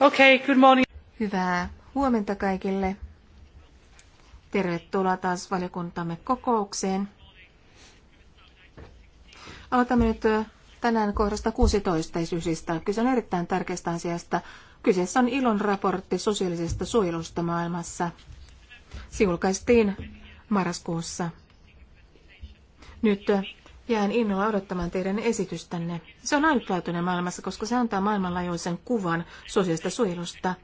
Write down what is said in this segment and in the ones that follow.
Okay, good morning. Hyvää huomenta kaikille. Tervetuloa taas valiokuntamme kokoukseen. Aloitamme nyt tänään kohdasta 16 esitysistä. Kyse on erittäin tärkeästä asiasta. Kyseessä on ilon raportti sosiaalisesta suojelusta maailmassa. Se julkaistiin marraskuussa. Nyt Jään innolla odottamaan teidän esitystänne. Se on ainutlaatuinen maailmassa, koska se antaa maailmanlaajuisen kuvan sosiaalista suojelusta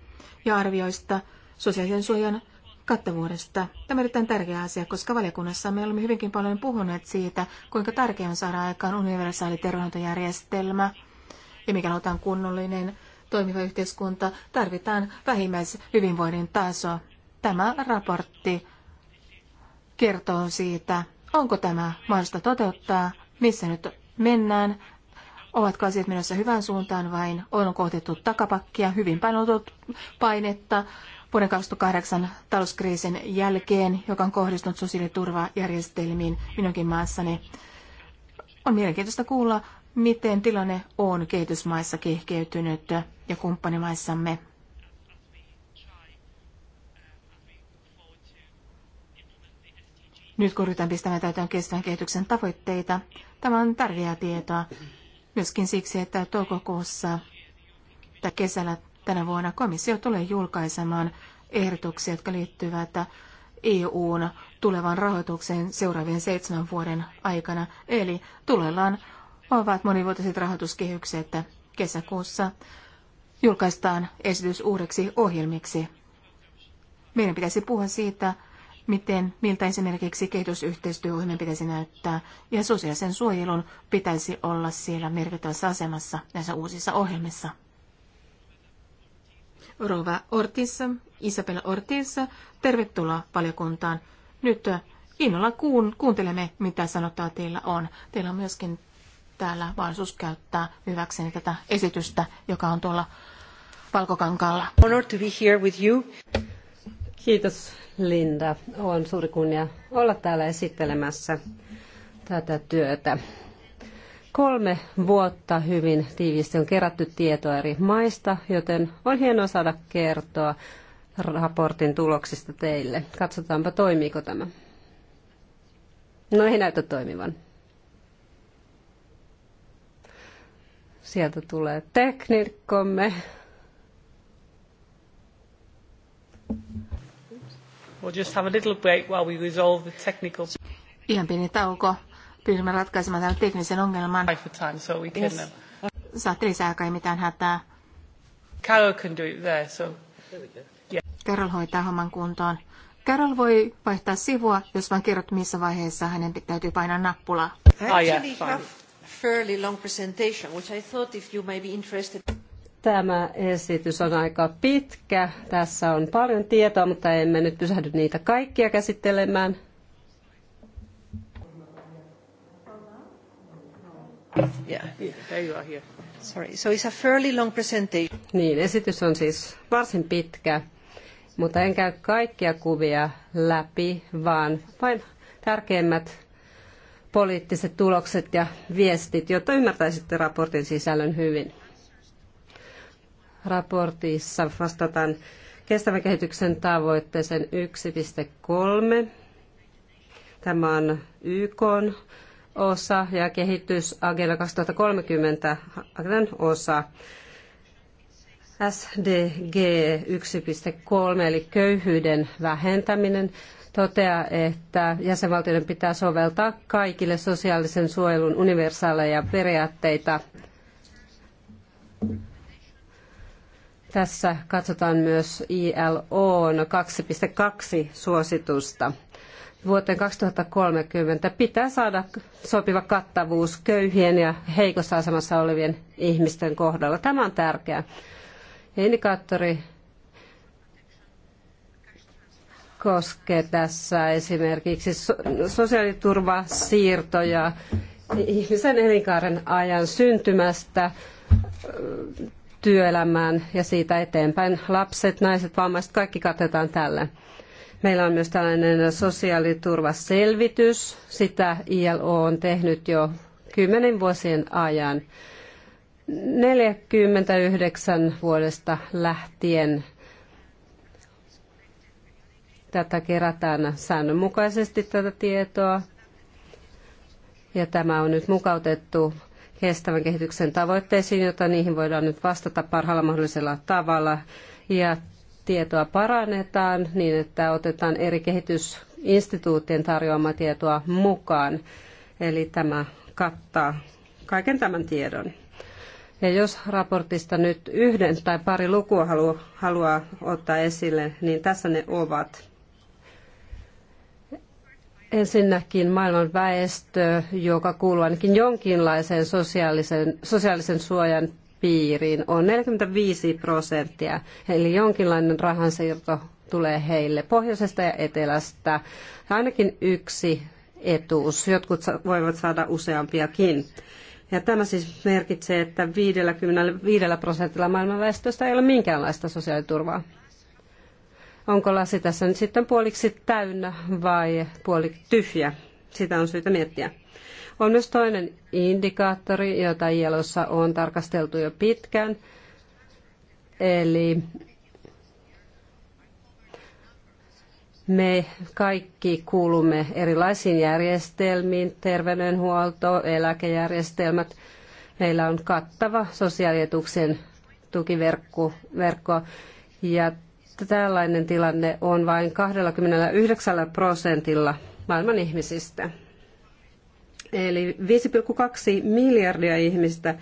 ja arvioista sosiaalisen suojan kattavuudesta. Tämä on erittäin tärkeä asia, koska valiokunnassa me olemme hyvinkin paljon puhuneet siitä, kuinka tärkeää on saada aikaan universaali terveydenhoitojärjestelmä. Ja mikä on kunnollinen, toimiva yhteiskunta, tarvitaan hyvinvoinnin taso. Tämä raportti kertoo siitä, Onko tämä mahdollista toteuttaa? Missä nyt mennään? Ovatko asiat menossa hyvään suuntaan vai on kohtettu takapakkia, hyvin painotut painetta vuoden 2008 talouskriisin jälkeen, joka on kohdistunut sosiaaliturvajärjestelmiin minunkin maassani. On mielenkiintoista kuulla, miten tilanne on kehitysmaissa kehkeytynyt ja kumppanimaissamme. Nyt kun ryhdytään pistämään täytön kestävän kehityksen tavoitteita, tämä on tärkeää tietoa myöskin siksi, että toukokuussa tai kesällä tänä vuonna komissio tulee julkaisemaan ehdotuksia, jotka liittyvät EUn tulevan rahoitukseen seuraavien seitsemän vuoden aikana. Eli tulellaan ovat monivuotiset rahoituskehykset kesäkuussa julkaistaan esitys uudeksi ohjelmiksi. Meidän pitäisi puhua siitä, miten, miltä esimerkiksi kehitysyhteistyöohjelmien pitäisi näyttää, ja sosiaalisen suojelun pitäisi olla siellä merkittävässä asemassa näissä uusissa ohjelmissa. Rova Ortiz, Isabella Ortiz, tervetuloa valiokuntaan. Nyt äh, innolla kuun, kuuntelemme, mitä sanotaan teillä on. Teillä on myöskin täällä mahdollisuus käyttää hyväkseni tätä esitystä, joka on tuolla Valkokankaalla. Honor to be here with you. Kiitos Linda. On suuri kunnia olla täällä esittelemässä tätä työtä. Kolme vuotta hyvin tiiviisti on kerätty tietoa eri maista, joten on hienoa saada kertoa raportin tuloksista teille. Katsotaanpa toimiiko tämä. No ei näytä toimivan. Sieltä tulee teknikkomme. We'll just have a little break while we resolve the technical... Ihan pieni tauko. Pyrimme ratkaisemaan tämän teknisen ongelman. Time, so we can, yes. Uh, Saatte lisää aikaa, ei mitään hätää. Carol can do it there, so... Yeah. Carol hoitaa homman kuntoon. Carol voi vaihtaa sivua, jos vain kerrot missä vaiheessa hänen täytyy painaa nappulaa. Ah, actually, have fairly long presentation, which I thought if you may be interested... Tämä esitys on aika pitkä. Tässä on paljon tietoa, mutta emme nyt pysähdy niitä kaikkia käsittelemään. Sorry. So it's a fairly long presentation. Niin, esitys on siis varsin pitkä, mutta en käy kaikkia kuvia läpi, vaan vain tärkeimmät poliittiset tulokset ja viestit, jotta ymmärtäisitte raportin sisällön hyvin raportissa vastataan kestävän kehityksen tavoitteeseen 1.3. Tämä on YK osa ja kehitysagenda 2030 agendan osa. SDG 1.3 eli köyhyyden vähentäminen toteaa, että jäsenvaltioiden pitää soveltaa kaikille sosiaalisen suojelun universaaleja periaatteita Tässä katsotaan myös ILOn 2.2 suositusta. Vuoteen 2030 pitää saada sopiva kattavuus köyhien ja heikossa asemassa olevien ihmisten kohdalla. Tämä on tärkeää. indikaattori koskee tässä esimerkiksi sosiaaliturvasiirtoja ihmisen elinkaaren ajan syntymästä työelämään ja siitä eteenpäin. Lapset, naiset, vammaiset, kaikki katetaan tällä. Meillä on myös tällainen sosiaaliturvaselvitys. Sitä ILO on tehnyt jo kymmenen vuosien ajan. 49 vuodesta lähtien tätä kerätään säännönmukaisesti tätä tietoa. Ja tämä on nyt mukautettu kestävän kehityksen tavoitteisiin, jotta niihin voidaan nyt vastata parhaalla mahdollisella tavalla. Ja tietoa parannetaan niin, että otetaan eri kehitysinstituutien tarjoamaa tietoa mukaan. Eli tämä kattaa kaiken tämän tiedon. Ja jos raportista nyt yhden tai pari lukua haluaa ottaa esille, niin tässä ne ovat. Ensinnäkin maailman väestö, joka kuuluu ainakin jonkinlaiseen sosiaalisen, sosiaalisen suojan piiriin, on 45 prosenttia, eli jonkinlainen rahansiirto tulee heille pohjoisesta ja etelästä. Ainakin yksi etuus. Jotkut voivat saada useampiakin. Ja tämä siis merkitsee, että 55 prosentilla maailman väestöstä ei ole minkäänlaista sosiaaliturvaa onko lasi tässä nyt sitten puoliksi täynnä vai puoliksi tyhjä. Sitä on syytä miettiä. On myös toinen indikaattori, jota ielossa on tarkasteltu jo pitkään, eli me kaikki kuulumme erilaisiin järjestelmiin, terveydenhuolto, eläkejärjestelmät. Meillä on kattava sosiaalietuksen tukiverkko ja tällainen tilanne on vain 29 prosentilla maailman ihmisistä. Eli 5,2 miljardia ihmistä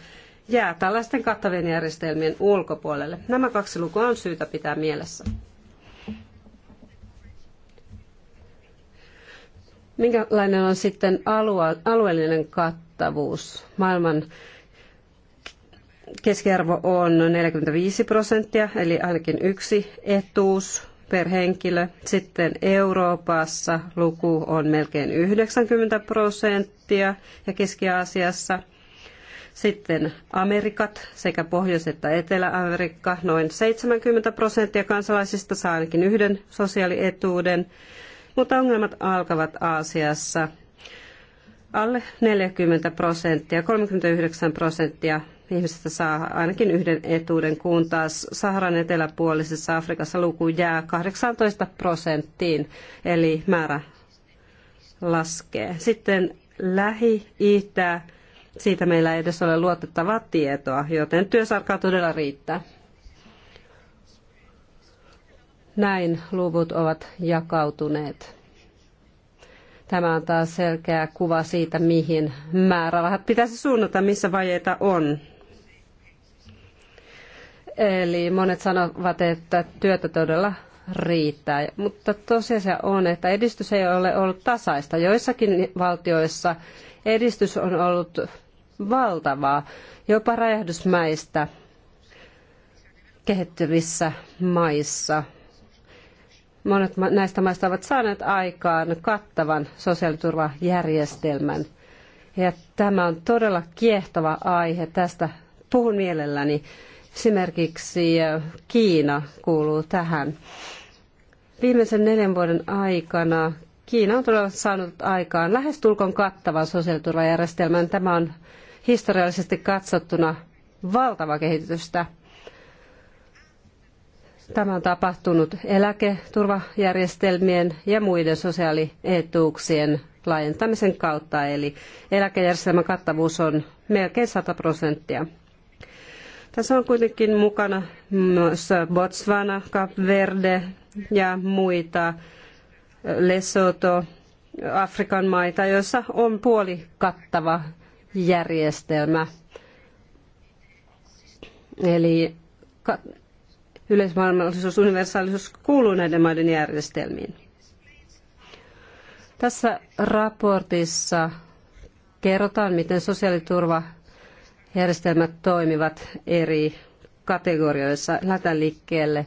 jää tällaisten kattavien järjestelmien ulkopuolelle. Nämä kaksi lukua on syytä pitää mielessä. Minkälainen on sitten alue, alueellinen kattavuus? Maailman keskiarvo on 45 prosenttia, eli ainakin yksi etuus per henkilö. Sitten Euroopassa luku on melkein 90 prosenttia ja Keski-Aasiassa. Sitten Amerikat sekä Pohjois- että Etelä-Amerikka, noin 70 prosenttia kansalaisista saa ainakin yhden sosiaalietuuden, mutta ongelmat alkavat Aasiassa alle 40 prosenttia, 39 prosenttia ihmisestä saa ainakin yhden etuuden, kun taas Saharan eteläpuolisessa Afrikassa luku jää 18 prosenttiin, eli määrä laskee. Sitten Lähi-Itä, siitä meillä ei edes ole luotettavaa tietoa, joten työsarkaa todella riittää. Näin luvut ovat jakautuneet. Tämä antaa selkeä kuva siitä, mihin määrärahat pitäisi suunnata, missä vajeita on. Eli monet sanovat, että työtä todella riittää, mutta tosiasia on, että edistys ei ole ollut tasaista. Joissakin valtioissa edistys on ollut valtavaa, jopa räjähdysmäistä kehittyvissä maissa. Monet näistä maista ovat saaneet aikaan kattavan sosiaaliturvajärjestelmän. Ja tämä on todella kiehtova aihe. Tästä puhun mielelläni. Esimerkiksi äh, Kiina kuuluu tähän. Viimeisen neljän vuoden aikana Kiina on todella saanut aikaan lähestulkoon kattavan sosiaaliturvajärjestelmän. Tämä on historiallisesti katsottuna valtava kehitystä. Tämä on tapahtunut eläketurvajärjestelmien ja muiden sosiaalietuuksien laajentamisen kautta, eli eläkejärjestelmän kattavuus on melkein 100 prosenttia. Tässä on kuitenkin mukana myös Botswana, Cap Verde ja muita Lesotho, Afrikan maita, joissa on puolikattava järjestelmä. Eli yleismaailmallisuus, universaalisuus kuuluu näiden maiden järjestelmiin. Tässä raportissa kerrotaan, miten sosiaaliturva järjestelmät toimivat eri kategorioissa. Lähdetään liikkeelle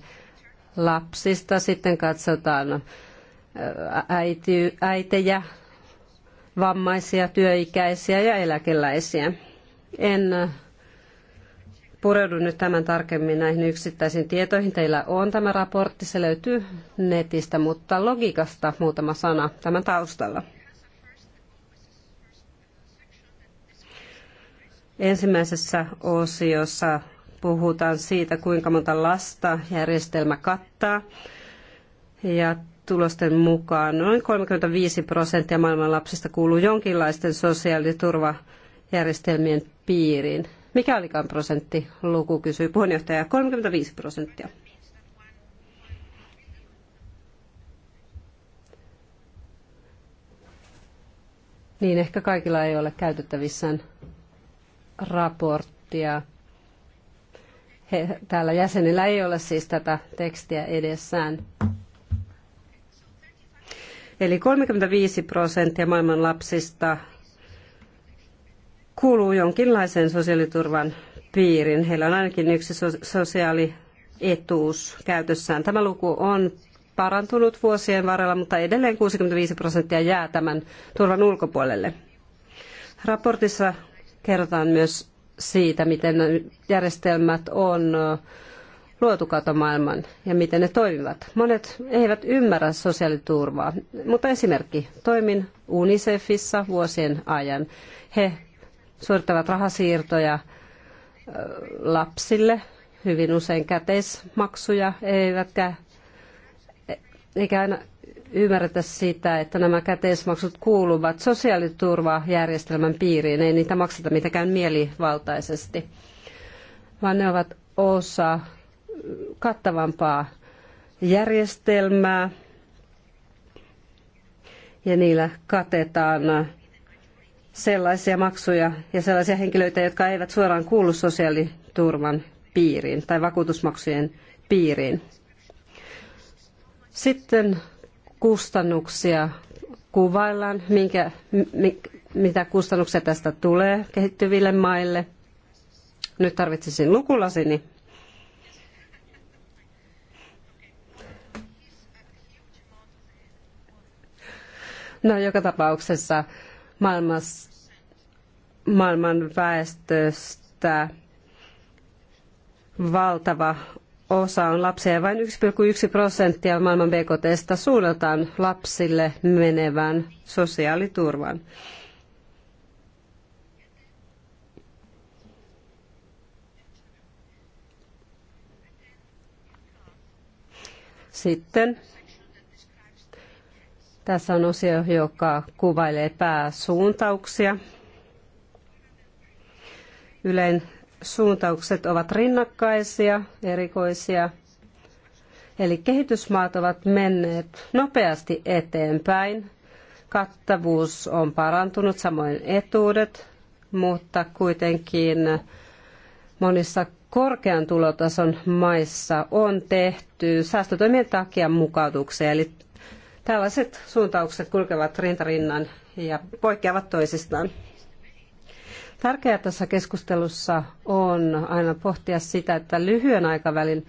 lapsista, sitten katsotaan äity, äitejä, vammaisia, työikäisiä ja eläkeläisiä. En pureudu nyt tämän tarkemmin näihin yksittäisiin tietoihin. Teillä on tämä raportti, se löytyy netistä, mutta logiikasta muutama sana tämän taustalla. Ensimmäisessä osiossa puhutaan siitä, kuinka monta lasta järjestelmä kattaa. Ja tulosten mukaan noin 35 prosenttia maailman lapsista kuuluu jonkinlaisten sosiaaliturvajärjestelmien piiriin. Mikä olikaan prosentti? Luku kysyi puheenjohtaja. 35 prosenttia. Niin ehkä kaikilla ei ole käytettävissään raporttia. He, täällä jäsenillä ei ole siis tätä tekstiä edessään. Eli 35 prosenttia maailman lapsista kuuluu jonkinlaiseen sosiaaliturvan piirin, Heillä on ainakin yksi sosiaalietuus käytössään. Tämä luku on parantunut vuosien varrella, mutta edelleen 65 prosenttia jää tämän turvan ulkopuolelle. Raportissa kerrotaan myös siitä, miten järjestelmät on luotu maailman ja miten ne toimivat. Monet eivät ymmärrä sosiaaliturvaa, mutta esimerkki. Toimin UNICEFissa vuosien ajan. He suorittavat rahasiirtoja lapsille, hyvin usein käteismaksuja, eivätkä eikä aina ymmärretä sitä, että nämä käteismaksut kuuluvat sosiaaliturvajärjestelmän piiriin. Ei niitä makseta mitenkään mielivaltaisesti, vaan ne ovat osa kattavampaa järjestelmää ja niillä katetaan sellaisia maksuja ja sellaisia henkilöitä, jotka eivät suoraan kuulu sosiaaliturvan piiriin tai vakuutusmaksujen piiriin. Sitten kustannuksia kuvaillaan, minkä, mitä kustannuksia tästä tulee kehittyville maille. Nyt tarvitsisin lukulasini. No joka tapauksessa maailmas, maailman väestöstä valtava osa on lapsia ja vain 1,1 prosenttia maailman BKTstä suunnataan lapsille menevään sosiaaliturvaan. Sitten tässä on osio, joka kuvailee pääsuuntauksia. Ylein suuntaukset ovat rinnakkaisia, erikoisia. Eli kehitysmaat ovat menneet nopeasti eteenpäin. Kattavuus on parantunut, samoin etuudet, mutta kuitenkin monissa korkean tulotason maissa on tehty säästötoimien takia mukautuksia. Eli tällaiset suuntaukset kulkevat rintarinnan ja poikkeavat toisistaan. Tärkeää tässä keskustelussa on aina pohtia sitä, että lyhyen aikavälin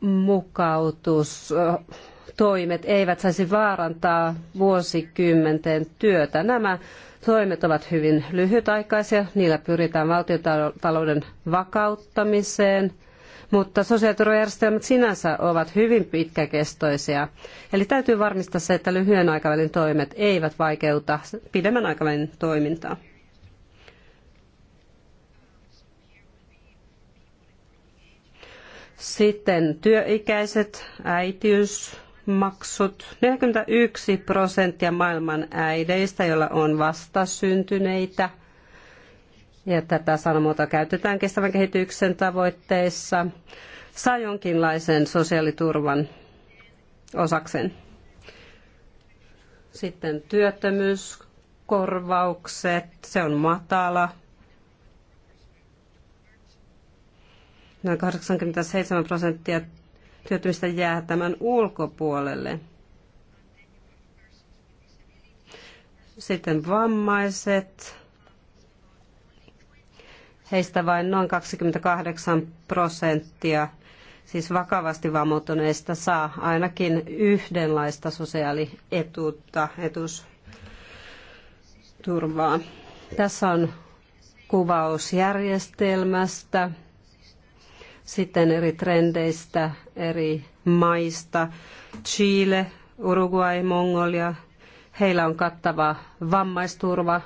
mukautustoimet eivät saisi vaarantaa vuosikymmenten työtä. Nämä toimet ovat hyvin lyhytaikaisia, niillä pyritään valtiotalouden vakauttamiseen, mutta sosiaaliturvajärjestelmät sinänsä ovat hyvin pitkäkestoisia. Eli täytyy varmistaa se, että lyhyen aikavälin toimet eivät vaikeuta pidemmän aikavälin toimintaa. Sitten työikäiset äitiysmaksut. 41 prosenttia maailman äideistä, joilla on vastasyntyneitä. Ja tätä sanamuotoa käytetään kestävän kehityksen tavoitteissa. Saa jonkinlaisen sosiaaliturvan osaksen. Sitten työttömyyskorvaukset, se on matala Noin 87 prosenttia työttömistä jää tämän ulkopuolelle. Sitten vammaiset. Heistä vain noin 28 prosenttia, siis vakavasti vammautuneista, saa ainakin yhdenlaista sosiaalietuutta, etusturvaa. Tässä on kuvaus järjestelmästä sitten eri trendeistä, eri maista. Chile, Uruguay, Mongolia, heillä on kattava vammaisturva.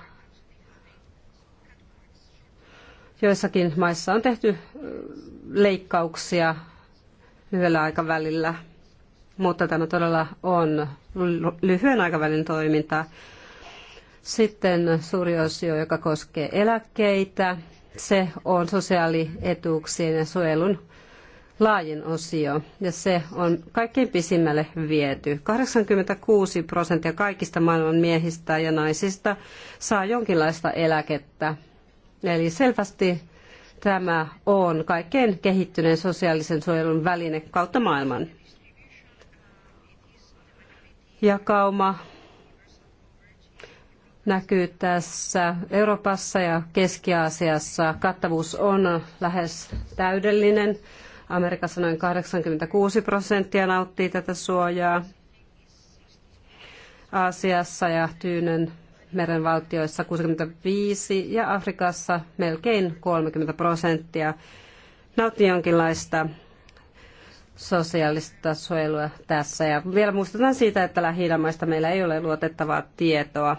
Joissakin maissa on tehty leikkauksia lyhyellä aikavälillä, mutta tämä todella on lyhyen aikavälin toimintaa. Sitten suuri osio, joka koskee eläkkeitä se on sosiaalietuuksien suojelun laajin osio, ja se on kaikkein pisimmälle viety. 86 prosenttia kaikista maailman miehistä ja naisista saa jonkinlaista eläkettä. Eli selvästi tämä on kaikkein kehittyneen sosiaalisen suojelun väline kautta maailman. Jakauma näkyy tässä Euroopassa ja Keski-Aasiassa. Kattavuus on lähes täydellinen. Amerikassa noin 86 prosenttia nauttii tätä suojaa. Aasiassa ja Tyynen valtioissa 65 ja Afrikassa melkein 30 prosenttia nauttii jonkinlaista sosiaalista suojelua tässä. Ja vielä muistutan siitä, että lähi meillä ei ole luotettavaa tietoa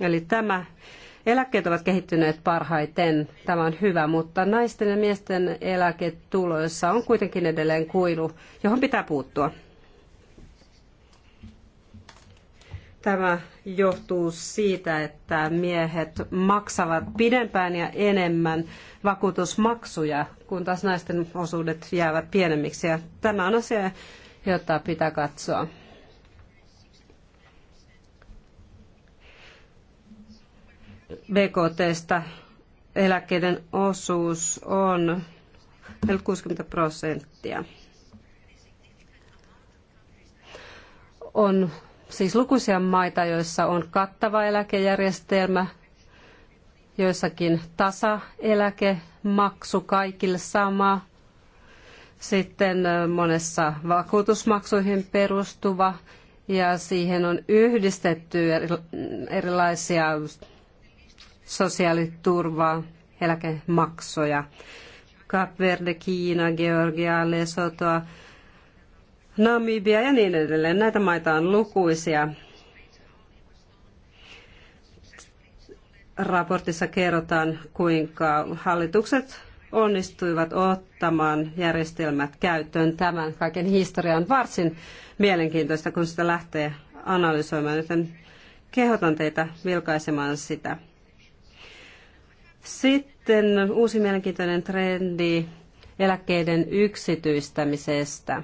Eli tämä eläkkeet ovat kehittyneet parhaiten, tämä on hyvä, mutta naisten ja miesten eläketuloissa on kuitenkin edelleen kuilu, johon pitää puuttua. Tämä johtuu siitä, että miehet maksavat pidempään ja enemmän vakuutusmaksuja, kun taas naisten osuudet jäävät pienemmiksi. Ja tämä on asia, jota pitää katsoa. BKTstä eläkkeiden osuus on 60 prosenttia. On siis lukuisia maita, joissa on kattava eläkejärjestelmä, joissakin tasaeläkemaksu kaikille sama, sitten monessa vakuutusmaksuihin perustuva ja siihen on yhdistetty erilaisia sosiaaliturvaa, eläkemaksoja. Kapverde, Kiina, Georgia, Lesotoa, Namibia ja niin edelleen. Näitä maita on lukuisia. Raportissa kerrotaan, kuinka hallitukset onnistuivat ottamaan järjestelmät käyttöön. Tämän kaiken historian varsin mielenkiintoista, kun sitä lähtee analysoimaan, joten kehotan teitä vilkaisemaan sitä. Sitten uusi mielenkiintoinen trendi eläkkeiden yksityistämisestä.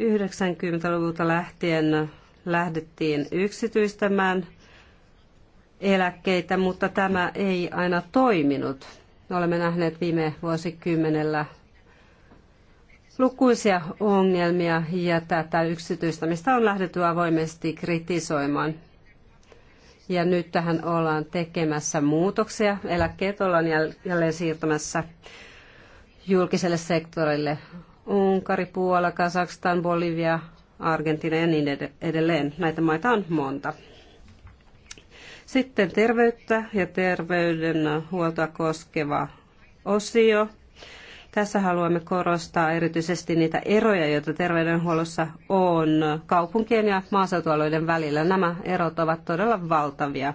90-luvulta lähtien lähdettiin yksityistämään eläkkeitä, mutta tämä ei aina toiminut. Olemme nähneet viime vuosikymmenellä lukuisia ongelmia ja tätä yksityistämistä on lähdetty avoimesti kritisoimaan. Ja nyt tähän ollaan tekemässä muutoksia. Eläkkeet ollaan jälleen siirtämässä julkiselle sektorille. Unkari, Puola, Kazakstan, Bolivia, Argentiina ja niin edelleen. Näitä maita on monta. Sitten terveyttä ja terveydenhuoltoa koskeva osio. Tässä haluamme korostaa erityisesti niitä eroja, joita terveydenhuollossa on kaupunkien ja maaseutualueiden välillä. Nämä erot ovat todella valtavia.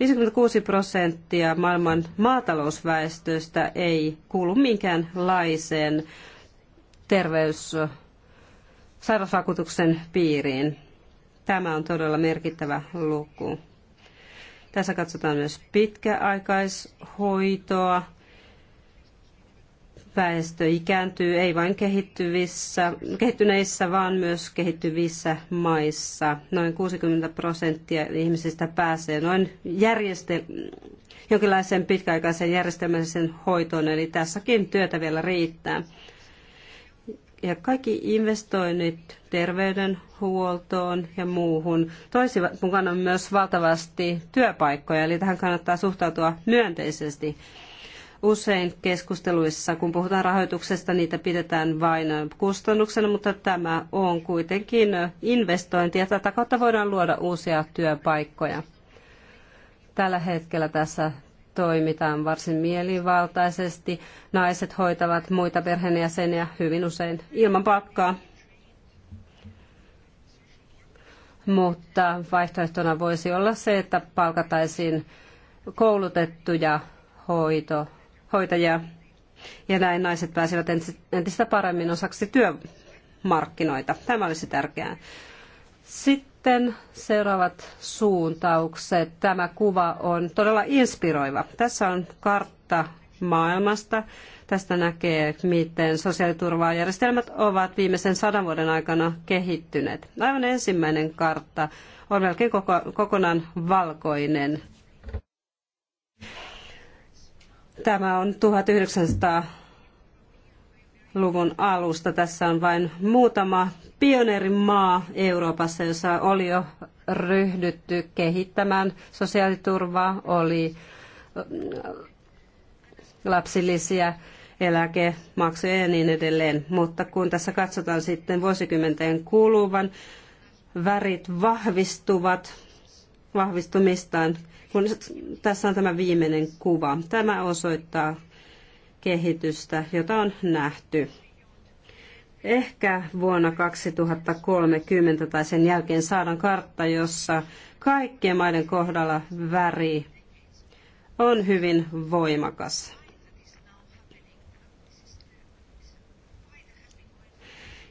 56 prosenttia maailman maatalousväestöstä ei kuulu minkäänlaiseen terveyssairausvakuutuksen piiriin. Tämä on todella merkittävä luku. Tässä katsotaan myös pitkäaikaishoitoa väestö ikääntyy ei vain kehittyvissä, kehittyneissä, vaan myös kehittyvissä maissa. Noin 60 prosenttia ihmisistä pääsee noin järjestel- jonkinlaiseen pitkäaikaiseen järjestelmälliseen hoitoon, eli tässäkin työtä vielä riittää. Ja kaikki investoinnit terveydenhuoltoon ja muuhun toisivat mukana myös valtavasti työpaikkoja, eli tähän kannattaa suhtautua myönteisesti. Usein keskusteluissa, kun puhutaan rahoituksesta, niitä pidetään vain kustannuksena, mutta tämä on kuitenkin investointi ja tätä kautta voidaan luoda uusia työpaikkoja. Tällä hetkellä tässä toimitaan varsin mielivaltaisesti. Naiset hoitavat muita perheenjäseniä hyvin usein ilman palkkaa. Mutta vaihtoehtona voisi olla se, että palkataisiin koulutettuja hoito hoitajia ja näin naiset pääsevät entistä paremmin osaksi työmarkkinoita. Tämä olisi tärkeää. Sitten seuraavat suuntaukset. Tämä kuva on todella inspiroiva. Tässä on kartta maailmasta. Tästä näkee, miten sosiaaliturvajärjestelmät ovat viimeisen sadan vuoden aikana kehittyneet. Aivan ensimmäinen kartta on melkein koko, kokonaan valkoinen. Tämä on 1900-luvun alusta. Tässä on vain muutama pioneerimaa Euroopassa, jossa oli jo ryhdytty kehittämään sosiaaliturvaa, oli äh, lapsilisiä, eläkemaksuja ja niin edelleen. Mutta kun tässä katsotaan sitten vuosikymmenten kuluvan, värit vahvistuvat vahvistumistaan kun tässä on tämä viimeinen kuva. Tämä osoittaa kehitystä, jota on nähty. Ehkä vuonna 2030 tai sen jälkeen saadaan kartta, jossa kaikkien maiden kohdalla väri on hyvin voimakas.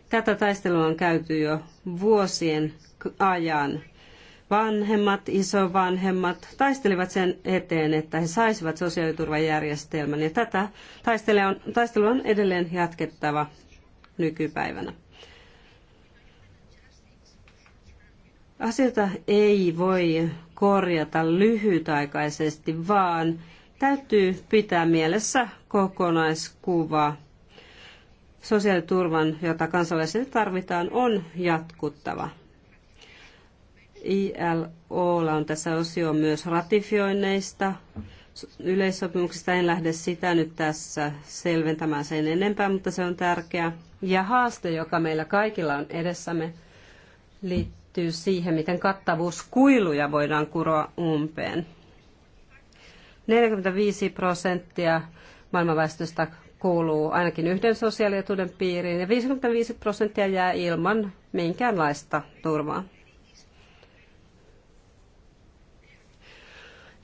Tätä taistelua on käyty jo vuosien ajan vanhemmat, isovanhemmat taistelivat sen eteen, että he saisivat sosiaaliturvajärjestelmän. Ja tätä taistelua on, taistelua on edelleen jatkettava nykypäivänä. Asioita ei voi korjata lyhytaikaisesti, vaan täytyy pitää mielessä kokonaiskuva. Sosiaaliturvan, jota kansalaisille tarvitaan, on jatkuttava. ILOlla on tässä osio myös ratifioinneista yleissopimuksista. En lähde sitä nyt tässä selventämään sen enempää, mutta se on tärkeä. Ja haaste, joka meillä kaikilla on edessämme, liittyy siihen, miten kattavuuskuiluja voidaan kuroa umpeen. 45 prosenttia maailmanväestöstä kuuluu ainakin yhden sosiaalietuuden piiriin ja 55 prosenttia jää ilman minkäänlaista turvaa.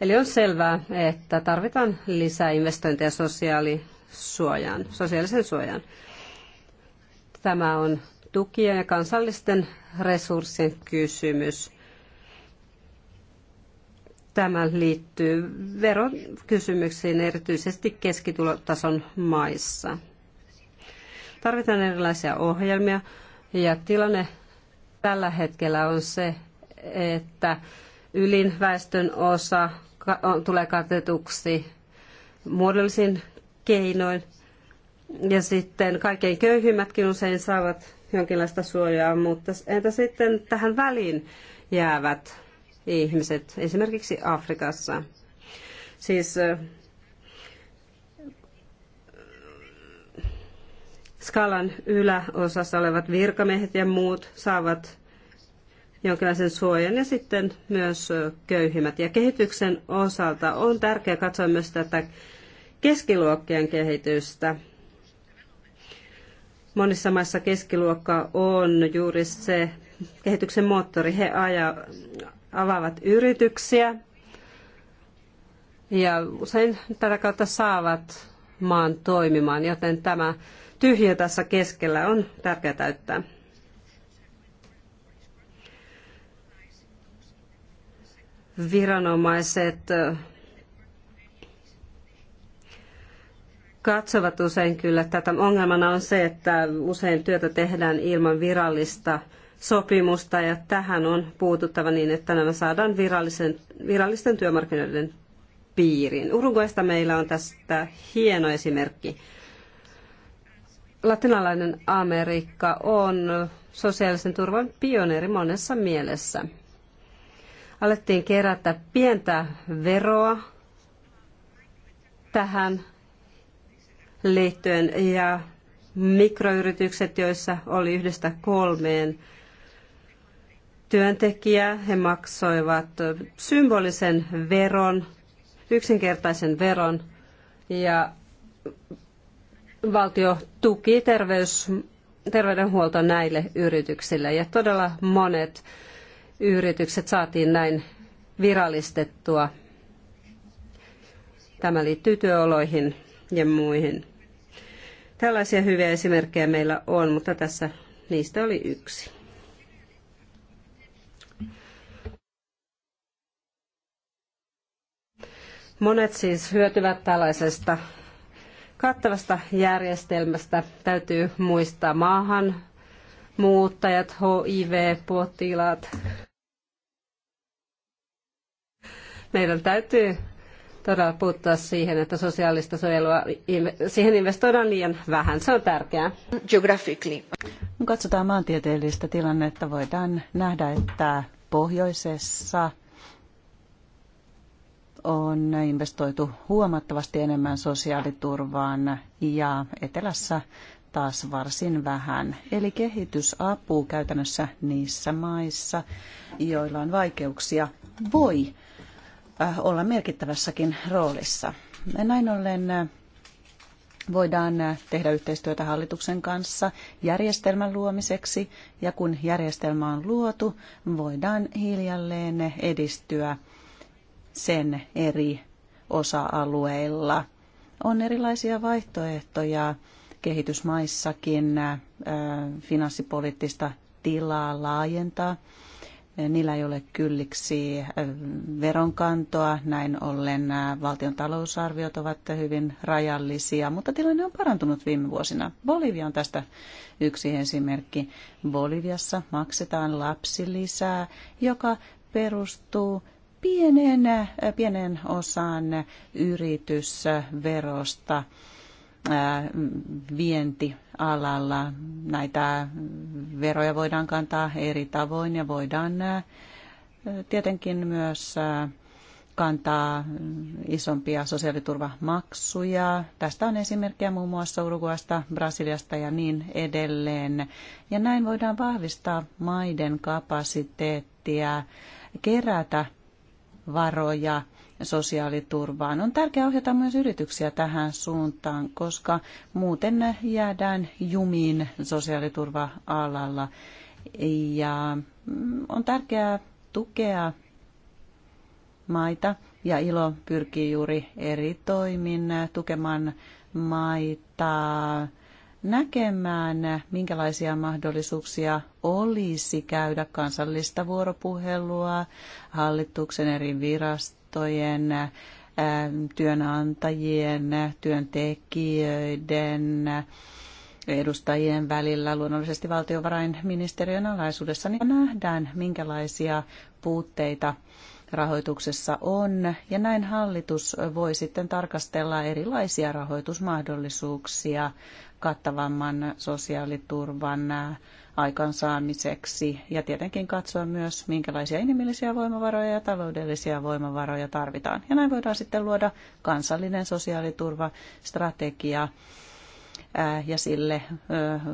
Eli on selvää, että tarvitaan lisää investointeja sosiaalisuojaan, sosiaalisen suojaan. Tämä on tukien ja kansallisten resurssien kysymys. Tämä liittyy verokysymyksiin erityisesti keskitulotason maissa. Tarvitaan erilaisia ohjelmia ja tilanne tällä hetkellä on se, että ylin väestön osa tulee katetuksi muodollisin keinoin. Ja sitten kaikkein köyhimmätkin usein saavat jonkinlaista suojaa, mutta entä sitten tähän väliin jäävät ihmiset, esimerkiksi Afrikassa? Siis skalan yläosassa olevat virkamiehet ja muut saavat jonkinlaisen suojan ja sitten myös köyhimmät. Ja kehityksen osalta on tärkeää katsoa myös tätä keskiluokkien kehitystä. Monissa maissa keskiluokka on juuri se kehityksen moottori. He aja, avaavat yrityksiä ja usein tätä kautta saavat maan toimimaan, joten tämä tyhjä tässä keskellä on tärkeää täyttää. viranomaiset katsovat usein kyllä tätä. Ongelmana on se, että usein työtä tehdään ilman virallista sopimusta ja tähän on puututtava niin, että nämä saadaan virallisen, virallisten työmarkkinoiden piiriin. Uruguaysta meillä on tästä hieno esimerkki. Latinalainen Amerikka on sosiaalisen turvan pioneeri monessa mielessä alettiin kerätä pientä veroa tähän liittyen ja mikroyritykset, joissa oli yhdestä kolmeen työntekijää, he maksoivat symbolisen veron, yksinkertaisen veron ja valtio tuki terveys, terveydenhuolto näille yrityksille ja todella monet yritykset saatiin näin virallistettua. Tämä liittyy työoloihin ja muihin. Tällaisia hyviä esimerkkejä meillä on, mutta tässä niistä oli yksi. Monet siis hyötyvät tällaisesta kattavasta järjestelmästä. Täytyy muistaa maahan muuttajat, HIV-potilaat, Meidän täytyy todella puuttua siihen, että sosiaalista suojelua, siihen investoidaan liian vähän. Se on tärkeää. Geographically. Kun katsotaan maantieteellistä tilannetta, voidaan nähdä, että pohjoisessa on investoitu huomattavasti enemmän sosiaaliturvaan ja etelässä taas varsin vähän. Eli kehitysapu käytännössä niissä maissa, joilla on vaikeuksia, voi Äh, olla merkittävässäkin roolissa. Näin ollen äh, voidaan äh, tehdä yhteistyötä hallituksen kanssa järjestelmän luomiseksi ja kun järjestelmä on luotu, voidaan hiljalleen edistyä sen eri osa-alueilla. On erilaisia vaihtoehtoja kehitysmaissakin finanssipoliittista tilaa laajentaa Niillä ei ole kylliksi veronkantoa, näin ollen valtion talousarviot ovat hyvin rajallisia, mutta tilanne on parantunut viime vuosina. Bolivia on tästä yksi esimerkki. Boliviassa maksetaan lapsilisää, joka perustuu pienen, pienen osan yritysverosta vientialalla. Näitä veroja voidaan kantaa eri tavoin ja voidaan tietenkin myös kantaa isompia sosiaaliturvamaksuja. Tästä on esimerkkejä muun muassa Uruguasta, Brasiliasta ja niin edelleen. Ja näin voidaan vahvistaa maiden kapasiteettia kerätä varoja sosiaaliturvaan. On tärkeää ohjata myös yrityksiä tähän suuntaan, koska muuten jäädään jumiin sosiaaliturva-alalla. Ja mm, on tärkeää tukea maita ja ILO pyrkii juuri eri toimin tukemaan maita näkemään, minkälaisia mahdollisuuksia olisi käydä kansallista vuoropuhelua hallituksen eri virastojen liittojen, työnantajien, työntekijöiden, edustajien välillä luonnollisesti valtiovarainministeriön alaisuudessa, niin nähdään, minkälaisia puutteita rahoituksessa on. Ja näin hallitus voi sitten tarkastella erilaisia rahoitusmahdollisuuksia kattavamman sosiaaliturvan aikansaamiseksi ja tietenkin katsoa myös, minkälaisia inhimillisiä voimavaroja ja taloudellisia voimavaroja tarvitaan. Ja näin voidaan sitten luoda kansallinen sosiaaliturvastrategia äh, ja sille äh,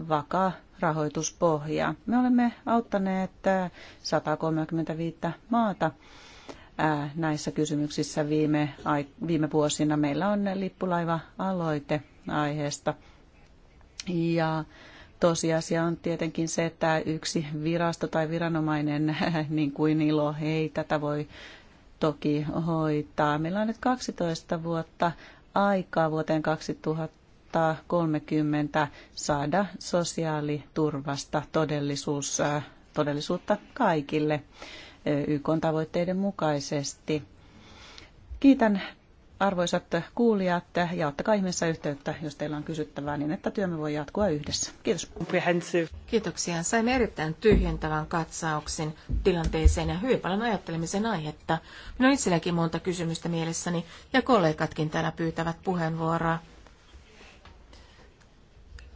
vakaa rahoituspohja. Me olemme auttaneet 135 äh, maata näissä kysymyksissä viime, viime vuosina. Meillä on lippulaiva-aloite aiheesta. Ja Tosiasia on tietenkin se, että yksi virasto tai viranomainen, niin kuin ilo, ei tätä voi toki hoitaa. Meillä on nyt 12 vuotta aikaa vuoteen 2030 saada sosiaaliturvasta todellisuus, todellisuutta kaikille YK tavoitteiden mukaisesti. Kiitän arvoisat kuulijat, ja ottakaa ihmeessä yhteyttä, jos teillä on kysyttävää, niin että työmme voi jatkua yhdessä. Kiitos. Kiitoksia. Saimme erittäin tyhjentävän katsauksen tilanteeseen ja hyvin paljon ajattelemisen aihetta. Minä on itselläkin monta kysymystä mielessäni, ja kollegatkin täällä pyytävät puheenvuoroa.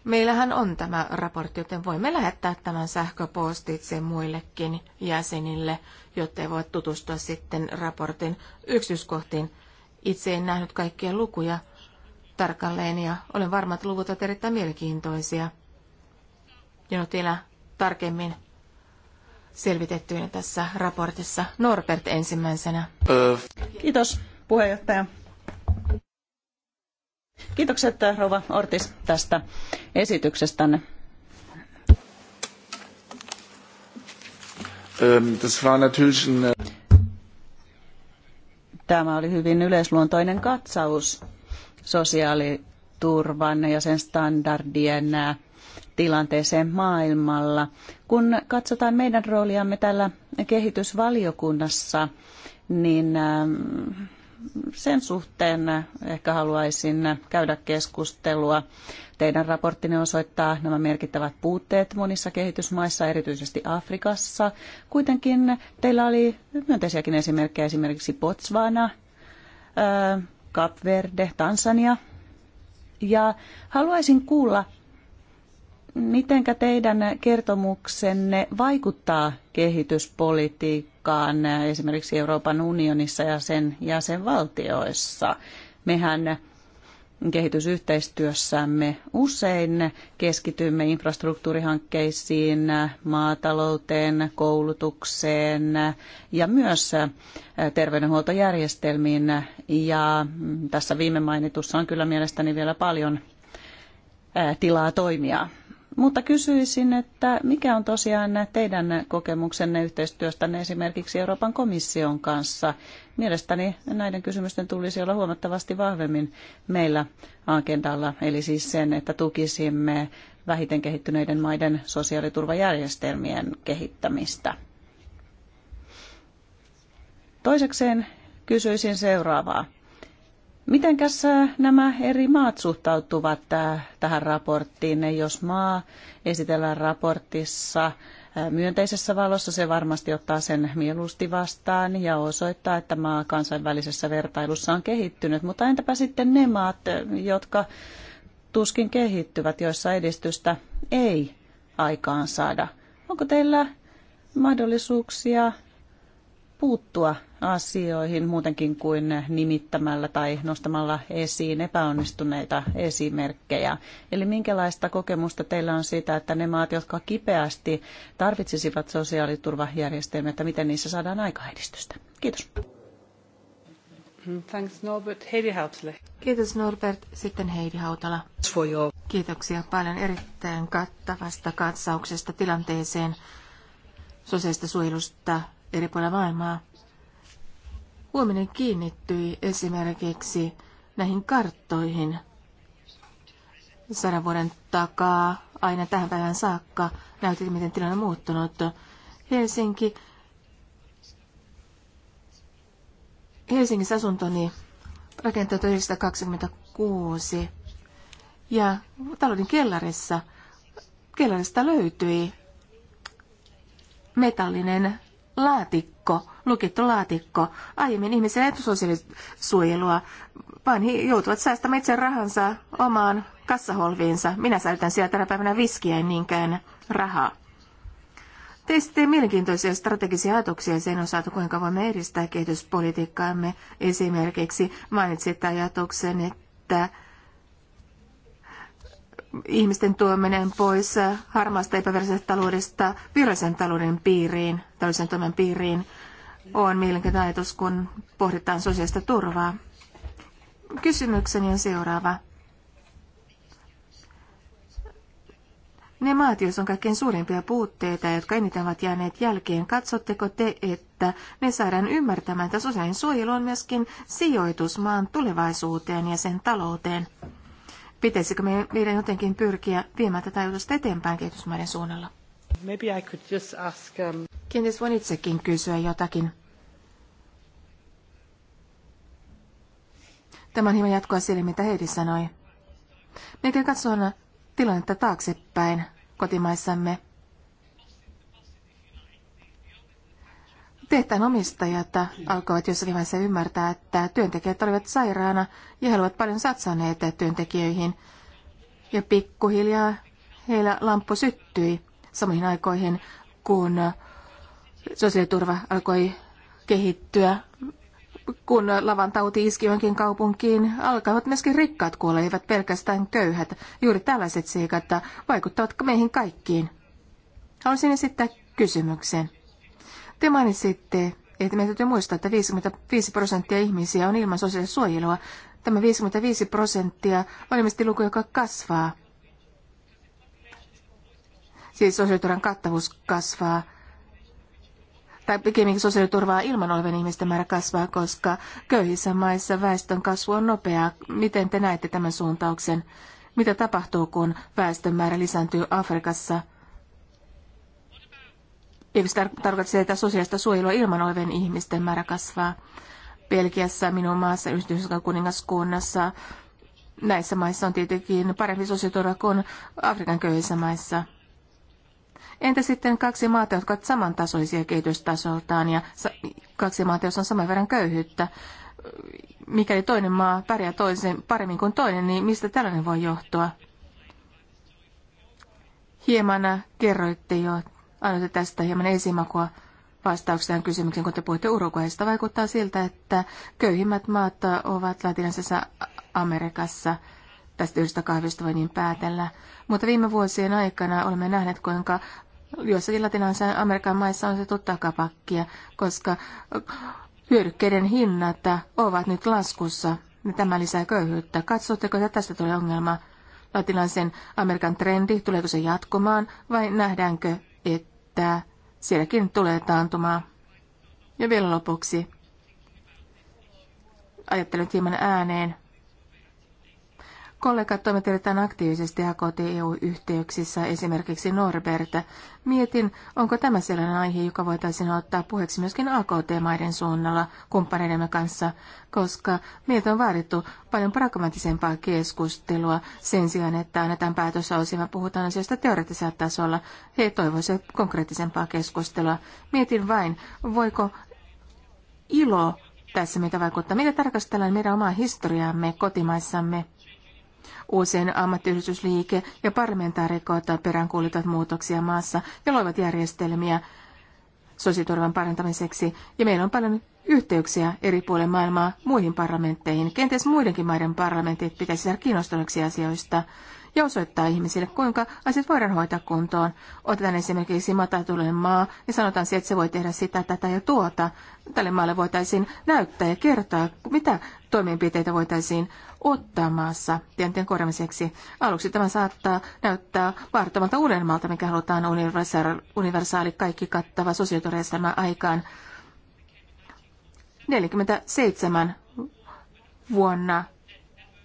Meillähän on tämä raportti, joten voimme lähettää tämän sähköpostitse muillekin jäsenille, jotta he voivat tutustua sitten raportin yksityiskohtiin. Itse en nähnyt kaikkia lukuja tarkalleen ja olen varma, että luvut ovat erittäin mielenkiintoisia. Ja nyt vielä tarkemmin selvitettyinä tässä raportissa. Norbert ensimmäisenä. Kiitos puheenjohtaja. Kiitokset Rova Ortis tästä esityksestänne. Ähm, das war natürlich ein äh, Tämä oli hyvin yleisluontoinen katsaus sosiaaliturvan ja sen standardien tilanteeseen maailmalla. Kun katsotaan meidän rooliamme täällä kehitysvaliokunnassa, niin sen suhteen ehkä haluaisin käydä keskustelua teidän raporttinne osoittaa nämä merkittävät puutteet monissa kehitysmaissa, erityisesti Afrikassa. Kuitenkin teillä oli myönteisiäkin esimerkkejä, esimerkiksi Botswana, Kapverde, Tansania. Ja haluaisin kuulla, miten teidän kertomuksenne vaikuttaa kehityspolitiikkaan esimerkiksi Euroopan unionissa ja sen jäsenvaltioissa. Mehän kehitysyhteistyössämme usein keskitymme infrastruktuurihankkeisiin, maatalouteen, koulutukseen ja myös terveydenhuoltojärjestelmiin. Ja tässä viime mainitussa on kyllä mielestäni vielä paljon tilaa toimia. Mutta kysyisin, että mikä on tosiaan teidän kokemuksenne yhteistyöstänne esimerkiksi Euroopan komission kanssa? Mielestäni näiden kysymysten tulisi olla huomattavasti vahvemmin meillä agendalla, eli siis sen, että tukisimme vähiten kehittyneiden maiden sosiaaliturvajärjestelmien kehittämistä. Toisekseen kysyisin seuraavaa. Mitenkäs äh, nämä eri maat suhtautuvat äh, tähän raporttiin? Jos maa esitellään raportissa äh, myönteisessä valossa, se varmasti ottaa sen mieluusti vastaan ja osoittaa, että maa kansainvälisessä vertailussa on kehittynyt. Mutta entäpä sitten ne maat, jotka tuskin kehittyvät, joissa edistystä ei aikaan saada? Onko teillä mahdollisuuksia puuttua asioihin muutenkin kuin nimittämällä tai nostamalla esiin epäonnistuneita esimerkkejä. Eli minkälaista kokemusta teillä on siitä, että ne maat, jotka kipeästi tarvitsisivat sosiaaliturvajärjestelmiä, että miten niissä saadaan aika edistystä? Kiitos. Thanks Norbert. Heidi Hautala. Kiitos Norbert. Sitten Heidi Hautala. Kiitoksia paljon erittäin kattavasta katsauksesta tilanteeseen sosiaalista suojelusta eri puolilla maailmaa. Huominen kiinnittyi esimerkiksi näihin karttoihin sadan vuoden takaa aina tähän päivään saakka näytti, miten tilanne on muuttunut. Helsinki, Helsingissä asuntoni rakentui 1926 ja talouden kellarissa, kellarista löytyi metallinen laatikko, lukittu laatikko. Aiemmin ihmisiä ei sosiaalisuojelua, vaan he joutuvat säästämään itse rahansa omaan kassaholviinsa. Minä säilytän siellä tänä päivänä viskiä, en niinkään rahaa. Teistä mielenkiintoisia strategisia ajatuksia sen osalta, kuinka voimme edistää kehityspolitiikkaamme. Esimerkiksi mainitsit ajatuksen, että ihmisten tuominen pois harmaasta epävirallisesta taloudesta virallisen talouden piiriin, taloudellisen toimen piiriin, on mielenkiintoinen ajatus, kun pohditaan sosiaalista turvaa. Kysymykseni on seuraava. Ne maat, joissa on kaikkein suurimpia puutteita, jotka eniten ovat jääneet jälkeen, katsotteko te, että ne saadaan ymmärtämään, että sosiaalinen suojelu on myöskin sijoitus maan tulevaisuuteen ja sen talouteen? Pitäisikö meidän jotenkin pyrkiä viemään tätä ajatusta eteenpäin kehitysmaiden suunnalla? Maybe I could just ask, um... Kenties voin itsekin kysyä jotakin. Tämä on hieman jatkoa sille, mitä Heidi sanoi. Meidän katsoa tilannetta taaksepäin kotimaissamme Tehtaan omistajat alkoivat jossakin vaiheessa ymmärtää, että työntekijät olivat sairaana ja he olivat paljon satsaneet työntekijöihin. Ja pikkuhiljaa heillä lamppu syttyi samoihin aikoihin, kun sosiaaliturva alkoi kehittyä. Kun lavan tauti iski johonkin kaupunkiin, alkavat myöskin rikkaat kuolla, eivät pelkästään köyhät. Juuri tällaiset seikat vaikuttavat meihin kaikkiin. Haluaisin esittää kysymyksen. Te mainitsitte, että meidän täytyy muistaa, että 55 prosenttia ihmisiä on ilman sosiaalista suojelua. Tämä 55 prosenttia on ilmeisesti luku, joka kasvaa. Siis sosiaaliturvan kattavuus kasvaa tai pikemminkin sosiaaliturvaa ilman olevien ihmisten määrä kasvaa, koska köyhissä maissa väestön kasvu on nopeaa. Miten te näette tämän suuntauksen? Mitä tapahtuu, kun väestön määrä lisääntyy Afrikassa Ihmiset tarkoittaa että sosiaalista suojelua ilman olevien ihmisten määrä kasvaa. Pelkiässä, minun maassa, yhdistyksessä kuningaskunnassa, näissä maissa on tietenkin parempi sosiaaliturva kuin Afrikan köyhissä maissa. Entä sitten kaksi maata, jotka ovat samantasoisia kehitystasoltaan ja kaksi maata, joissa on saman verran köyhyyttä? Mikäli toinen maa pärjää toisen paremmin kuin toinen, niin mistä tällainen voi johtua? Hieman kerroitte jo annatte tästä hieman esimakua vastaukseen kysymykseen, kun te puhutte Uruguayista. Vaikuttaa siltä, että köyhimmät maat ovat latinalaisessa Amerikassa tästä yhdestä kahvista voi niin päätellä. Mutta viime vuosien aikana olemme nähneet, kuinka joissakin latinalaisen Amerikan maissa on se takapakkia, koska hyödykkeiden hinnat ovat nyt laskussa. Tämä lisää köyhyyttä. Katsotteko, että tästä tulee ongelma? Latinalaisen Amerikan trendi, tuleeko se jatkumaan vai nähdäänkö, että riittää. sielläkin tulee taantumaa. Ja vielä lopuksi ajattelen hieman ääneen Kollegat toimivat erittäin aktiivisesti AKT-EU-yhteyksissä, esimerkiksi Norberta. Mietin, onko tämä sellainen aihe, joka voitaisiin ottaa puheeksi myöskin AKT-maiden suunnalla kumppaneidemme kanssa, koska meiltä on vaadittu paljon pragmatisempaa keskustelua sen sijaan, että annetaan päätösausia ja puhutaan asioista teoreettisella tasolla. He toivoisivat konkreettisempaa keskustelua. Mietin vain, voiko ilo tässä meitä vaikuttaa. Meitä tarkastellaan meidän omaa historiaamme kotimaissamme uusien ammattiyhdistysliike ja parlamentaarikot peräänkuulutat muutoksia maassa ja loivat järjestelmiä sosiaaliturvan parantamiseksi. Ja meillä on paljon yhteyksiä eri puolen maailmaa muihin parlamentteihin. Kenties muidenkin maiden parlamentit pitäisi saada kiinnostuneeksi asioista ja osoittaa ihmisille, kuinka asiat voidaan hoitaa kuntoon. Otetaan esimerkiksi matatulinen maa ja sanotaan siihen, että se voi tehdä sitä, tätä ja tuota. Tälle maalle voitaisiin näyttää ja kertoa, mitä toimenpiteitä voitaisiin ottaa maassa tienten korjaamiseksi. Aluksi tämä saattaa näyttää vaarattomalta unelmalta, mikä halutaan universaali, universaali kaikki kattava sosiaaliturjärjestelmä aikaan. 47 vuonna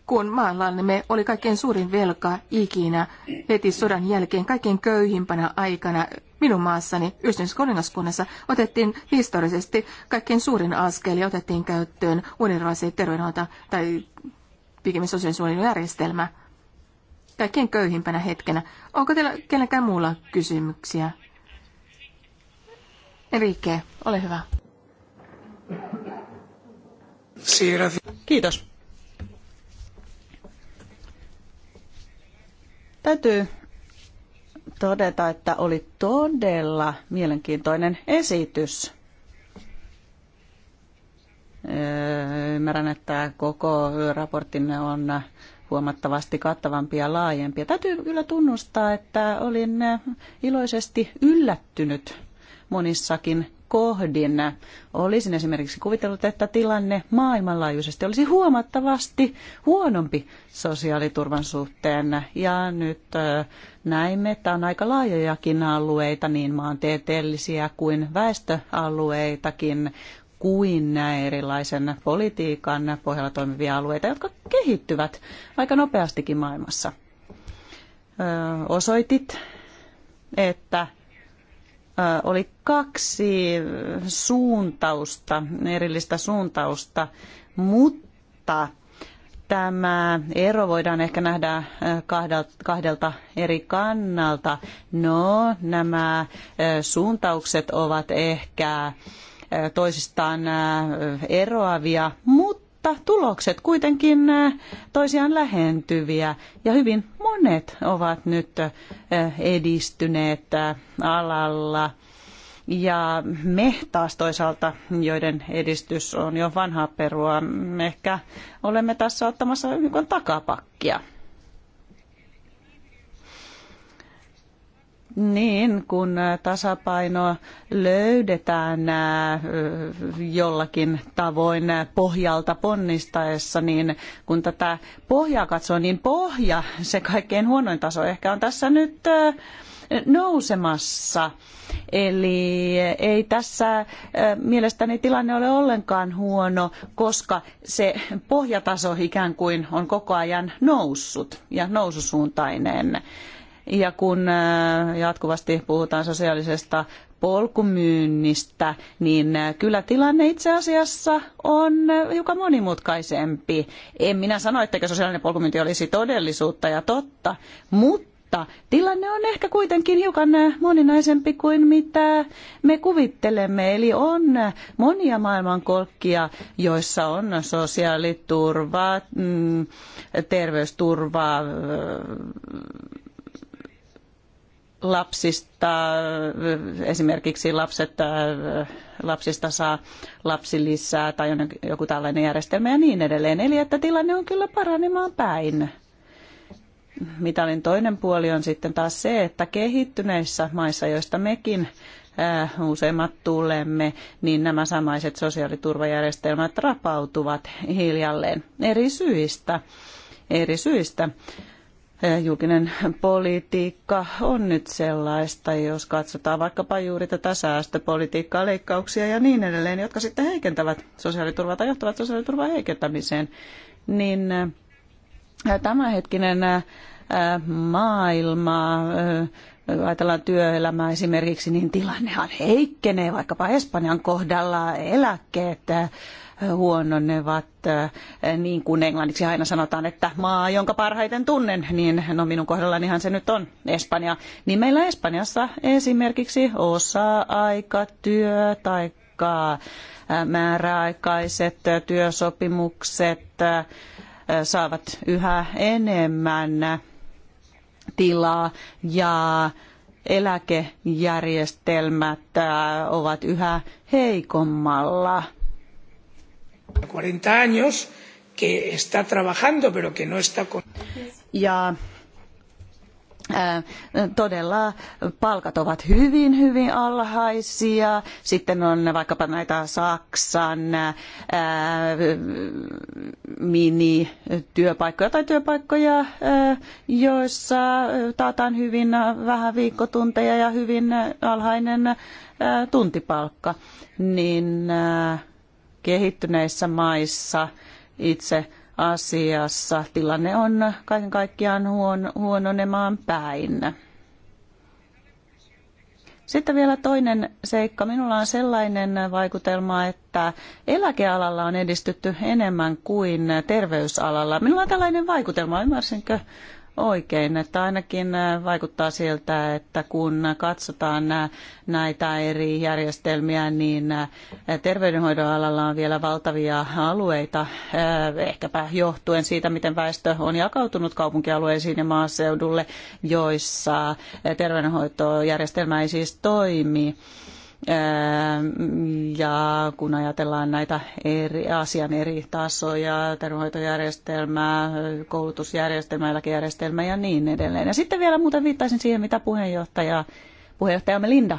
kun maallamme oli kaikkein suurin velka ikinä heti sodan jälkeen, kaikkein köyhimpänä aikana Minun maassani, yhdistyskuningaskunnassa, otettiin historiallisesti kaikkein suurin askel ja otettiin käyttöön uudenlaisia terveydenhoito- tai pikemmin sosiaalisuojelujärjestelmä kaikkein köyhimpänä hetkenä. Onko teillä kenelläkään muulla kysymyksiä? Enrique, ole hyvä. Kiitos. Täytyy todeta, että oli todella mielenkiintoinen esitys. Öö, ymmärrän, että koko raporttinne on huomattavasti kattavampia ja laajempia. Täytyy kyllä tunnustaa, että olin iloisesti yllättynyt monissakin kohdin. Olisin esimerkiksi kuvitellut, että tilanne maailmanlaajuisesti olisi huomattavasti huonompi sosiaaliturvan suhteen. Ja nyt näimme, että on aika laajojakin alueita, niin maantieteellisiä kuin väestöalueitakin, kuin erilaisen politiikan pohjalla toimivia alueita, jotka kehittyvät aika nopeastikin maailmassa. Öö, osoitit, että oli kaksi suuntausta, erillistä suuntausta, mutta tämä ero voidaan ehkä nähdä kahdelta eri kannalta. No, nämä suuntaukset ovat ehkä toisistaan eroavia, mutta mutta tulokset kuitenkin äh, toisiaan lähentyviä ja hyvin monet ovat nyt äh, edistyneet äh, alalla. Ja me taas toisaalta, joiden edistys on jo vanhaa perua, ehkä olemme tässä ottamassa niin takapakkia. niin, kun tasapaino löydetään jollakin tavoin pohjalta ponnistaessa, niin kun tätä pohjaa katsoo, niin pohja, se kaikkein huonoin taso ehkä on tässä nyt nousemassa. Eli ei tässä mielestäni tilanne ole ollenkaan huono, koska se pohjataso ikään kuin on koko ajan noussut ja noususuuntainen. Ja kun äh, jatkuvasti puhutaan sosiaalisesta polkumyynnistä, niin äh, kyllä tilanne itse asiassa on äh, hiukan monimutkaisempi. En minä sano, etteikö sosiaalinen polkumyynti olisi todellisuutta ja totta, mutta tilanne on ehkä kuitenkin hiukan moninaisempi kuin mitä me kuvittelemme. Eli on monia maailmankolkkia, joissa on sosiaaliturva, mm, terveysturva lapsista, esimerkiksi lapset, äh, lapsista saa lapsilisää tai on joku tällainen järjestelmä ja niin edelleen. Eli että tilanne on kyllä paranemaan päin. Mitalin toinen puoli on sitten taas se, että kehittyneissä maissa, joista mekin äh, useimmat tulemme, niin nämä samaiset sosiaaliturvajärjestelmät rapautuvat hiljalleen eri syistä. Eri syistä julkinen politiikka on nyt sellaista, jos katsotaan vaikkapa juuri tätä säästöpolitiikkaa, leikkauksia ja niin edelleen, jotka sitten heikentävät sosiaaliturvaa tai johtavat sosiaaliturvan heikentämiseen, niin tämänhetkinen maailma, ajatellaan työelämää esimerkiksi, niin tilannehan heikkenee vaikkapa Espanjan kohdalla eläkkeet huononevat. Niin kuin englanniksi aina sanotaan, että maa, jonka parhaiten tunnen, niin no minun kohdallanihan se nyt on Espanja. Niin meillä Espanjassa esimerkiksi osa-aikatyö tai määräaikaiset työsopimukset saavat yhä enemmän tilaa ja eläkejärjestelmät ovat yhä heikommalla cuarenta años que está trabajando, pero que no está con... Ja todella palkat ovat hyvin, hyvin alhaisia. Sitten on vaikkapa näitä Saksan mini työpaikkoja tai työpaikkoja, joissa taataan hyvin vähän viikkotunteja ja hyvin alhainen tuntipalkka. Niin kehittyneissä maissa itse asiassa tilanne on kaiken kaikkiaan huon, huononemaan päin. Sitten vielä toinen seikka. Minulla on sellainen vaikutelma, että eläkealalla on edistytty enemmän kuin terveysalalla. Minulla on tällainen vaikutelma, ymmärsinkö oikein, että ainakin äh, vaikuttaa siltä, että kun katsotaan äh, näitä eri järjestelmiä, niin äh, terveydenhoidon alalla on vielä valtavia alueita, ehkäpä johtuen siitä, miten väestö on jakautunut kaupunkialueisiin ja maaseudulle, joissa terveydenhoitojärjestelmä ei siis toimi. Ja kun ajatellaan näitä eri, asian eri tasoja, terveydenhoitojärjestelmää, koulutusjärjestelmää, eläkejärjestelmää ja niin edelleen. Ja sitten vielä muuten viittaisin siihen, mitä puheenjohtaja, puheenjohtajamme Linda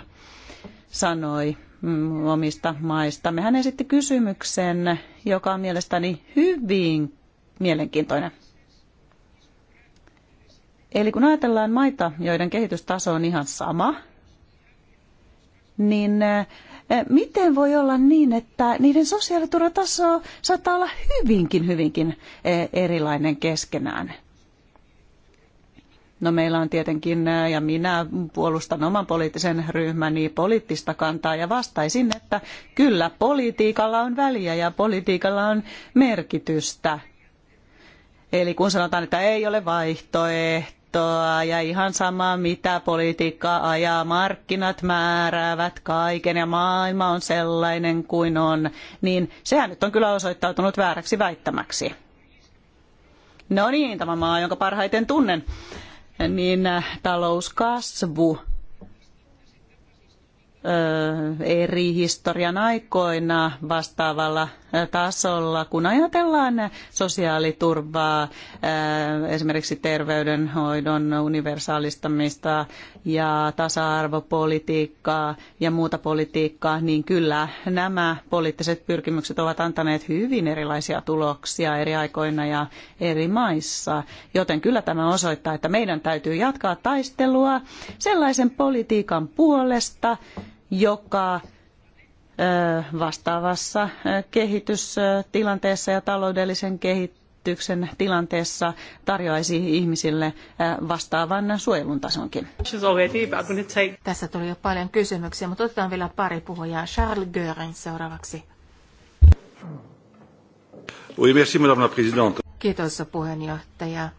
sanoi mm, omista maista. Mehän esitti kysymyksen, joka on mielestäni hyvin mielenkiintoinen. Eli kun ajatellaan maita, joiden kehitystaso on ihan sama, niin miten voi olla niin, että niiden sosiaaliturvataso saattaa olla hyvinkin, hyvinkin erilainen keskenään? No meillä on tietenkin, ja minä puolustan oman poliittisen ryhmäni poliittista kantaa ja vastaisin, että kyllä politiikalla on väliä ja politiikalla on merkitystä. Eli kun sanotaan, että ei ole vaihtoehto, voittoa ja ihan sama mitä politiikkaa ajaa. Markkinat määräävät kaiken ja maailma on sellainen kuin on. Niin sehän nyt on kyllä osoittautunut vääräksi väittämäksi. No niin, tämä maa, jonka parhaiten tunnen, niin äh, talouskasvu äh, eri historian aikoina vastaavalla tasolla, kun ajatellaan sosiaaliturvaa, esimerkiksi terveydenhoidon universaalistamista ja tasa-arvopolitiikkaa ja muuta politiikkaa, niin kyllä nämä poliittiset pyrkimykset ovat antaneet hyvin erilaisia tuloksia eri aikoina ja eri maissa. Joten kyllä tämä osoittaa, että meidän täytyy jatkaa taistelua sellaisen politiikan puolesta, joka vastaavassa kehitystilanteessa ja taloudellisen kehityksen tilanteessa tarjoaisi ihmisille vastaavan suojelun tasonkin. Tässä tuli jo paljon kysymyksiä, mutta otetaan vielä pari puhujaa. Charles Göring seuraavaksi. Oui, merci, madame la Kiitos puheenjohtaja.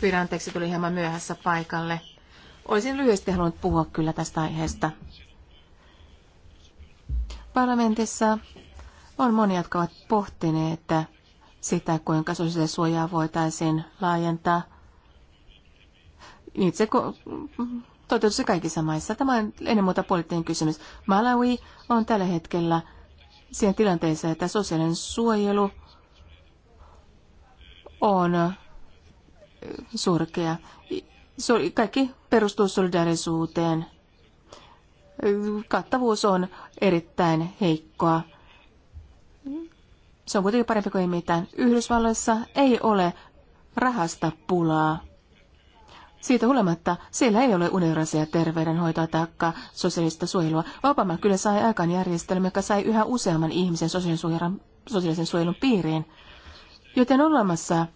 Pyydän anteeksi, tuli hieman myöhässä paikalle. Olisin lyhyesti halunnut puhua kyllä tästä aiheesta. Parlamentissa on monia, jotka ovat pohtineet sitä, kuinka sosiaalista suojaa voitaisiin laajentaa. Itse toteutuisi kaikissa maissa. Tämä on ennen muuta poliittinen kysymys. Malawi on tällä hetkellä siinä tilanteessa, että sosiaalinen suojelu on surkea. Kaikki perustuu solidaarisuuteen – kattavuus on erittäin heikkoa. Se on kuitenkin parempi kuin mitään. Yhdysvalloissa ei ole rahasta pulaa. Siitä huolimatta siellä ei ole universalia terveydenhoitoa tai sosiaalista suojelua. Obama kyllä sai aikaan järjestelmä, joka sai yhä useamman ihmisen sosiaalisen, sosiaalisen suojelun piiriin. Joten on olemassa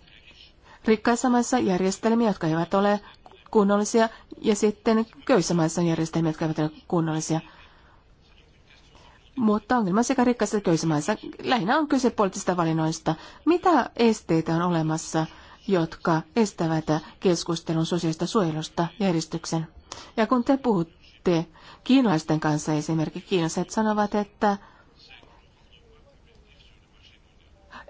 rikkaissa maissa järjestelmiä, jotka eivät ole kunnollisia ja sitten köyhissä maissa on järjestelmiä, jotka eivät ole kunnollisia. Mutta ongelma sekä rikkaissa että köyhissä maissa. Lähinnä on kyse poliittisista valinnoista. Mitä esteitä on olemassa, jotka estävät keskustelun sosiaalista suojelusta ja Ja kun te puhutte kiinalaisten kanssa esimerkiksi, kiinalaiset sanovat, että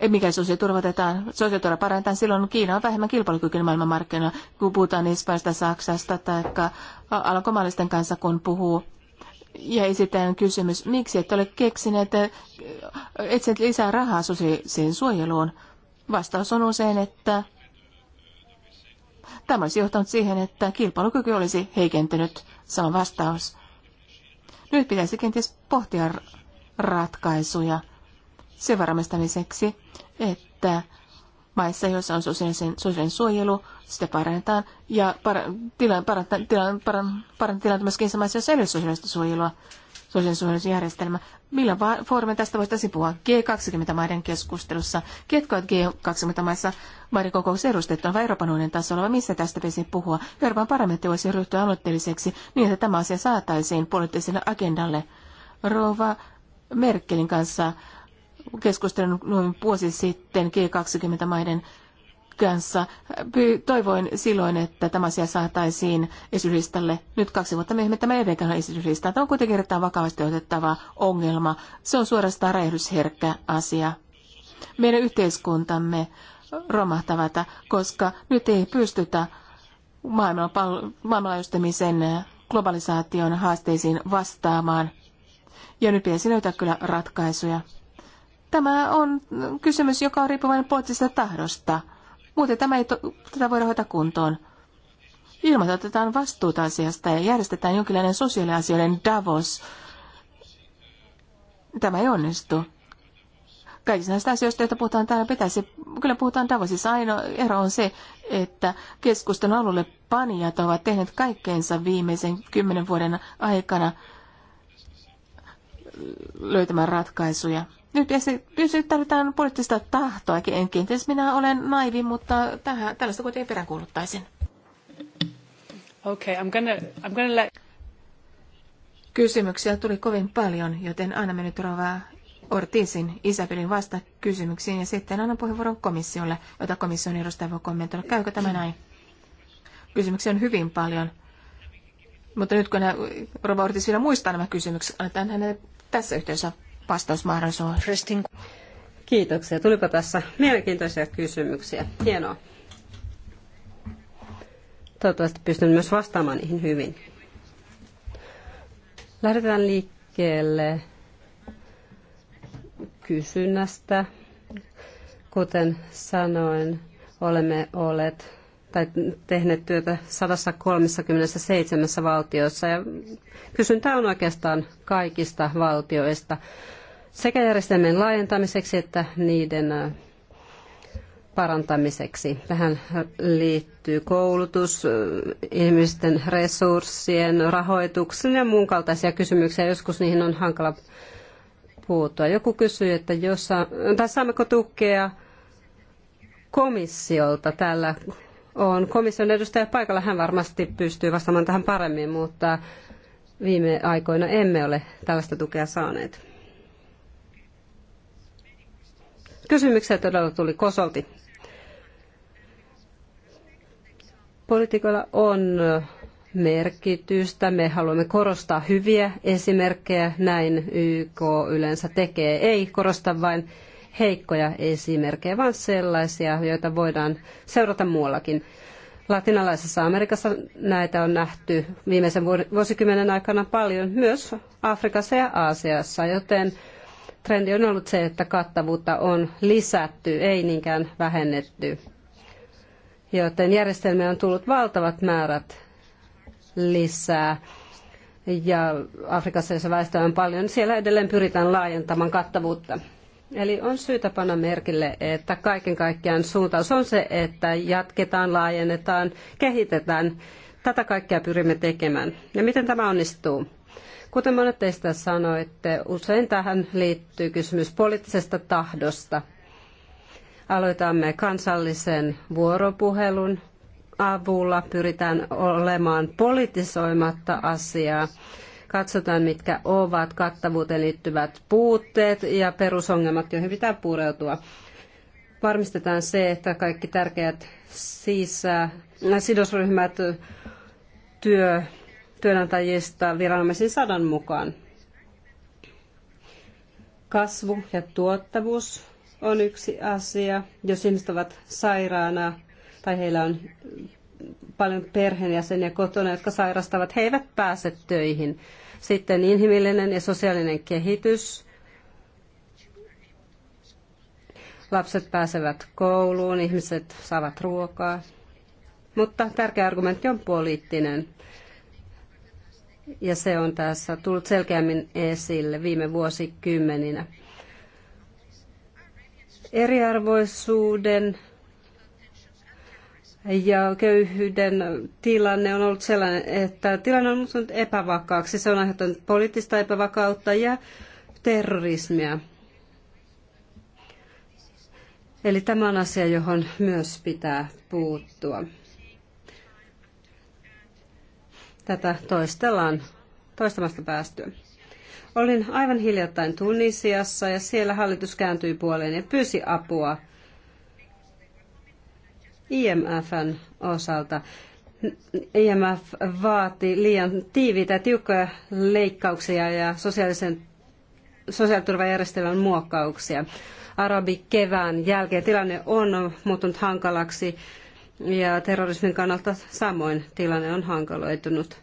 mikä sosiaaliturva otetaan, sosiaaliturva parantaa, silloin Kiina on vähemmän kilpailukykyinen maailmanmarkkinoilla, kun puhutaan Espanjasta, Saksasta tai alkomaalaisten kanssa, kun puhuu. Ja esitän kysymys, miksi et ole keksineet, eh, et lisää rahaa sosiaaliseen suojeluun? Vastaus on usein, että tämä olisi johtanut siihen, että kilpailukyky olisi heikentynyt. sama vastaus. Nyt pitäisi kenties pohtia ratkaisuja sen varmistamiseksi, että maissa, joissa on sosiaalisen, sosiaalinen suojelu, sitä parannetaan ja par, tilan, paranta, tilan, paran, parannetaan myöskin maissa, joissa ei ole sosiaalista suojelua, sosiaalinen suojelusjärjestelmä. Millä foorumin tästä voitaisiin puhua? G20-maiden keskustelussa. Ketkä ovat G20-maissa maiden kokouksen edustettu? Vai Euroopan unionin tasolla? Vai missä tästä pitäisi puhua? Euroopan parlamentti voisi ryhtyä aloitteelliseksi niin, että tämä asia saataisiin poliittiselle agendalle. Rova Merkelin kanssa keskustelin noin vuosi sitten G20-maiden kanssa. Toivoin silloin, että tämä asia saataisiin esityslistalle. Nyt kaksi vuotta myöhemmin tämä ei edelleenkään ole esityslista. Tämä on kuitenkin erittäin vakavasti otettava ongelma. Se on suorastaan räjähdysherkkä asia. Meidän yhteiskuntamme romahtavat, koska nyt ei pystytä maailmanlaajuistamisen globalisaation haasteisiin vastaamaan. Ja nyt pitäisi löytää kyllä ratkaisuja. Tämä on kysymys, joka on riippuvainen poliittisesta tahdosta. Muuten tämä ei to- tätä voida hoitaa kuntoon. Ilmoitetaan vastuuta asiasta ja järjestetään jonkinlainen sosiaaliasioiden Davos. Tämä ei onnistu. Kaikissa näistä asioista, joita puhutaan täällä, pitäisi, kyllä puhutaan Davosissa. Ainoa ero on se, että keskustan alulle panijat ovat tehneet kaikkeensa viimeisen kymmenen vuoden aikana löytämään ratkaisuja nyt, esi- tarvitaan poliittista tahtoa. En kenties minä olen naivi, mutta tähän, tällaista kuitenkin peräänkuuluttaisin. Okay, I'm gonna, I'm gonna let... Kysymyksiä tuli kovin paljon, joten aina nyt rovaa Ortizin Isabelin vasta kysymyksiin ja sitten annan puheenvuoron komissiolle, jota komission edustaja voi kommentoida. Käykö tämä näin? Kysymyksiä on hyvin paljon. Mutta nyt kun Rova Ortiz vielä muistaa nämä kysymykset, annetaan hänelle tässä yhteydessä vastausmahdollisuus. Kiitoksia. Tulipa tässä mielenkiintoisia kysymyksiä. Hienoa. Toivottavasti pystyn myös vastaamaan niihin hyvin. Lähdetään liikkeelle kysynnästä. Kuten sanoin, olemme olleet tai tehneet työtä 137 valtiossa ja kysyntä on oikeastaan kaikista valtioista sekä järjestelmien laajentamiseksi että niiden parantamiseksi. Tähän liittyy koulutus, ihmisten resurssien, rahoituksen ja muun kaltaisia kysymyksiä. Joskus niihin on hankala puuttua. Joku kysyi, että jos, tai saammeko tukea komissiolta tällä on komission edustaja paikalla. Hän varmasti pystyy vastaamaan tähän paremmin, mutta viime aikoina emme ole tällaista tukea saaneet. Kysymyksiä todella tuli kosolti. Poliitikoilla on merkitystä. Me haluamme korostaa hyviä esimerkkejä. Näin YK yleensä tekee. Ei korosta vain heikkoja esimerkkejä, vaan sellaisia, joita voidaan seurata muuallakin. Latinalaisessa Amerikassa näitä on nähty viimeisen vuosikymmenen aikana paljon myös Afrikassa ja Aasiassa, joten trendi on ollut se, että kattavuutta on lisätty, ei niinkään vähennetty. Joten järjestelmiä on tullut valtavat määrät lisää. Ja Afrikassa, jossa väestöä on paljon, siellä edelleen pyritään laajentamaan kattavuutta. Eli on syytä panna merkille, että kaiken kaikkiaan suuntaus on se, että jatketaan, laajennetaan, kehitetään. Tätä kaikkea pyrimme tekemään. Ja miten tämä onnistuu? Kuten monet teistä sanoitte, usein tähän liittyy kysymys poliittisesta tahdosta. Aloitamme kansallisen vuoropuhelun avulla, pyritään olemaan politisoimatta asiaa. Katsotaan, mitkä ovat kattavuuteen liittyvät puutteet ja perusongelmat, joihin pitää pureutua varmistetaan se, että kaikki tärkeät sisä, sidosryhmät, työ, työnantajista viranomaisen sadan mukaan. Kasvu ja tuottavuus on yksi asia. Jos ihmiset ovat sairaana tai heillä on paljon perheenjäseniä kotona, jotka sairastavat, he eivät pääse töihin. Sitten inhimillinen ja sosiaalinen kehitys. Lapset pääsevät kouluun, ihmiset saavat ruokaa. Mutta tärkeä argumentti on poliittinen ja se on tässä tullut selkeämmin esille viime vuosikymmeninä. Eriarvoisuuden ja köyhyyden tilanne on ollut sellainen, että tilanne on muuttunut epävakaaksi. Se on aiheuttanut poliittista epävakautta ja terrorismia. Eli tämä on asia, johon myös pitää puuttua. Tätä toistellaan toistamasta päästyä. Olin aivan hiljattain Tunisiassa ja siellä hallitus kääntyi puoleen ja pyysi apua IMFn osalta. IMF vaati liian tiiviitä ja tiukkoja leikkauksia ja sosiaalisen, sosiaaliturvajärjestelmän muokkauksia. Arabi kevään jälkeen tilanne on muuttunut hankalaksi ja terrorismin kannalta samoin tilanne on hankaloitunut.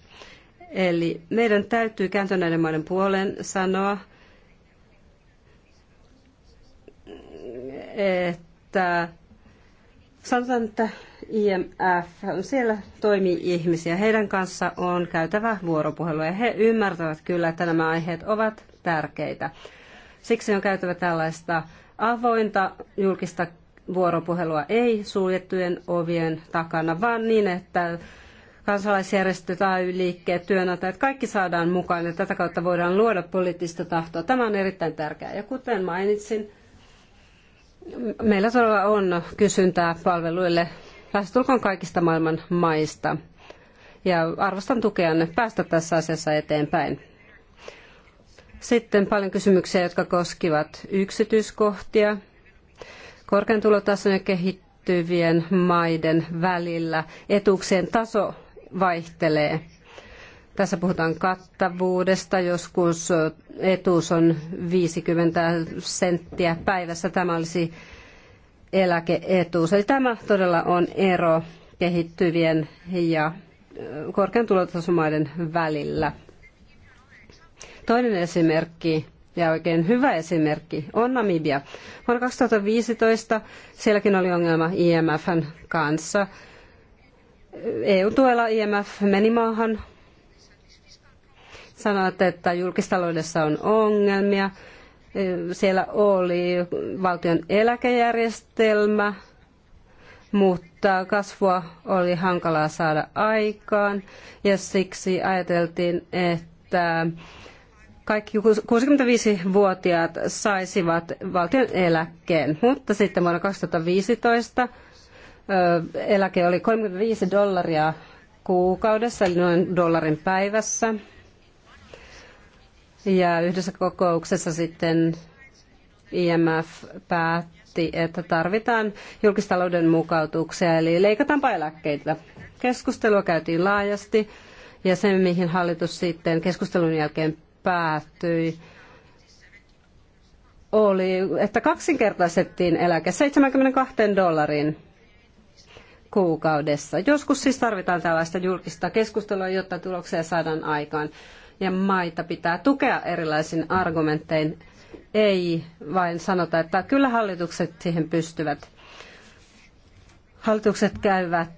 Eli meidän täytyy kääntyä näiden maiden puoleen sanoa, että sanotaan, että IMF siellä toimii ihmisiä. Heidän kanssa on käytävä vuoropuhelua ja he ymmärtävät kyllä, että nämä aiheet ovat tärkeitä. Siksi on käytävä tällaista avointa julkista vuoropuhelua ei suljettujen ovien takana, vaan niin, että kansalaisjärjestöt, AY-liikkeet, työnantajat, kaikki saadaan mukaan ja tätä kautta voidaan luoda poliittista tahtoa. Tämä on erittäin tärkeää. Ja kuten mainitsin, meillä todella on kysyntää palveluille lähestulkoon kaikista maailman maista. Ja arvostan tukeanne päästä tässä asiassa eteenpäin. Sitten paljon kysymyksiä, jotka koskivat yksityiskohtia korkean tulotason ja kehittyvien maiden välillä. Etuuksien taso vaihtelee. Tässä puhutaan kattavuudesta, joskus etuus on 50 senttiä päivässä. Tämä olisi eläkeetuus. Eli tämä todella on ero kehittyvien ja korkean tulotasomaiden välillä. Toinen esimerkki ja oikein hyvä esimerkki on Namibia. Vuonna 2015 sielläkin oli ongelma IMFn kanssa. EU-tuella IMF meni maahan. Sanoivat, että julkistaloudessa on ongelmia. Siellä oli valtion eläkejärjestelmä, mutta kasvua oli hankalaa saada aikaan ja siksi ajateltiin, että kaikki 65-vuotiaat saisivat valtion eläkkeen, mutta sitten vuonna 2015 eläke oli 35 dollaria kuukaudessa, eli noin dollarin päivässä. Ja yhdessä kokouksessa sitten IMF päätti, että tarvitaan julkistalouden mukautuksia, eli leikataanpa eläkkeitä. Keskustelua käytiin laajasti, ja se, mihin hallitus sitten keskustelun jälkeen päättyi, oli, että kaksinkertaisettiin eläke 72 dollarin kuukaudessa. Joskus siis tarvitaan tällaista julkista keskustelua, jotta tuloksia saadaan aikaan. Ja maita pitää tukea erilaisin argumentein. Ei vain sanota, että kyllä hallitukset siihen pystyvät. Hallitukset käyvät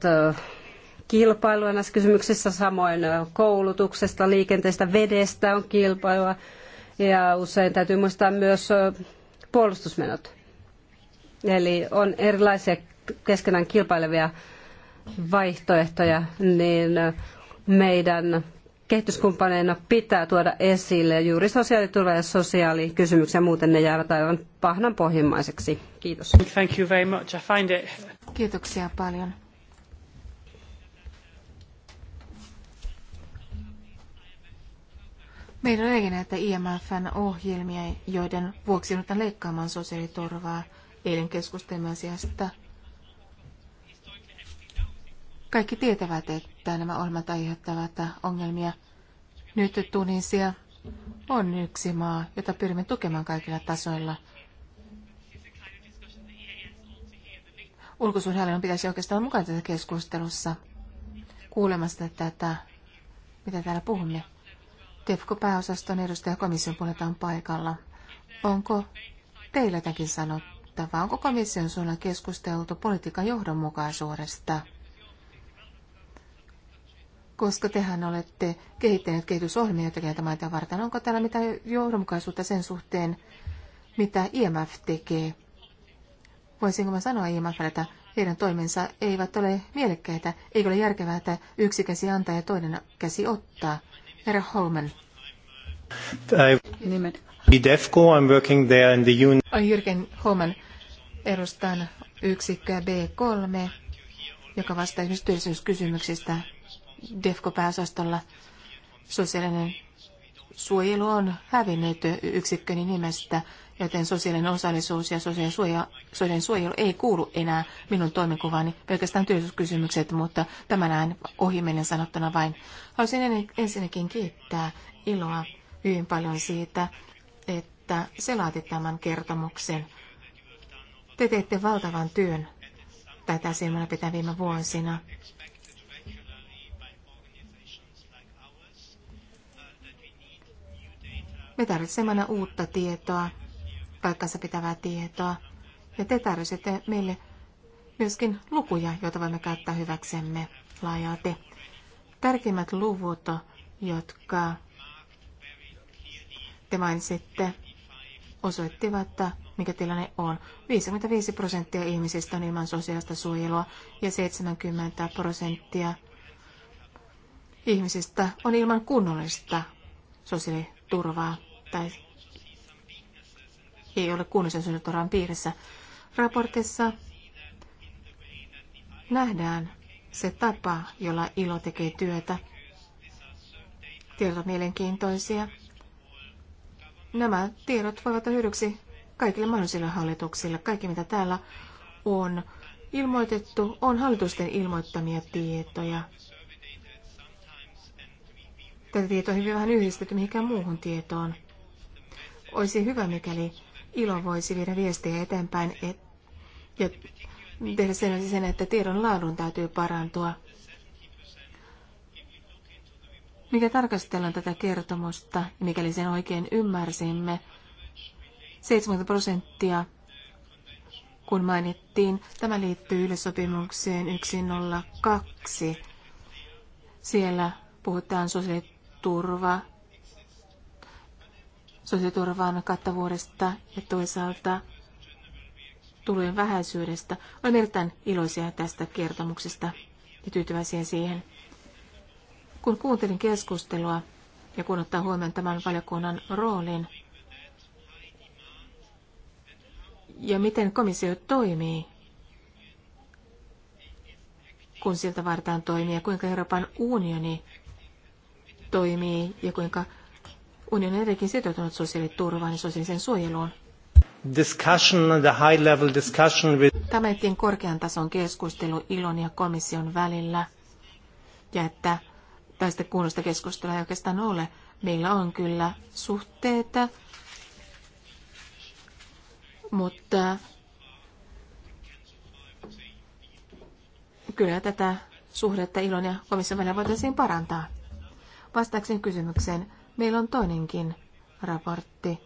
kilpailua näissä kysymyksissä, samoin koulutuksesta, liikenteestä, vedestä on kilpailua ja usein täytyy muistaa myös puolustusmenot. Eli on erilaisia keskenään kilpailevia vaihtoehtoja, niin meidän kehityskumppaneina pitää tuoda esille juuri sosiaaliturva- ja sosiaalikysymyksiä, muuten ne jäävät aivan pahnan pohjimmaiseksi. Kiitos. Thank you very much. I find it... Kiitoksia paljon. Meillä on näitä IMFn ohjelmia, joiden vuoksi nyt leikkaamaan sosiaaliturvaa eilen keskustelimme asiasta. Kaikki tietävät, että nämä ohjelmat aiheuttavat ongelmia. Nyt Tunisia on yksi maa, jota pyrimme tukemaan kaikilla tasoilla. Ulkosuunhallinnon pitäisi oikeastaan olla mukana tässä keskustelussa kuulemasta tätä, mitä täällä puhumme. Tefko pääosaston edustaja komission puolelta on paikalla. Onko teillä jotakin sanottavaa? Onko komission suunnan keskusteltu politiikan johdonmukaisuudesta? Koska tehän olette kehittäneet kehitysohjelmia jotakin maita varten, onko täällä mitään johdonmukaisuutta sen suhteen, mitä IMF tekee? Voisinko mä sanoa IMFlle, että heidän toimensa eivät ole mielekkäitä, ei ole järkevää, että yksi käsi antaa ja toinen käsi ottaa – Herra Holman. Nimen. DEFCO, I'm working there in the union. Jürgen Holman, edustan yksikköä B3, joka vastaa esimerkiksi työllisyyskysymyksistä DEFCO-pääosastolla. Sosiaalinen suojelu on hävinnyt yksikköni nimestä joten sosiaalinen osallisuus ja sosiaalinen suoja, sosiaalinen suojelu ei kuulu enää minun toimikuvani, pelkästään työllisyyskysymykset, mutta tämä näen ohimennen sanottuna vain. Haluaisin ensinnäkin kiittää iloa hyvin paljon siitä, että se laati tämän kertomuksen. Te teette valtavan työn tätä silmällä pitää viime vuosina. Me tarvitsemme uutta tietoa paikkansa pitävää tietoa. Ja te tarvitsette meille myöskin lukuja, joita voimme käyttää hyväksemme laajalti. Tärkeimmät luvut, jotka te mainitsitte, osoittivat, että mikä tilanne on. 55 prosenttia ihmisistä on ilman sosiaalista suojelua ja 70 prosenttia ihmisistä on ilman kunnollista sosiaaliturvaa tai ei ole kunnisen synnytoran piirissä. Raportissa nähdään se tapa, jolla ilo tekee työtä. Tiedot mielenkiintoisia. Nämä tiedot voivat olla hyödyksi kaikille mahdollisille hallituksille. Kaikki, mitä täällä on ilmoitettu, on hallitusten ilmoittamia tietoja. Tätä tietoa on hyvin vähän yhdistetty mihinkään muuhun tietoon. Olisi hyvä, mikäli ILO voisi viedä viestiä eteenpäin et, ja tehdä sen, sen, että tiedon laadun täytyy parantua. Mikä tarkastellaan tätä kertomusta, niin mikäli sen oikein ymmärsimme, 70 prosenttia, kun mainittiin, tämä liittyy yleissopimukseen 102. Siellä puhutaan sosiaaliturva sosiaaliturvan kattavuudesta ja toisaalta tulojen vähäisyydestä. Olen erittäin iloisia tästä kertomuksesta ja tyytyväisiä siihen. Kun kuuntelin keskustelua ja kun ottaa huomioon tämän valiokunnan roolin ja miten komissio toimii, kun siltä vaaditaan toimia, kuinka Euroopan unioni toimii ja kuinka Unioni on edelleenkin sitoutunut sosiaaliturvaan ja sosiaaliseen suojeluun. Discussion, the high level discussion with... Tämä ettiin korkean tason keskustelu ilon ja komission välillä. Ja että tästä kunnosta keskustelua ei oikeastaan ole. Meillä on kyllä suhteita, mutta kyllä tätä suhdetta ilon ja komission välillä voitaisiin parantaa. Vastaakseni kysymykseen, Meillä on toinenkin raportti,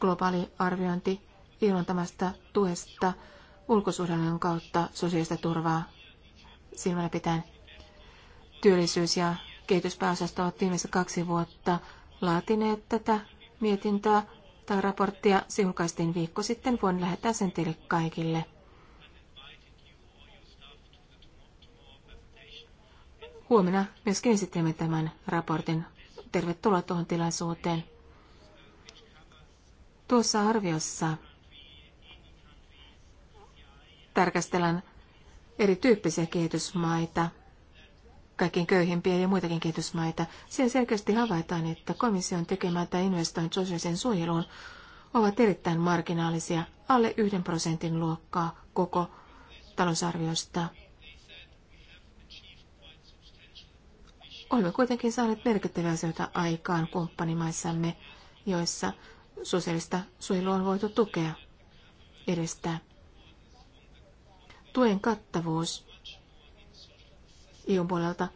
globaali arviointi ilmoittamasta tuesta ulkosuhdannon kautta sosiaalista turvaa silmällä pitäen. Työllisyys- ja kehityspääosasto ovat viimeiset kaksi vuotta laatineet tätä mietintöä tai raporttia. Se julkaistiin viikko sitten. Voin lähettää sen teille kaikille. Huomenna myöskin esittelemme tämän raportin Tervetuloa tuohon tilaisuuteen. Tuossa arviossa tarkastellaan erityyppisiä kehitysmaita, kaikkein köyhimpiä ja muitakin kehitysmaita. Siellä selkeästi havaitaan, että komission tekemättä investoinnit sosiaaliseen suojeluun ovat erittäin marginaalisia, alle yhden prosentin luokkaa koko talousarviosta. Olemme kuitenkin saaneet merkittäviä asioita aikaan kumppanimaissamme, joissa sosiaalista suojelua on voitu tukea, edestää. Tuen kattavuus EUn puolelta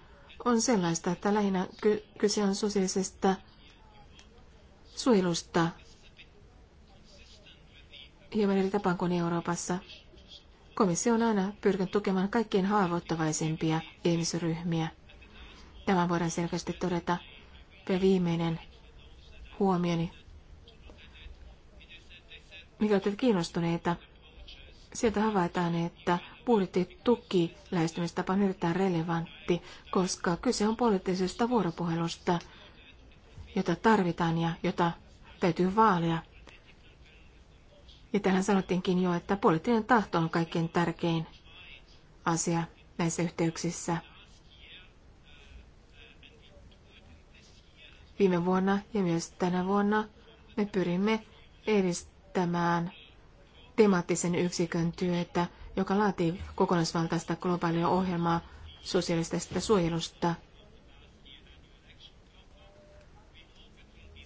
on sellaista, että lähinnä ky- kyse on sosiaalisesta suojelusta hieman eri tapaan kuin Euroopassa. Komissio on aina pyrkinyt tukemaan kaikkien haavoittavaisempia ihmisryhmiä. Tämä voidaan selkeästi todeta. Ja viimeinen huomioni. Mikä olette kiinnostuneita? Sieltä havaitaan, että budjettituki lähestymistapa on erittäin relevantti, koska kyse on poliittisesta vuoropuhelusta, jota tarvitaan ja jota täytyy vaalia. Ja tähän sanottiinkin jo, että poliittinen tahto on kaikkein tärkein asia näissä yhteyksissä. Viime vuonna ja myös tänä vuonna me pyrimme edistämään temaattisen yksikön työtä, joka laatii kokonaisvaltaista globaalia ohjelmaa sosiaalisesta suojelusta.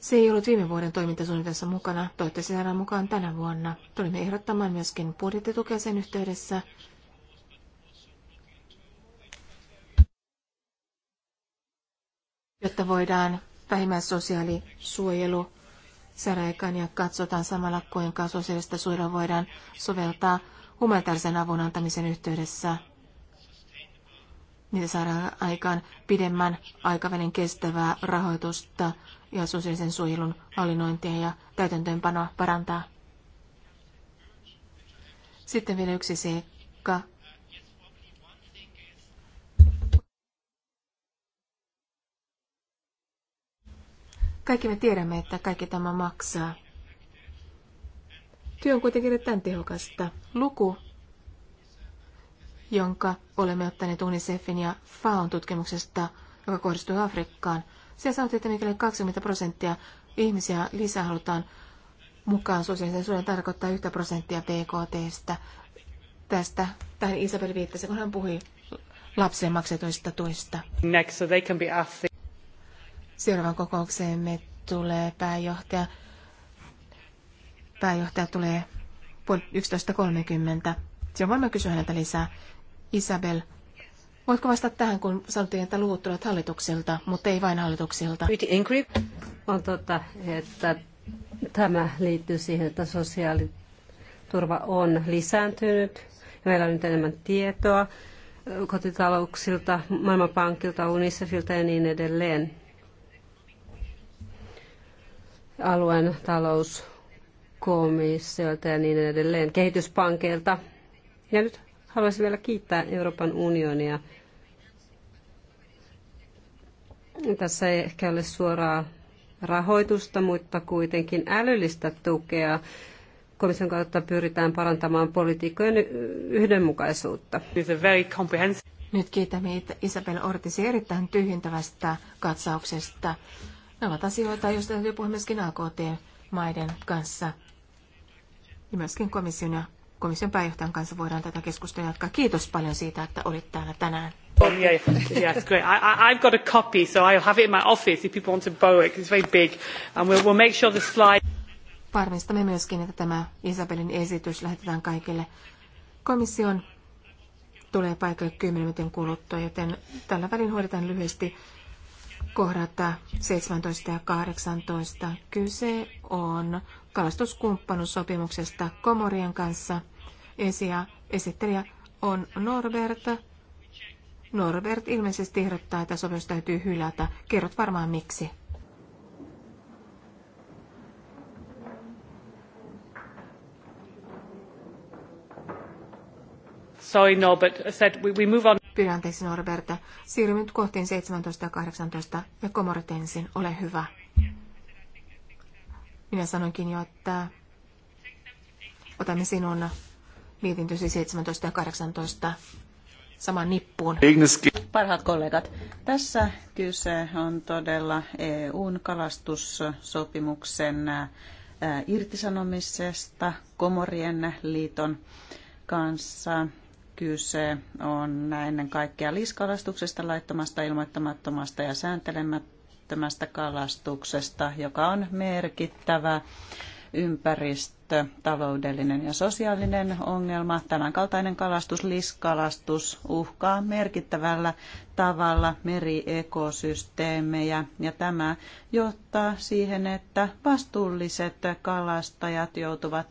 Se ei ollut viime vuoden toimintasuunnitelmassa mukana, toivottavasti saadaan mukaan tänä vuonna. Tulimme ehdottamaan myöskin budjettitukea sen yhteydessä. jotta voidaan vähimmäissosiaalisuojelu saada ja katsotaan samalla, kuinka sosiaalista suojelua voidaan soveltaa humanitaarisen avun antamisen yhteydessä. Niitä saadaan aikaan pidemmän aikavälin kestävää rahoitusta ja sosiaalisen suojelun hallinnointia ja täytäntöönpanoa parantaa. Sitten vielä yksi seikka, Kaikki me tiedämme, että kaikki tämä maksaa. Työ on kuitenkin erittäin tehokasta. Luku, jonka olemme ottaneet UNICEFin ja FAON tutkimuksesta, joka kohdistuu Afrikkaan, siellä sanottiin, että mikäli 20 prosenttia ihmisiä lisää halutaan mukaan sosiaalisen suojan tarkoittaa 1 prosenttia BKTstä. Tästä tähän Isabel viittasi, kun hän puhui lapsen maksetuista tuista. Next, so they can be Seuraavan kokoukseemme tulee pääjohtaja. Pääjohtaja tulee 11.30. Silloin voimme kysyä häneltä lisää. Isabel, voitko vastata tähän, kun sanottiin, että luvut tulevat hallituksilta, mutta ei vain hallituksilta? On totta, että tämä liittyy siihen, että sosiaaliturva on lisääntynyt. Meillä on nyt enemmän tietoa kotitalouksilta, Maailmanpankilta, UNICEFilta ja niin edelleen alueen talouskomissiolta ja niin edelleen kehityspankeilta. Ja nyt haluaisin vielä kiittää Euroopan unionia. Tässä ei ehkä ole suoraa rahoitusta, mutta kuitenkin älyllistä tukea. Komission kautta pyritään parantamaan politiikkojen yhdenmukaisuutta. Nyt kiitämme Isabel Ortisi erittäin tyhjentävästä katsauksesta ne ovat asioita, joista täytyy puhua myöskin AKT-maiden kanssa. Ja myöskin komission ja komission pääjohtajan kanssa voidaan tätä keskustelua jatkaa. Kiitos paljon siitä, että olit täällä tänään. Oh, yeah, yeah, it's great. I, I've got a copy, so I'll have it in my office if people want to borrow it, it's very big. And we'll, we'll make sure the slide... Varmistamme myöskin, että tämä Isabelin esitys lähetetään kaikille. Komission tulee paikalle 10 minuutin kuluttua, joten tällä välin hoidetaan lyhyesti Kohdata 17 ja 18. Kyse on kalastuskumppanuussopimuksesta Komorien kanssa. Esiä, esittelijä on Norbert. Norbert ilmeisesti ehdottaa, että sopimus täytyy hylätä. Kerrot varmaan miksi. Sorry, Norbert. I said we, we move on. Pyydän anteeksi Norberta. Siirrymme nyt kohtiin 17 ja 18 ja ensin. Ole hyvä. Minä sanoinkin jo, että otamme sinun mietintösi 17 ja 18 saman nippuun. Parhaat kollegat, tässä kyse on todella EUn kalastussopimuksen irtisanomisesta Komorien liiton kanssa kyse on ennen kaikkea liskalastuksesta, laittomasta, ilmoittamattomasta ja sääntelemättömästä kalastuksesta, joka on merkittävä ympäristö, taloudellinen ja sosiaalinen ongelma. Tämänkaltainen kalastus, liskalastus, uhkaa merkittävällä tavalla meriekosysteemejä ja tämä johtaa siihen, että vastuulliset kalastajat joutuvat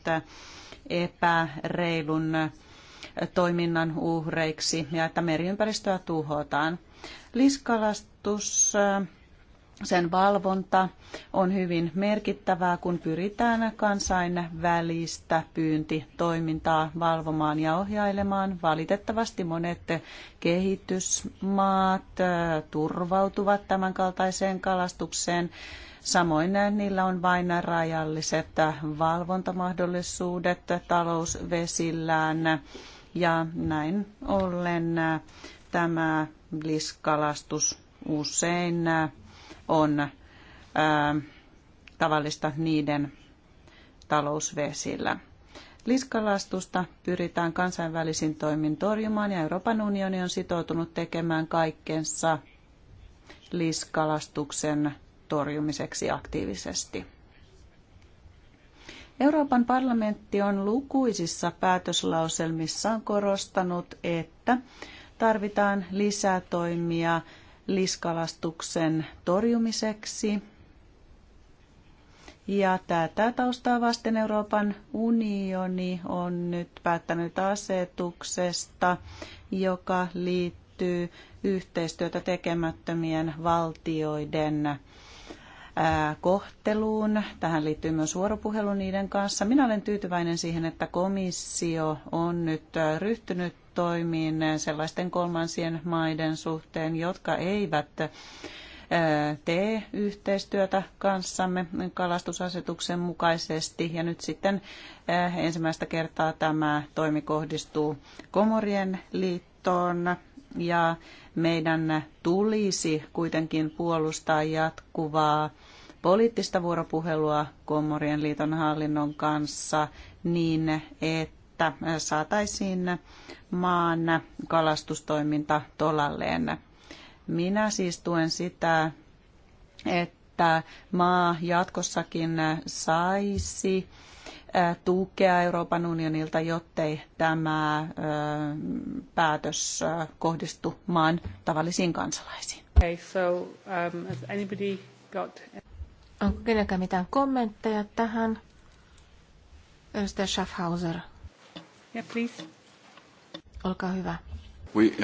epäreilun toiminnan uhreiksi ja että meriympäristöä tuhotaan. Liskalastus äh, sen valvonta on hyvin merkittävää, kun pyritään kansainvälistä pyyntitoimintaa valvomaan ja ohjailemaan. Valitettavasti monet kehitysmaat äh, turvautuvat tämänkaltaiseen kalastukseen. Samoin niillä on vain rajalliset valvontamahdollisuudet talousvesillään ja näin ollen tämä liskalastus usein on tavallista niiden talousvesillä. Liskalastusta pyritään kansainvälisin toimin torjumaan ja Euroopan unioni on sitoutunut tekemään kaikkensa liskalastuksen torjumiseksi aktiivisesti. Euroopan parlamentti on lukuisissa päätöslauselmissaan korostanut, että tarvitaan lisää toimia liskalastuksen torjumiseksi. Ja tätä taustaa vasten Euroopan unioni on nyt päättänyt asetuksesta, joka liittyy yhteistyötä tekemättömien valtioiden kohteluun. Tähän liittyy myös vuoropuhelu niiden kanssa. Minä olen tyytyväinen siihen, että komissio on nyt ryhtynyt toimiin sellaisten kolmansien maiden suhteen, jotka eivät tee yhteistyötä kanssamme kalastusasetuksen mukaisesti. Ja nyt sitten ensimmäistä kertaa tämä toimi kohdistuu Komorien liittoon. Ja meidän tulisi kuitenkin puolustaa jatkuvaa poliittista vuoropuhelua Komorien liiton hallinnon kanssa niin, että saataisiin maan kalastustoiminta tolalleen. Minä siis tuen sitä, että maa jatkossakin saisi tukea Euroopan unionilta, jottei tämä päätös kohdistu maan tavallisiin kansalaisiin. Okay, so, um, has anybody got... Onko kenelläkään mitään kommentteja tähän? Edustaja Schaffhauser. Yeah, please. Olkaa hyvä. Oui,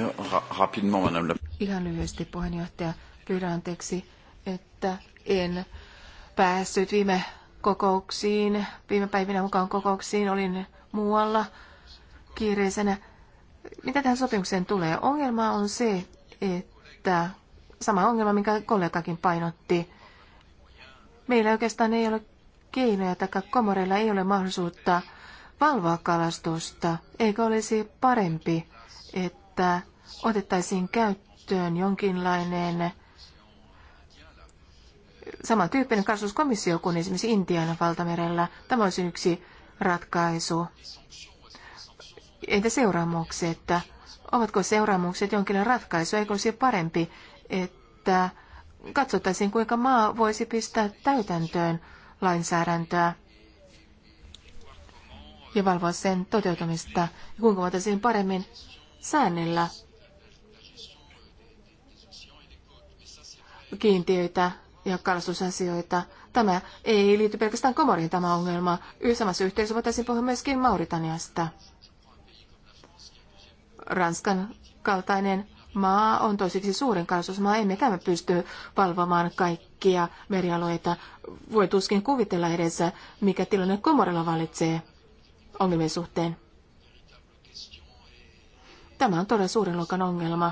rapidement, madame la... Ihan lyhyesti puheenjohtaja. Pyydän anteeksi, että en päässyt viime kokouksiin, viime päivinä mukaan kokouksiin, olin muualla kiireisenä. Mitä tähän sopimukseen tulee? Ongelma on se, että sama ongelma, minkä kollegakin painotti. Meillä oikeastaan ei ole keinoja, taikka komoreilla ei ole mahdollisuutta valvoa kalastusta. Eikö olisi parempi, että otettaisiin käyttöön jonkinlainen samantyyppinen kansalliskomissio kuin esimerkiksi Intian valtamerellä. Tämä olisi yksi ratkaisu. Entä seuraamukset? Ovatko seuraamukset jonkinlainen ratkaisu? Eikö olisi parempi, että katsottaisiin, kuinka maa voisi pistää täytäntöön lainsäädäntöä ja valvoa sen toteutumista ja kuinka voitaisiin paremmin säännellä kiintiöitä ja kalastusasioita. Tämä ei liity pelkästään Komoriin tämä ongelma. Yhdessä yhteisö voitaisiin puhua myöskin Mauritaniasta. Ranskan kaltainen maa on toiseksi suurin kalastusmaa, emmekä me pysty valvomaan kaikkia merialueita. Voi tuskin kuvitella edes, mikä tilanne Komorilla valitsee ongelmien suhteen. Tämä on todella suurin luokan ongelma.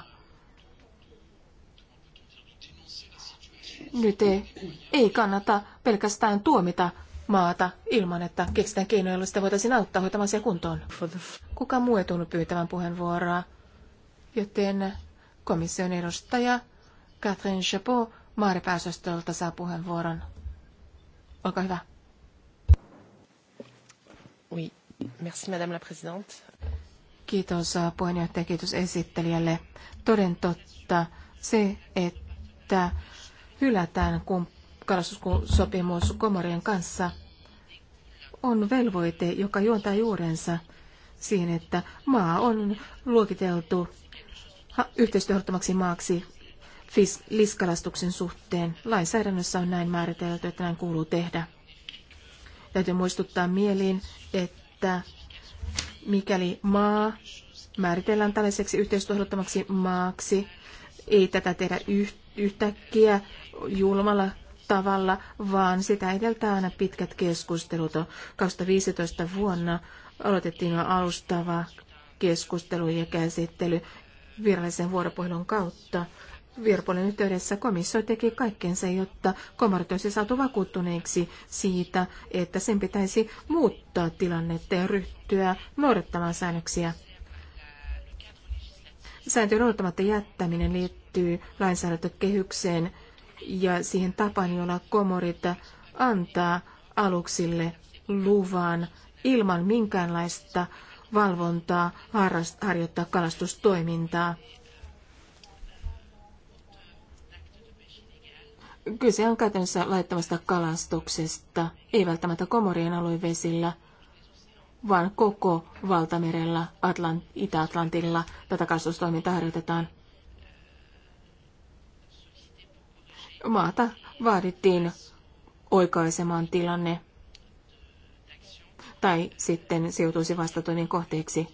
Nyt ei, ei kannata pelkästään tuomita maata ilman, että keksitään keinoja, joilla sitä voitaisiin auttaa hoitamaan se kuntoon. Kuka muu ei tunnu pyytävän puheenvuoroa, joten komission edustaja Catherine Chapeau maaripääsöstöltä saa puheenvuoron. Olkaa hyvä. Oui. Merci, Madame la Présidente. Kiitos puheenjohtaja, kiitos esittelijälle. Toden totta se, että hylätään kun kalastussopimus Komorien kanssa, on velvoite, joka juontaa juurensa siihen, että maa on luokiteltu yhteistyöhoittamaksi maaksi liskalastuksen suhteen. Lainsäädännössä on näin määritelty, että näin kuuluu tehdä. Täytyy muistuttaa mieliin, että mikäli maa määritellään tällaiseksi yhteistyöhoittamaksi maaksi, ei tätä tehdä yhteen yhtäkkiä julmalla tavalla, vaan sitä edeltää aina pitkät keskustelut. 2015 vuonna aloitettiin jo alustava keskustelu ja käsittely virallisen vuoropuhelun kautta. Virpolin yhteydessä komissio teki kaikkensa, jotta komarit olisi saatu vakuuttuneeksi siitä, että sen pitäisi muuttaa tilannetta ja ryhtyä noudattamaan säännöksiä. Sääntöjen noudattamatta jättäminen liittyy liittyy lainsäädäntökehykseen ja siihen tapaan, jolla komorit antaa aluksille luvan ilman minkäänlaista valvontaa harjoittaa kalastustoimintaa. Kyse on käytännössä laittamasta kalastuksesta, ei välttämättä komorien aluevesillä, vaan koko valtamerellä Atlant- Itä-Atlantilla tätä kalastustoimintaa harjoitetaan. maata vaadittiin oikaisemaan tilanne tai sitten se joutuisi kohteeksi.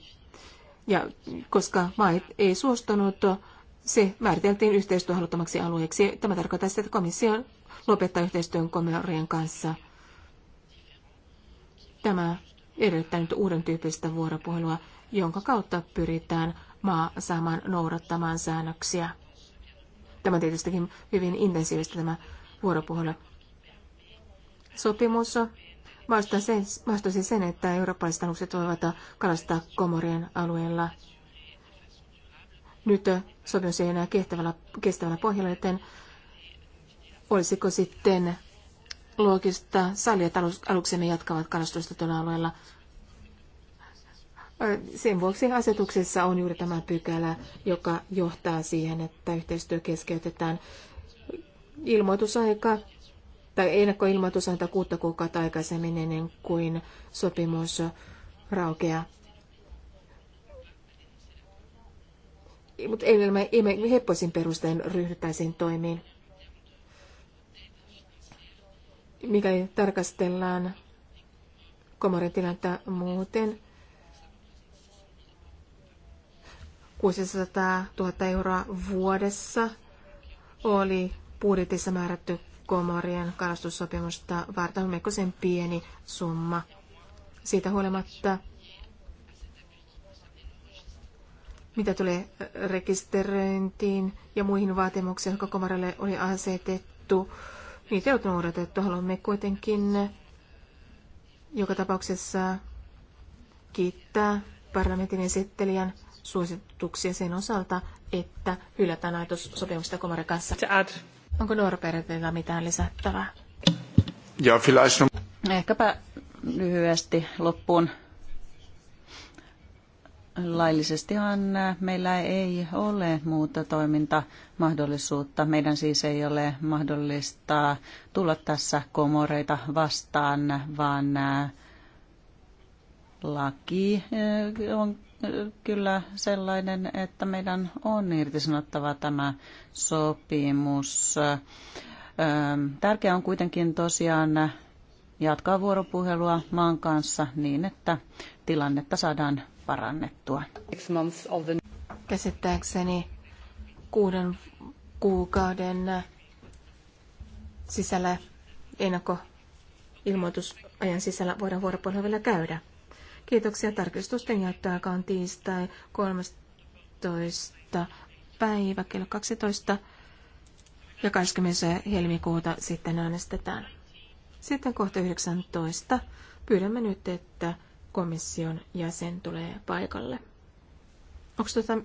Ja koska maa ei suostunut, se määriteltiin yhteistyöhaluttomaksi alueeksi. Tämä tarkoittaa sitä, että komissio lopettaa yhteistyön komorien kanssa. Tämä edellyttää nyt uuden tyyppistä vuoropuhelua, jonka kautta pyritään maa saamaan noudattamaan säännöksiä. Tämä on tietystikin hyvin intensiivistä tämä vuoropuhelu. Sopimus vastasi siis sen, että eurooppalaiset alukset voivat kalastaa Komorien alueella. Nyt sopimus ei enää kestävällä, kestävällä pohjalla, joten olisiko sitten loogista sallia aluksemme jatkavat kalastusta tuolla alueella sen vuoksi asetuksessa on juuri tämä pykälä, joka johtaa siihen, että yhteistyö keskeytetään ilmoitusaika tai antaa kuutta kuukautta aikaisemmin ennen kuin sopimus raukeaa. Mutta ei me, heppoisin perustein ryhdyttäisiin toimiin, mikä tarkastellaan komorin tilannetta muuten – 600 000 euroa vuodessa oli budjetissa määrätty Komorien kalastussopimusta varten melkoisen pieni summa. Siitä huolimatta, mitä tulee rekisteröintiin ja muihin vaatimuksiin, jotka Komorille oli asetettu, niitä ei ole noudatettu. Haluamme kuitenkin joka tapauksessa kiittää parlamentin esittelijän suosituksia sen osalta, että hylätään ajatus sopimuksesta Komarin kanssa. Onko Norbertilla mitään lisättävää? Ja, vielä... Ehkäpä lyhyesti loppuun. Laillisestihan meillä ei ole muuta toimintamahdollisuutta. Meidän siis ei ole mahdollista tulla tässä komoreita vastaan, vaan äh, laki äh, on kyllä sellainen, että meidän on irtisanottava tämä sopimus. Tärkeää on kuitenkin tosiaan jatkaa vuoropuhelua maan kanssa niin, että tilannetta saadaan parannettua. Käsittääkseni kuuden kuukauden sisällä ennakkoilmoitusajan sisällä voidaan vuoropuhelua vielä käydä. Kiitoksia. Tarkistusten jättöaika on tiistai 13. päivä kello 12 ja 20. helmikuuta sitten äänestetään. Sitten kohta 19. Pyydämme nyt, että komission jäsen tulee paikalle. Onko tuota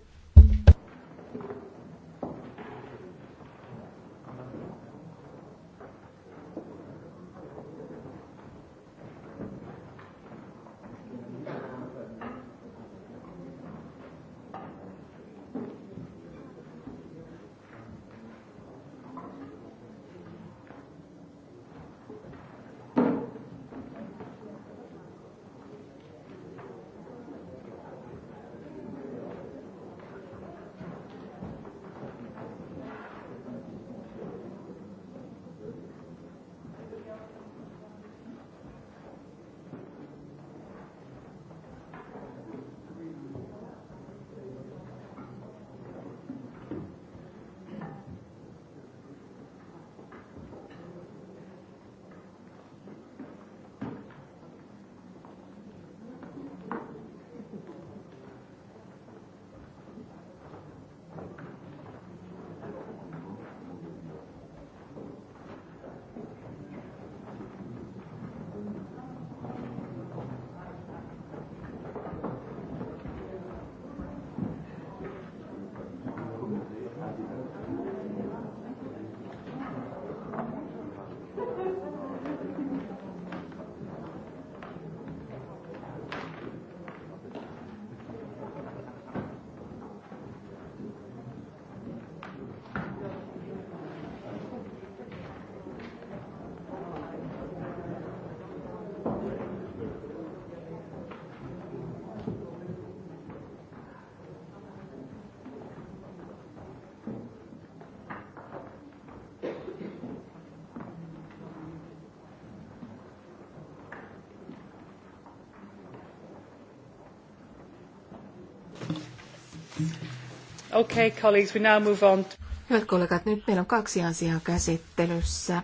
Okay, colleagues, we now move on. Hyvät kollegat, nyt meillä on kaksi asiaa käsittelyssä.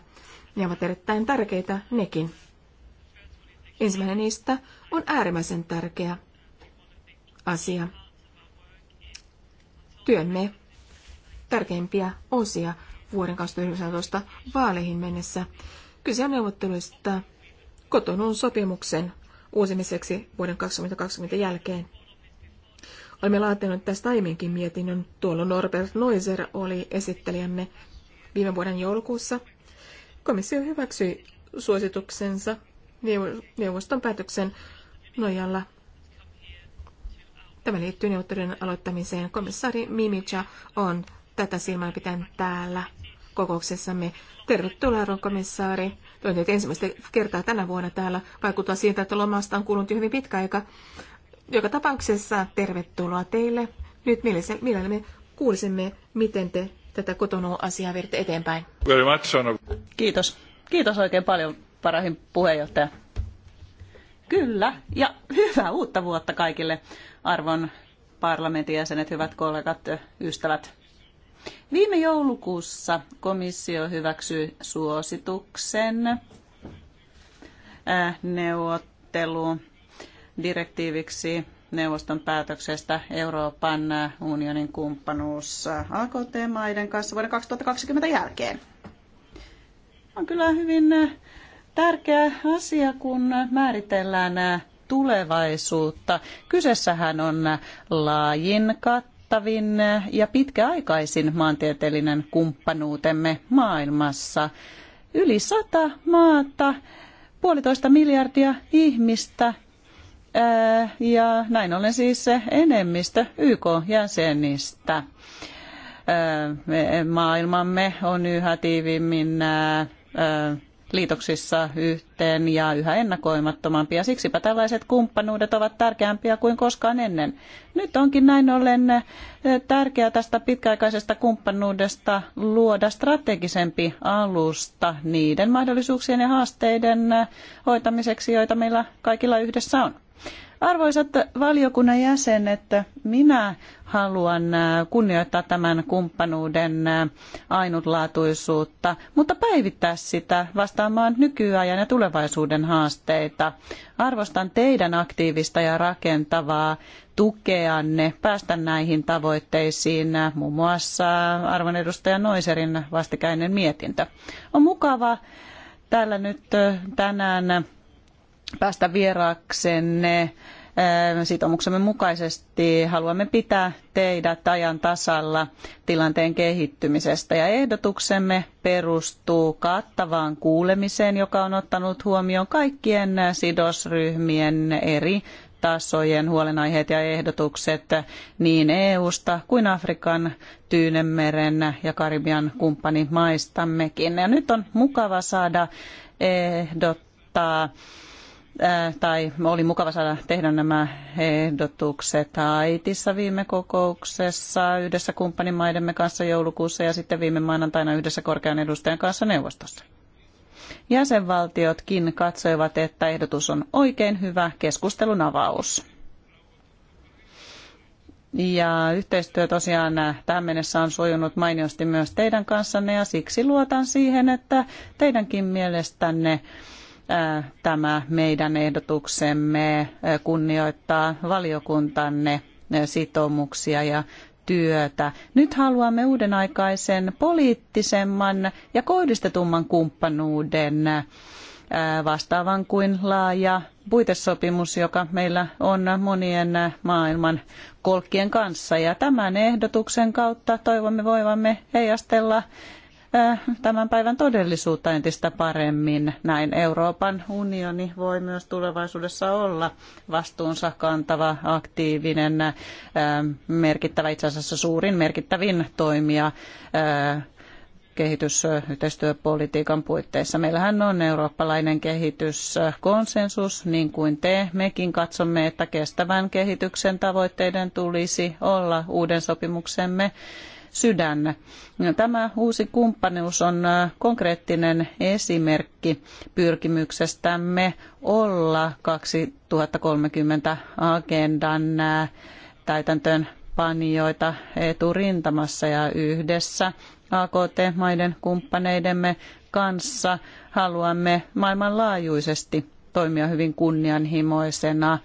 Ne ovat erittäin tärkeitä nekin. Ensimmäinen niistä on äärimmäisen tärkeä asia. Työmme tärkeimpiä osia vuoden 2019 vaaleihin mennessä. Kyse on neuvotteluista kotonuun sopimuksen uusimiseksi vuoden 2020 jälkeen. Olemme laatineet tästä aiemminkin mietinnön. Tuolloin Norbert Neuser oli esittelijämme viime vuoden joulukuussa. Komissio hyväksyi suosituksensa neuvoston päätöksen nojalla. Tämä liittyy neuvottelujen aloittamiseen. Komissaari Mimica on tätä silmää pitäen täällä kokouksessamme. Tervetuloa, komissaari. Toin ensimmäistä kertaa tänä vuonna täällä. Vaikuttaa siitä, että lomasta on kulunut hyvin pitkä aika. Joka tapauksessa tervetuloa teille. Nyt mielellä me kuulisimme, miten te tätä kotonoa-asiaa viette eteenpäin. Very much Kiitos. Kiitos oikein paljon, parahin puheenjohtaja. Kyllä, ja hyvää uutta vuotta kaikille arvon parlamentin jäsenet, hyvät kollegat, ystävät. Viime joulukuussa komissio hyväksyi suosituksen äh, neuvotteluun direktiiviksi neuvoston päätöksestä Euroopan unionin kumppanuus AKT-maiden kanssa vuoden 2020 jälkeen. On kyllä hyvin tärkeä asia, kun määritellään tulevaisuutta. Kyseessähän on laajin kattavin ja pitkäaikaisin maantieteellinen kumppanuutemme maailmassa. Yli sata maata, puolitoista miljardia ihmistä ja näin ollen siis se enemmistö YK-jäsenistä. Maailmamme on yhä tiivimmin liitoksissa yhteen ja yhä ennakoimattomampia, siksipä tällaiset kumppanuudet ovat tärkeämpiä kuin koskaan ennen. Nyt onkin näin ollen tärkeää tästä pitkäaikaisesta kumppanuudesta luoda strategisempi alusta niiden mahdollisuuksien ja haasteiden hoitamiseksi, joita meillä kaikilla yhdessä on. Arvoisat valiokunnan jäsenet, minä haluan äh, kunnioittaa tämän kumppanuuden äh, ainutlaatuisuutta, mutta päivittää sitä vastaamaan nykyajan ja tulevaisuuden haasteita. Arvostan teidän aktiivista ja rakentavaa tukeanne päästä näihin tavoitteisiin, äh, muun muassa arvon edustaja Noiserin vastikäinen mietintö. On mukava täällä nyt tänään päästä vieraaksenne sitoumuksemme mukaisesti haluamme pitää teidät ajan tasalla tilanteen kehittymisestä ja ehdotuksemme perustuu kattavaan kuulemiseen, joka on ottanut huomioon kaikkien sidosryhmien eri tasojen huolenaiheet ja ehdotukset niin EU-sta kuin Afrikan, Tyynemeren ja Karibian kumppanimaistammekin. Ja nyt on mukava saada ehdottaa Äh, tai oli mukava saada tehdä nämä ehdotukset Haitissa viime kokouksessa yhdessä kumppanimaidemme kanssa joulukuussa ja sitten viime maanantaina yhdessä korkean edustajan kanssa neuvostossa. Jäsenvaltiotkin katsoivat, että ehdotus on oikein hyvä keskustelun avaus. Ja yhteistyö tosiaan tähän mennessä on sujunut mainiosti myös teidän kanssanne ja siksi luotan siihen, että teidänkin mielestänne tämä meidän ehdotuksemme kunnioittaa valiokuntanne sitoumuksia ja työtä. Nyt haluamme uuden aikaisen poliittisemman ja kohdistetumman kumppanuuden vastaavan kuin laaja puitesopimus, joka meillä on monien maailman kolkkien kanssa. Ja tämän ehdotuksen kautta toivomme voivamme heijastella Äh, tämän päivän todellisuutta entistä paremmin. Näin Euroopan unioni voi myös tulevaisuudessa olla vastuunsa kantava, aktiivinen, äh, merkittävä, itse asiassa suurin merkittävin toimija äh, kehitysyhteistyöpolitiikan puitteissa. Meillähän on eurooppalainen kehityskonsensus, niin kuin te. Mekin katsomme, että kestävän kehityksen tavoitteiden tulisi olla uuden sopimuksemme sydän. Tämä uusi kumppanuus on äh, konkreettinen esimerkki pyrkimyksestämme olla 2030 agendan äh, täytäntöön panijoita eturintamassa ja yhdessä AKT-maiden kumppaneidemme kanssa haluamme maailmanlaajuisesti toimia hyvin kunnianhimoisena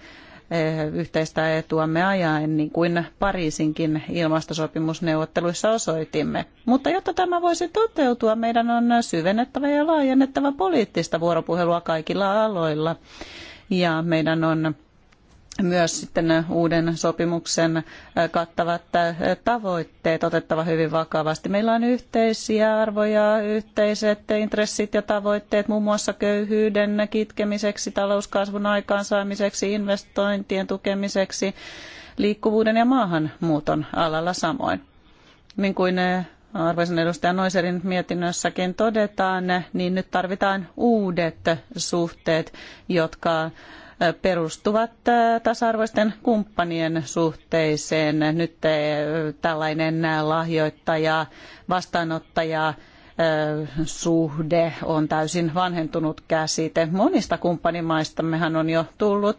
Eh, yhteistä etuamme ajaen, niin kuin Pariisinkin ilmastosopimusneuvotteluissa osoitimme. Mutta jotta tämä voisi toteutua, meidän on syvennettävä ja laajennettava poliittista vuoropuhelua kaikilla aloilla. Ja meidän on myös sitten uuden sopimuksen äh, kattavat äh, tavoitteet otettava hyvin vakavasti. Meillä on yhteisiä arvoja, yhteiset intressit ja tavoitteet muun muassa köyhyyden kitkemiseksi, talouskasvun aikaansaamiseksi, investointien tukemiseksi, liikkuvuuden ja maahanmuuton alalla samoin. Niin kuin äh, arvoisen edustajan Noiserin mietinnössäkin todetaan, niin nyt tarvitaan uudet suhteet, jotka perustuvat äh, tasa-arvoisten kumppanien suhteeseen. Nyt äh, tällainen lahjoittaja, vastaanottaja, äh, suhde on täysin vanhentunut käsite. Monista kumppanimaistammehan on jo tullut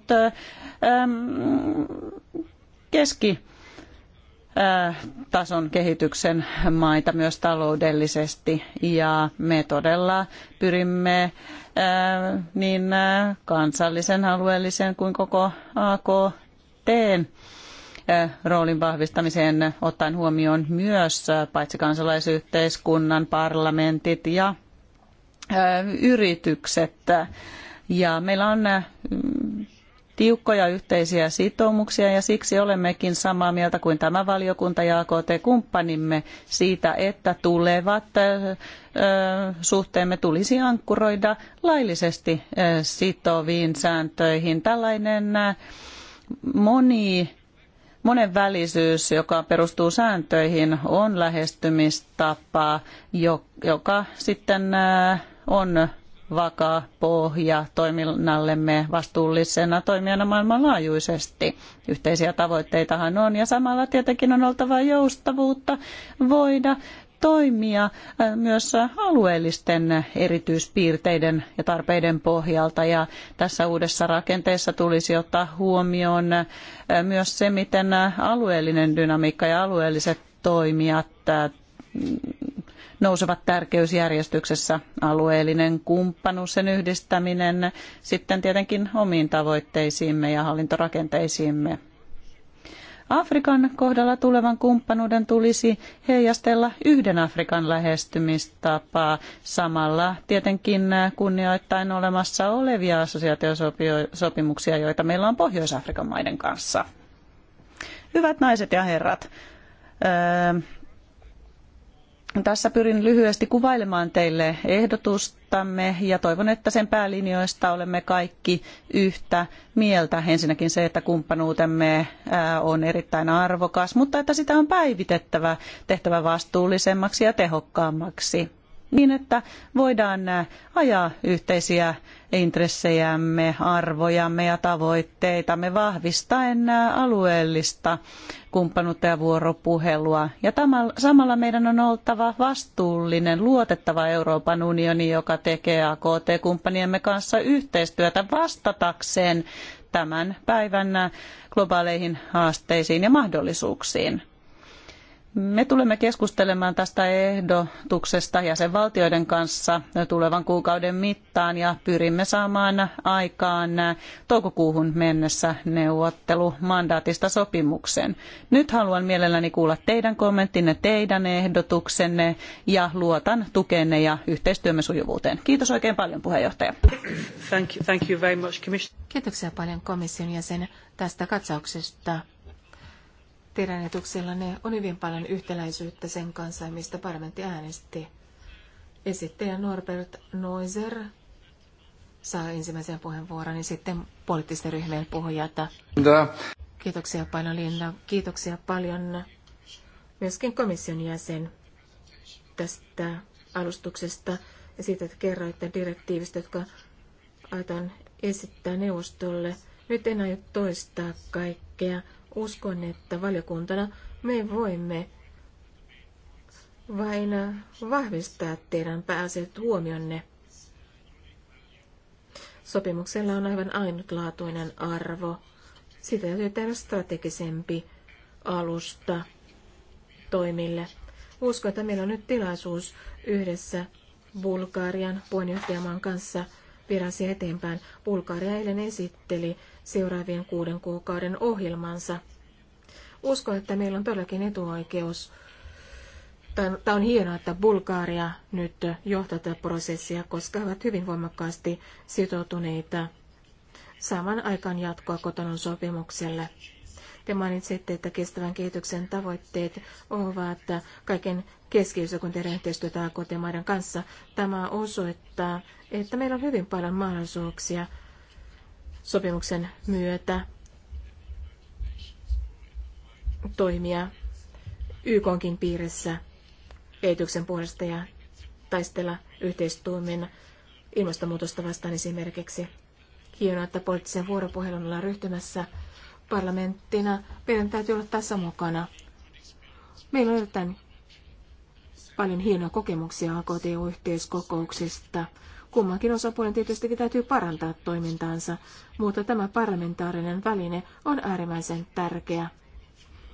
keski tason kehityksen maita myös taloudellisesti ja me todella pyrimme niin kansallisen, alueellisen kuin koko AKT roolin vahvistamiseen ottaen huomioon myös paitsi kansalaisyhteiskunnan, parlamentit ja yritykset. Ja meillä on tiukkoja yhteisiä sitoumuksia ja siksi olemmekin samaa mieltä kuin tämä valiokunta ja AKT-kumppanimme siitä, että tulevat suhteemme tulisi ankkuroida laillisesti sitoviin sääntöihin. Tällainen moni monenvälisyys, joka perustuu sääntöihin, on lähestymistapa, joka sitten on vakaa pohja toiminnallemme vastuullisena toimijana maailmanlaajuisesti. Yhteisiä tavoitteitahan on ja samalla tietenkin on oltava joustavuutta voida toimia äh, myös alueellisten erityispiirteiden ja tarpeiden pohjalta. Ja tässä uudessa rakenteessa tulisi ottaa huomioon äh, myös se, miten alueellinen dynamiikka ja alueelliset toimijat äh, nousevat tärkeysjärjestyksessä alueellinen kumppanuus, sen yhdistäminen sitten tietenkin omiin tavoitteisiimme ja hallintorakenteisiimme. Afrikan kohdalla tulevan kumppanuuden tulisi heijastella yhden Afrikan lähestymistapaa samalla tietenkin kunnioittain olemassa olevia assosiaatiosopimuksia, joita meillä on Pohjois-Afrikan maiden kanssa. Hyvät naiset ja herrat, tässä pyrin lyhyesti kuvailemaan teille ehdotustamme ja toivon, että sen päälinjoista olemme kaikki yhtä mieltä. Ensinnäkin se, että kumppanuutemme on erittäin arvokas, mutta että sitä on päivitettävä, tehtävä vastuullisemmaksi ja tehokkaammaksi niin, että voidaan ajaa yhteisiä intressejämme, arvojamme ja tavoitteitamme vahvistaen alueellista kumppanuutta ja vuoropuhelua. Ja tämän, samalla meidän on oltava vastuullinen, luotettava Euroopan unioni, joka tekee AKT-kumppaniemme kanssa yhteistyötä vastatakseen tämän päivän globaaleihin haasteisiin ja mahdollisuuksiin. Me tulemme keskustelemaan tästä ehdotuksesta jäsenvaltioiden kanssa tulevan kuukauden mittaan ja pyrimme saamaan aikaan toukokuuhun mennessä neuvottelumandaatista sopimuksen. Nyt haluan mielelläni kuulla teidän kommenttinne, teidän ehdotuksenne ja luotan tukenne ja yhteistyömme sujuvuuteen. Kiitos oikein paljon puheenjohtaja. Thank you, thank you very much, Kiitoksia paljon komission jäsen tästä katsauksesta teidän ajatuksellanne on hyvin paljon yhtäläisyyttä sen kanssa, mistä parlamentti äänesti. Esittäjä Norbert Noiser saa ensimmäisen puheenvuoron ja sitten poliittisten ryhmien puhujat. Kiitoksia paljon Linna. Kiitoksia paljon myöskin komission jäsen tästä alustuksesta ja siitä, että kerroitte direktiivistä, jotka aitan esittää neuvostolle. Nyt en aio toistaa kaikkea uskon, että valiokuntana me voimme vain vahvistaa teidän pääset huomionne. Sopimuksella on aivan ainutlaatuinen arvo. Sitä täytyy tehdä strategisempi alusta toimille. Uskon, että meillä on nyt tilaisuus yhdessä Bulgarian puheenjohtajamaan kanssa virasi eteenpäin. Bulgaria eilen esitteli seuraavien kuuden kuukauden ohjelmansa. Uskon, että meillä on todellakin etuoikeus. Tämä on hienoa, että Bulgaria nyt johtaa tätä prosessia, koska he ovat hyvin voimakkaasti sitoutuneita Saman aikaan jatkoa kotonon sopimukselle. Te mainitsitte, että kestävän kehityksen tavoitteet ovat kaiken keskiössä, kun tehdään yhteistyötä kanssa. Tämä osoittaa, että meillä on hyvin paljon mahdollisuuksia sopimuksen myötä toimia YKonkin piirissä kehityksen puolesta ja taistella yhteistuumin ilmastonmuutosta vastaan esimerkiksi. Hienoa, että poliittisen vuoropuhelun ollaan ryhtymässä parlamenttina. Meidän täytyy olla tässä mukana. Meillä on erittäin paljon hienoja kokemuksia AKTU-yhteiskokouksista. Kummankin osapuolen tietysti täytyy parantaa toimintaansa, mutta tämä parlamentaarinen väline on äärimmäisen tärkeä,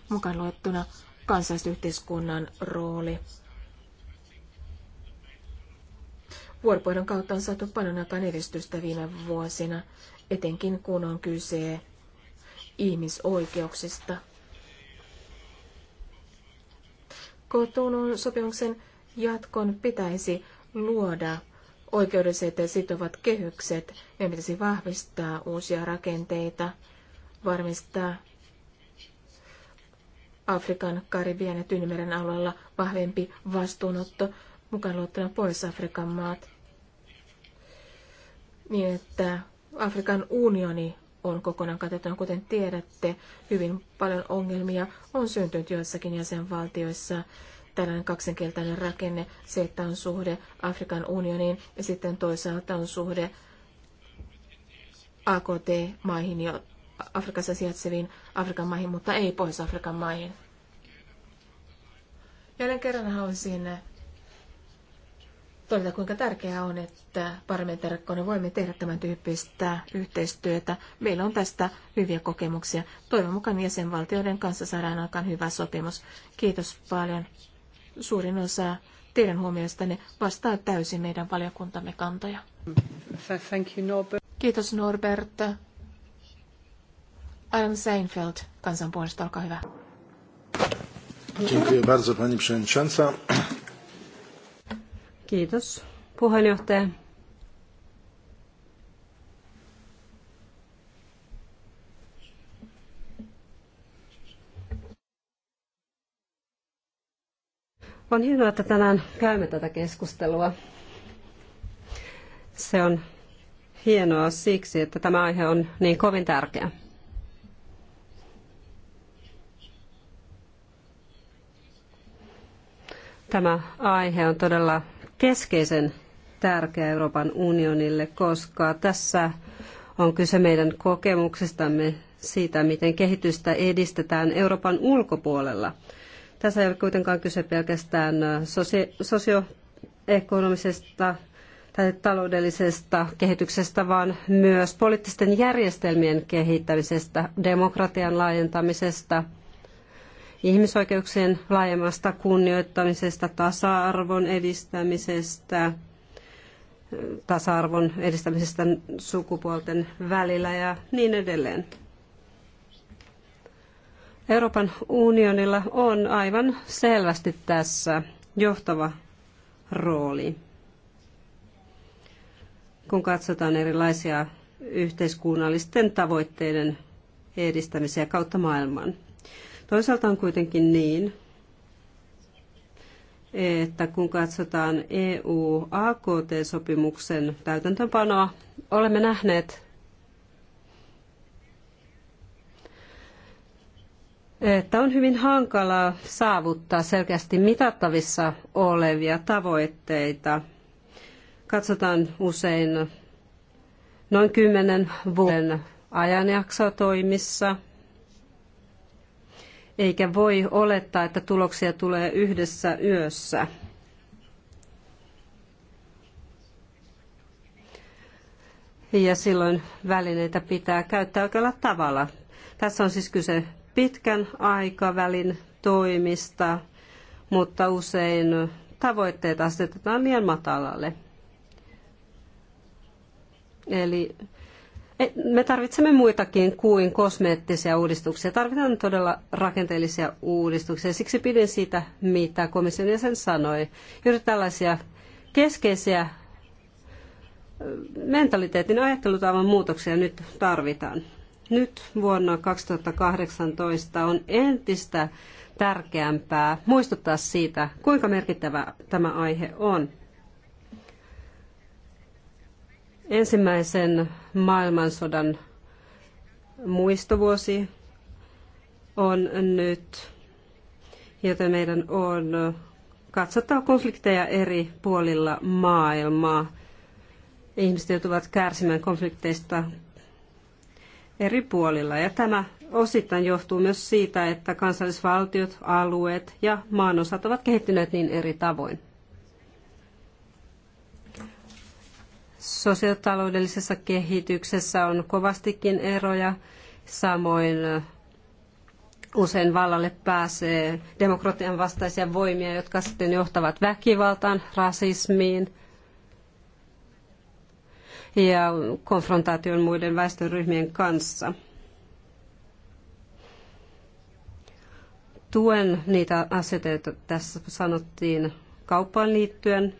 mukaan luettuna kansalaisyhteiskunnan rooli. Vuoropuhelun kautta on saatu paljon aikaan edistystä viime vuosina, etenkin kun on kyse ihmisoikeuksista. Kotunun sopimuksen jatkon pitäisi luoda oikeudelliset ja sitovat kehykset. Meidän pitäisi vahvistaa uusia rakenteita, varmistaa Afrikan, Karibian ja Tyynimeren alueella vahvempi vastuunotto, mukaan luettuna pohjois Afrikan maat, niin että Afrikan unioni on kokonaan katettuna. Kuten tiedätte, hyvin paljon ongelmia on syntynyt joissakin jäsenvaltioissa tällainen kaksinkertainen rakenne, se, että on suhde Afrikan unioniin ja sitten toisaalta on suhde AKT-maihin ja Afrikassa sijaitseviin Afrikan maihin, mutta ei pois Afrikan maihin. Jälleen kerran haluaisin todeta, kuinka tärkeää on, että parlamentaarikkoina voimme tehdä tämän tyyppistä yhteistyötä. Meillä on tästä hyviä kokemuksia. Toivon mukaan jäsenvaltioiden kanssa saadaan aikaan hyvä sopimus. Kiitos paljon suurin osa teidän huomioistanne vastaa täysin meidän valiokuntamme kantoja. Thank you, Norbert. Kiitos Norbert. Adam Seinfeld, kansan puolesta, olkaa hyvä. Kiitos, puheenjohtaja. On hienoa, että tänään käymme tätä keskustelua. Se on hienoa siksi, että tämä aihe on niin kovin tärkeä. Tämä aihe on todella keskeisen tärkeä Euroopan unionille, koska tässä on kyse meidän kokemuksestamme siitä, miten kehitystä edistetään Euroopan ulkopuolella – tässä ei ole kuitenkaan kyse pelkästään sosioekonomisesta tai taloudellisesta kehityksestä, vaan myös poliittisten järjestelmien kehittämisestä, demokratian laajentamisesta, ihmisoikeuksien laajemmasta kunnioittamisesta, tasa-arvon edistämisestä, tasa-arvon edistämisestä sukupuolten välillä ja niin edelleen. Euroopan unionilla on aivan selvästi tässä johtava rooli. Kun katsotaan erilaisia yhteiskunnallisten tavoitteiden edistämisiä kautta maailman. Toisaalta on kuitenkin niin, että kun katsotaan EU-AKT-sopimuksen täytäntöönpanoa, olemme nähneet, että on hyvin hankalaa saavuttaa selkeästi mitattavissa olevia tavoitteita. Katsotaan usein noin kymmenen vuoden ajanjakso toimissa, eikä voi olettaa, että tuloksia tulee yhdessä yössä. Ja silloin välineitä pitää käyttää oikealla tavalla. Tässä on siis kyse pitkän aikavälin toimista, mutta usein tavoitteet asetetaan liian matalalle. Eli e, me tarvitsemme muitakin kuin kosmeettisia uudistuksia. Tarvitaan todella rakenteellisia uudistuksia. Siksi pidin siitä, mitä komission jäsen sanoi. Juuri tällaisia keskeisiä e, mentaliteetin ajattelutavan muutoksia nyt tarvitaan. Nyt vuonna 2018 on entistä tärkeämpää muistuttaa siitä, kuinka merkittävä tämä aihe on. Ensimmäisen maailmansodan muistovuosi on nyt, joten meidän on katsottava konflikteja eri puolilla maailmaa. Ihmiset joutuvat kärsimään konflikteista eri puolilla. Ja tämä osittain johtuu myös siitä, että kansallisvaltiot, alueet ja maanosat ovat kehittyneet niin eri tavoin. Sosiotaloudellisessa kehityksessä on kovastikin eroja, samoin usein vallalle pääsee demokratian vastaisia voimia, jotka sitten johtavat väkivaltaan, rasismiin – ja konfrontaation muiden väestöryhmien kanssa. Tuen niitä asioita, joita tässä sanottiin kauppaan liittyen.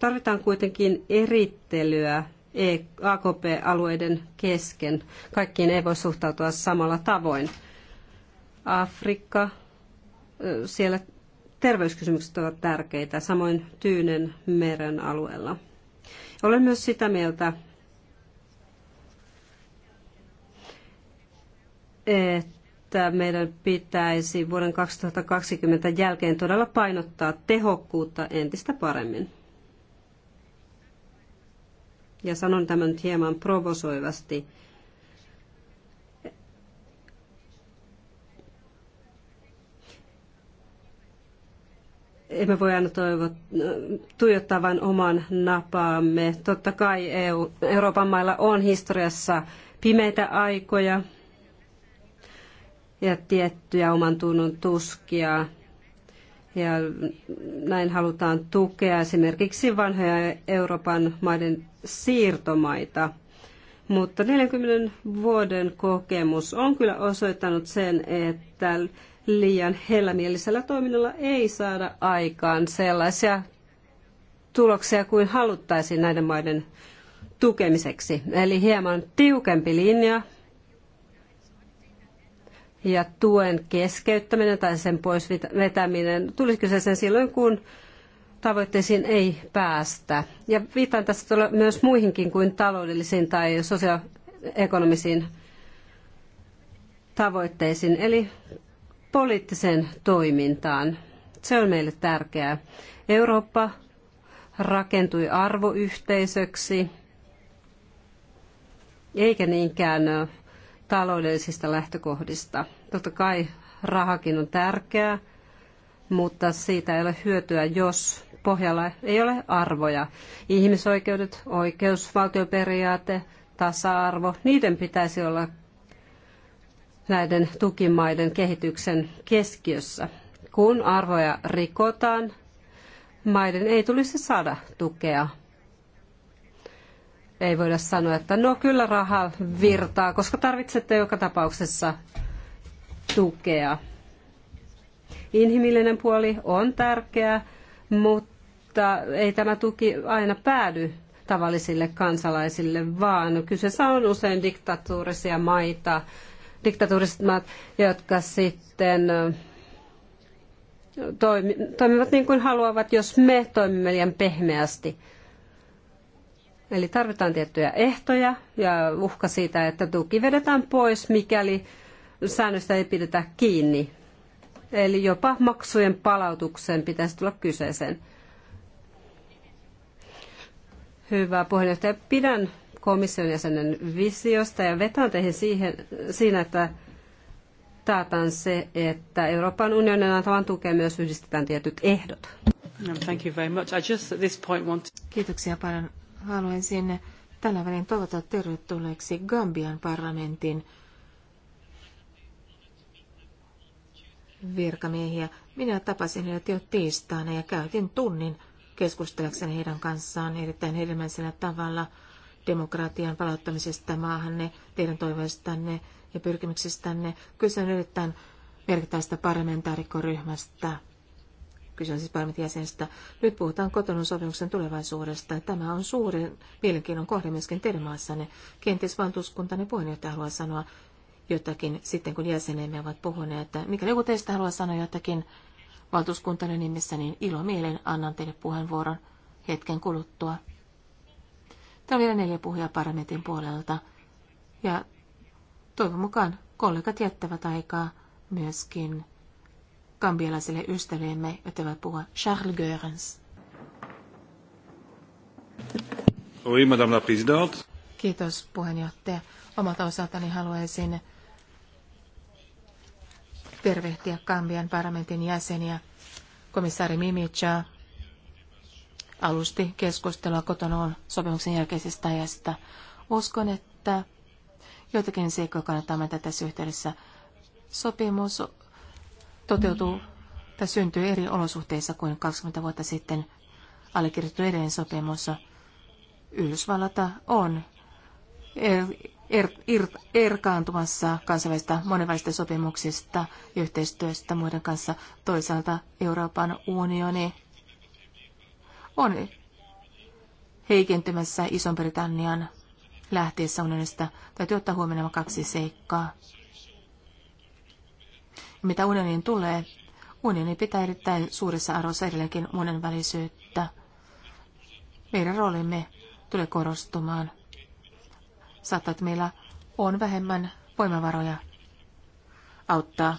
Tarvitaan kuitenkin erittelyä AKP-alueiden kesken. Kaikkiin ei voi suhtautua samalla tavoin. Afrikka, siellä terveyskysymykset ovat tärkeitä, samoin Tyynen meren alueella. Olen myös sitä mieltä, että meidän pitäisi vuoden 2020 jälkeen todella painottaa tehokkuutta entistä paremmin. Ja sanon tämän nyt hieman provosoivasti emme voi aina toivo, tuijottaa vain oman napaamme. Totta kai EU, Euroopan mailla on historiassa pimeitä aikoja ja tiettyjä oman tunnon tuskia. Ja näin halutaan tukea esimerkiksi vanhoja Euroopan maiden siirtomaita. Mutta 40 vuoden kokemus on kyllä osoittanut sen, että liian hellämielisellä toiminnalla ei saada aikaan sellaisia tuloksia kuin haluttaisiin näiden maiden tukemiseksi. Eli hieman tiukempi linja ja tuen keskeyttäminen tai sen pois vetäminen tulisi kyseeseen silloin, kun tavoitteisiin ei päästä. Ja viitan tässä myös muihinkin kuin taloudellisiin tai sosioekonomisiin tavoitteisiin. Eli poliittiseen toimintaan. Se on meille tärkeää. Eurooppa rakentui arvoyhteisöksi, eikä niinkään taloudellisista lähtökohdista. Totta kai rahakin on tärkeää, mutta siitä ei ole hyötyä, jos pohjalla ei ole arvoja. Ihmisoikeudet, oikeusvaltioperiaate, tasa-arvo, niiden pitäisi olla näiden tukimaiden kehityksen keskiössä. Kun arvoja rikotaan, maiden ei tulisi saada tukea. Ei voida sanoa, että no kyllä raha virtaa, koska tarvitsette joka tapauksessa tukea. Inhimillinen puoli on tärkeä, mutta ei tämä tuki aina päädy tavallisille kansalaisille, vaan kyseessä on usein diktatuurisia maita, diktatuuriset maat, jotka sitten toimivat niin kuin haluavat, jos me toimimme liian pehmeästi. Eli tarvitaan tiettyjä ehtoja ja uhka siitä, että tuki vedetään pois, mikäli säännöstä ei pidetä kiinni. Eli jopa maksujen palautuksen pitäisi tulla kyseeseen. Hyvä puheenjohtaja. Pidän komission jäsenen visiosta ja vetoan teihin siihen, siinä, että taataan se, että Euroopan unionin antavan tukeen myös yhdistetään tietyt ehdot. No, thank you very much. I just at this point want... Kiitoksia paljon. Haluaisin tällä välin toivottaa tervetulleeksi Gambian parlamentin virkamiehiä. Minä tapasin heidät jo tiistaina ja käytin tunnin keskustelakseni heidän kanssaan erittäin hedelmällisellä tavalla – demokratian palauttamisesta maahanne, teidän toiveistanne ja pyrkimyksistänne. Kyse on erittäin merkittävästä parlamentaarikkoryhmästä. Kyse on siis parlamentin Nyt puhutaan kotonun sopimuksen tulevaisuudesta. Tämä on suuri mielenkiinnon kohde myöskin teidän maassanne. Kenties valtuuskuntanne puheenjohtaja haluaa sanoa jotakin sitten, kun jäsenemme ovat puhuneet. Että mikäli joku teistä haluaa sanoa jotakin valtuuskuntanne nimissä, niin mielen annan teille puheenvuoron hetken kuluttua. Tämä on vielä neljä puhujaa parlamentin puolelta. Ja toivon mukaan kollegat jättävät aikaa myöskin kambialaisille ystävillemme, jotka voivat puhua Charles Görens. Oui, madame la présidente. Kiitos puheenjohtaja. Omalta osaltani haluaisin tervehtiä Kambian parlamentin jäseniä, komissaari Mimicha alusti keskustelua kotona on sopimuksen jälkeisestä ajasta. Uskon, että joitakin seikkoja kannattaa mennä tässä yhteydessä. Sopimus toteutuu tai syntyy eri olosuhteissa kuin 20 vuotta sitten allekirjoitettu edellinen sopimus. Yhdysvallata on er, er, er, erkaantumassa kansainvälistä monenvälistä sopimuksista ja yhteistyöstä muiden kanssa. Toisaalta Euroopan unioni on heikentymässä Ison-Britannian lähtiessä unionista. Täytyy ottaa huomioon nämä kaksi seikkaa. Mitä unioniin tulee, unioni pitää erittäin suurissa arvossa edelleenkin välisyyttä. Meidän roolimme tulee korostumaan. Saattaa, että meillä on vähemmän voimavaroja auttaa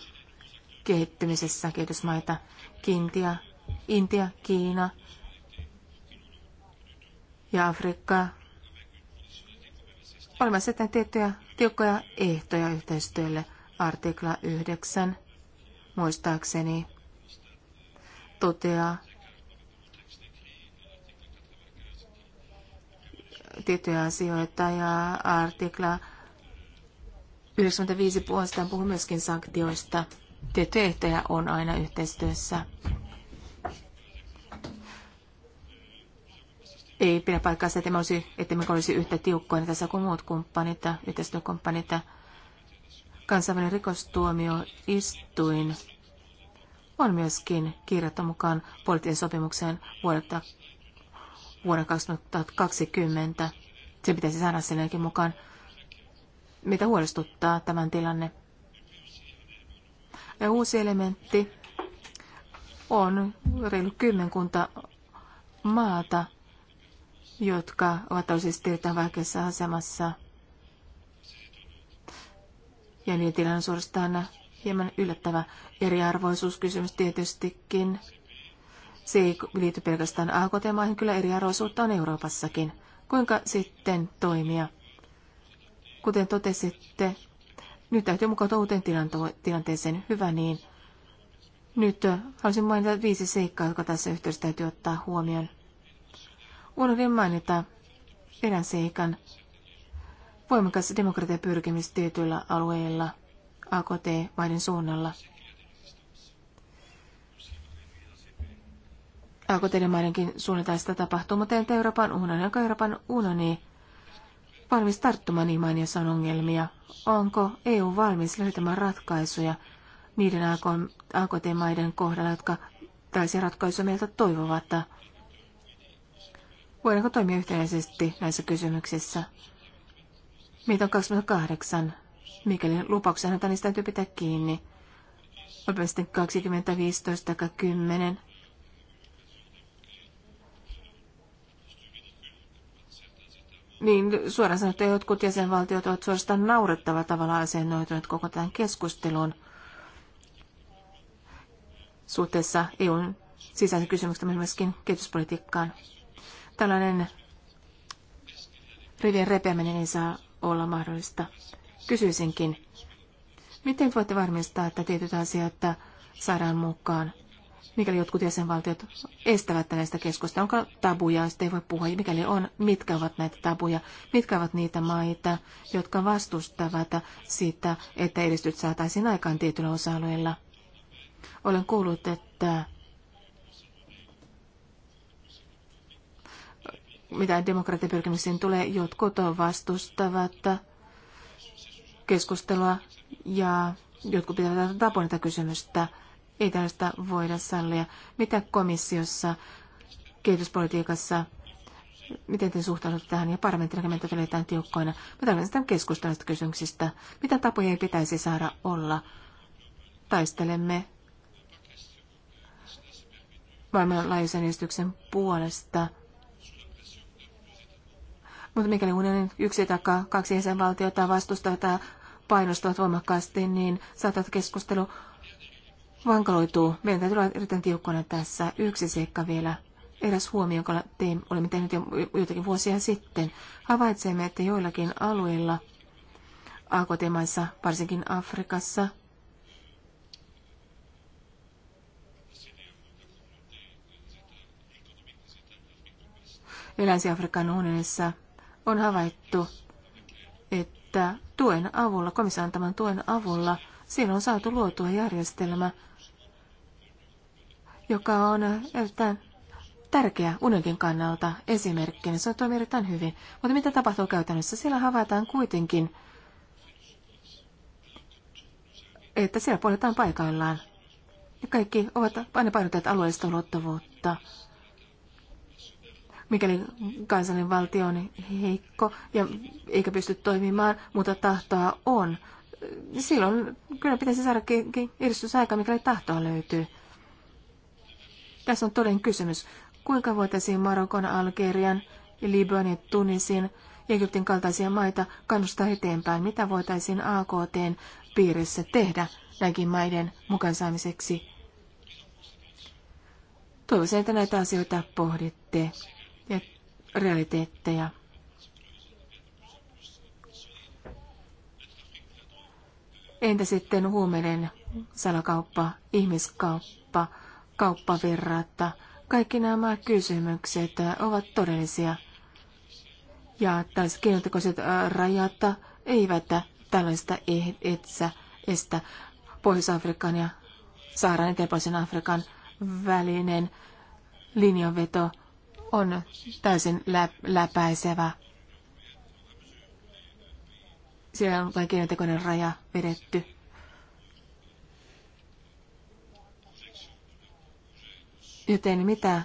kehittymisessä kehitysmaita. Kintia, Intia, Kiina, ja Afrikkaa. Olemme sitten tiettyjä tiukkoja ehtoja yhteistyölle. Artikla 9 muistaakseni toteaa tiettyjä asioita ja artikla 95 puolestaan puhuu myöskin sanktioista. Tiettyjä ehtoja on aina yhteistyössä. ei pidä paikkaansa, että me olisi, että me olisi yhtä tiukkoina tässä kuin muut kumppanit ja yhteistyökumppanit. Kansainvälinen rikostuomioistuin on myöskin kirjattu mukaan poliittisen sopimukseen vuodelta vuoden 2020. Se pitäisi saada sinnekin mukaan. Mitä huolestuttaa tämän tilanne? Ja uusi elementti on reilu kymmenkunta maata, jotka ovat taloudellisesti erittäin vaikeassa asemassa. Ja niiden tilanne on suorastaan hieman yllättävä eriarvoisuuskysymys tietystikin. Se ei liity pelkästään AKT-maihin, kyllä eriarvoisuutta on Euroopassakin. Kuinka sitten toimia? Kuten totesitte, nyt täytyy mukautua uuteen tilanteeseen. Hyvä niin. Nyt haluaisin mainita viisi seikkaa, jotka tässä yhteydessä täytyy ottaa huomioon. Unohdin mainita erään seikan. Voimakas demokratiapyrkimys tietyillä alueilla AKT-maiden suunnalla. AKT-maidenkin suunniltaan sitä tapahtuu, mutta entä Euroopan unioni? Onko Euroopan unioni valmis tarttumaan niin maihin, on ongelmia? Onko EU valmis löytämään ratkaisuja niiden AKT-maiden kohdalla, jotka tällaisia ratkaisuja meiltä toivovat? Voidaanko toimia yhtenäisesti näissä kysymyksissä? Meitä on 28. Mikäli lupauksia annetaan, niin täytyy pitää kiinni. Olipa sitten 20, tai 10. Niin, suoraan sanottuna jotkut jäsenvaltiot ovat suorastaan naurettava tavalla asennoituneet koko tämän keskustelun suhteessa EUn sisäisen kysymyksen myöskin kehityspolitiikkaan. Tällainen rivien repeäminen ei saa olla mahdollista. Kysyisinkin, miten voitte varmistaa, että tietyt asiat saadaan mukaan? Mikäli jotkut jäsenvaltiot estävät näistä keskusta, onko tabuja, joista ei voi puhua? Mikäli on, mitkä ovat näitä tabuja? Mitkä ovat niitä maita, jotka vastustavat sitä, että edistyt saataisiin aikaan tietyillä osa-alueilla? Olen kuullut, että mitä demokratian pyrkimyksiin tulee, jotkut vastustavat keskustelua ja jotkut pitävät tapointa kysymystä. Ei tällaista voida sallia. Mitä komissiossa, kehityspolitiikassa, miten te suhtaudutte tähän ja parlamentin kommentit vedetään tiukkoina? Mä tarvitsen keskustelusta kysymyksistä. Mitä tapoja ei pitäisi saada olla? Taistelemme maailmanlaajuisen edistyksen puolesta – mutta mikäli unionin yksi tai kaksi jäsenvaltiota vastustaa tai painostavat voimakkaasti, niin saattaa keskustelu vankaloituu. Meidän täytyy olla erittäin tiukkana tässä. Yksi seikka vielä. Eräs huomio, jonka tein, olemme tehneet jo joitakin vuosia sitten. Havaitsemme, että joillakin alueilla, AKT-maissa, varsinkin Afrikassa, Eläisi Afrikan unionissa on havaittu, että tuen avulla, komissaan antaman tuen avulla, siinä on saatu luotua järjestelmä, joka on erittäin tärkeä unelkin kannalta esimerkkinä. Se on toimii erittäin hyvin. Mutta mitä tapahtuu käytännössä? Siellä havaitaan kuitenkin, että siellä puoletaan paikallaan. Ja kaikki ovat aina painotteet alueellista luottavuutta mikäli kansallinen valtio on heikko ja eikä pysty toimimaan, mutta tahtoa on. Silloin kyllä pitäisi saada edistysaika, mikäli tahtoa löytyy. Tässä on todellinen kysymys. Kuinka voitaisiin Marokon, Algerian, ja Tunisin Egyptin kaltaisia maita kannustaa eteenpäin? Mitä voitaisiin AKTn piirissä tehdä näinkin maiden mukaan saamiseksi? Toivoisin, että näitä asioita pohditte realiteetteja. Entä sitten huumeiden salakauppa, ihmiskauppa, kauppavirrat, kaikki nämä kysymykset ovat todellisia. Ja tällaiset keinotekoiset rajat eivät tällaista eh-, etsä, estä Pohjois-Afrikan ja Saharan eteenpäisen Afrikan välinen linjanveto on täysin lä- läpäisevä. Siellä on vain keinotekoinen raja vedetty. Joten mitä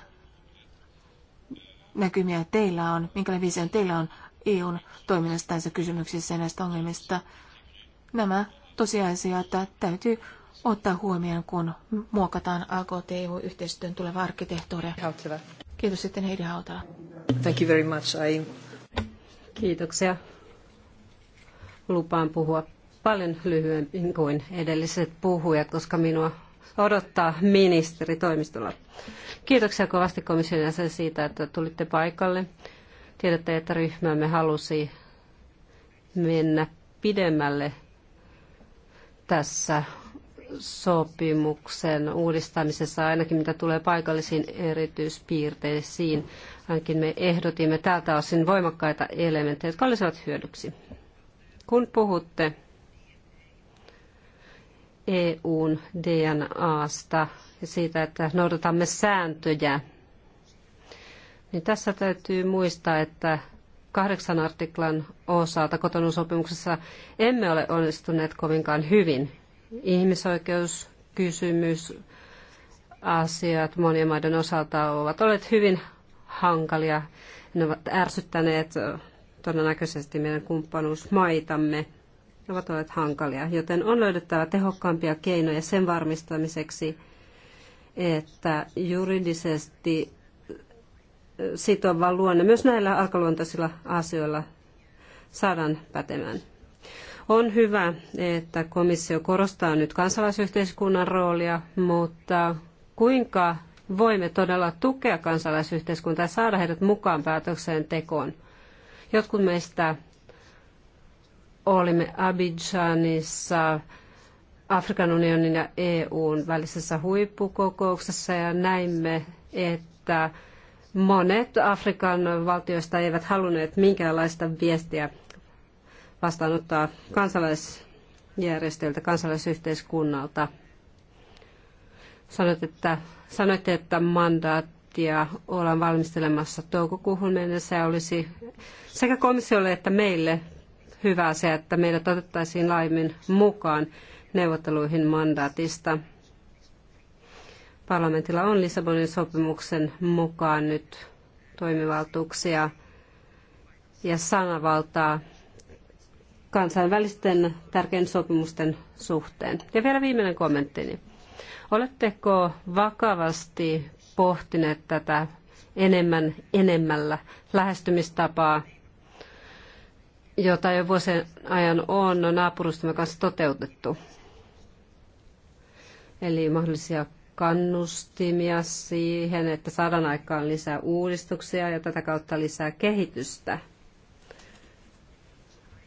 näkymiä teillä on, minkälainen visio teillä on EUn toiminnasta tässä kysymyksissä ja näistä ongelmista. Nämä tosiasiat täytyy ottaa huomioon, kun muokataan AKT-EU-yhteistyön tuleva arkkitehtuuria. Kiitos sitten Heidi Hautala. Thank you very much. I... Kiitoksia. Lupaan puhua paljon lyhyemmin kuin edelliset puhujat, koska minua odottaa ministeri toimistolla. Kiitoksia kovasti komission jäsen siitä, että tulitte paikalle. Tiedätte, että ryhmämme halusi mennä pidemmälle tässä sopimuksen uudistamisessa, ainakin mitä tulee paikallisiin erityispiirteisiin. Ainakin me ehdotimme tältä osin voimakkaita elementtejä, jotka olisivat hyödyksi. Kun puhutte EUn DNAsta ja siitä, että noudatamme sääntöjä, niin tässä täytyy muistaa, että kahdeksan artiklan osalta kotonuusopimuksessa emme ole onnistuneet kovinkaan hyvin ihmisoikeuskysymys, asiat monien maiden osalta ovat olleet hyvin hankalia. Ne ovat ärsyttäneet todennäköisesti meidän kumppanuusmaitamme. Ne ovat olleet hankalia, joten on löydettävä tehokkaampia keinoja sen varmistamiseksi, että juridisesti sitova luonne myös näillä alkaluontoisilla asioilla saadaan pätemään. On hyvä, että komissio korostaa nyt kansalaisyhteiskunnan roolia, mutta kuinka voimme todella tukea kansalaisyhteiskuntaa ja saada heidät mukaan päätöksentekoon? Jotkut meistä olimme Abidjanissa Afrikan unionin ja EUn välisessä huippukokouksessa ja näimme, että monet Afrikan valtioista eivät halunneet minkäänlaista viestiä vastaanottaa kansalaisjärjestöiltä, kansalaisyhteiskunnalta. Sanoit, että, sanoitte, että mandaattia ollaan valmistelemassa toukokuuhun mennessä ja olisi sekä komissiolle että meille hyvä se, että meidät otettaisiin laimin mukaan neuvotteluihin mandaatista. Parlamentilla on Lissabonin sopimuksen mukaan nyt toimivaltuuksia ja sanavaltaa kansainvälisten tärkeiden sopimusten suhteen. Ja vielä viimeinen kommenttini. Oletteko vakavasti pohtineet tätä enemmän enemmällä lähestymistapaa, jota jo vuosien ajan on naapurustamme kanssa toteutettu? Eli mahdollisia kannustimia siihen, että saadaan aikaan lisää uudistuksia ja tätä kautta lisää kehitystä –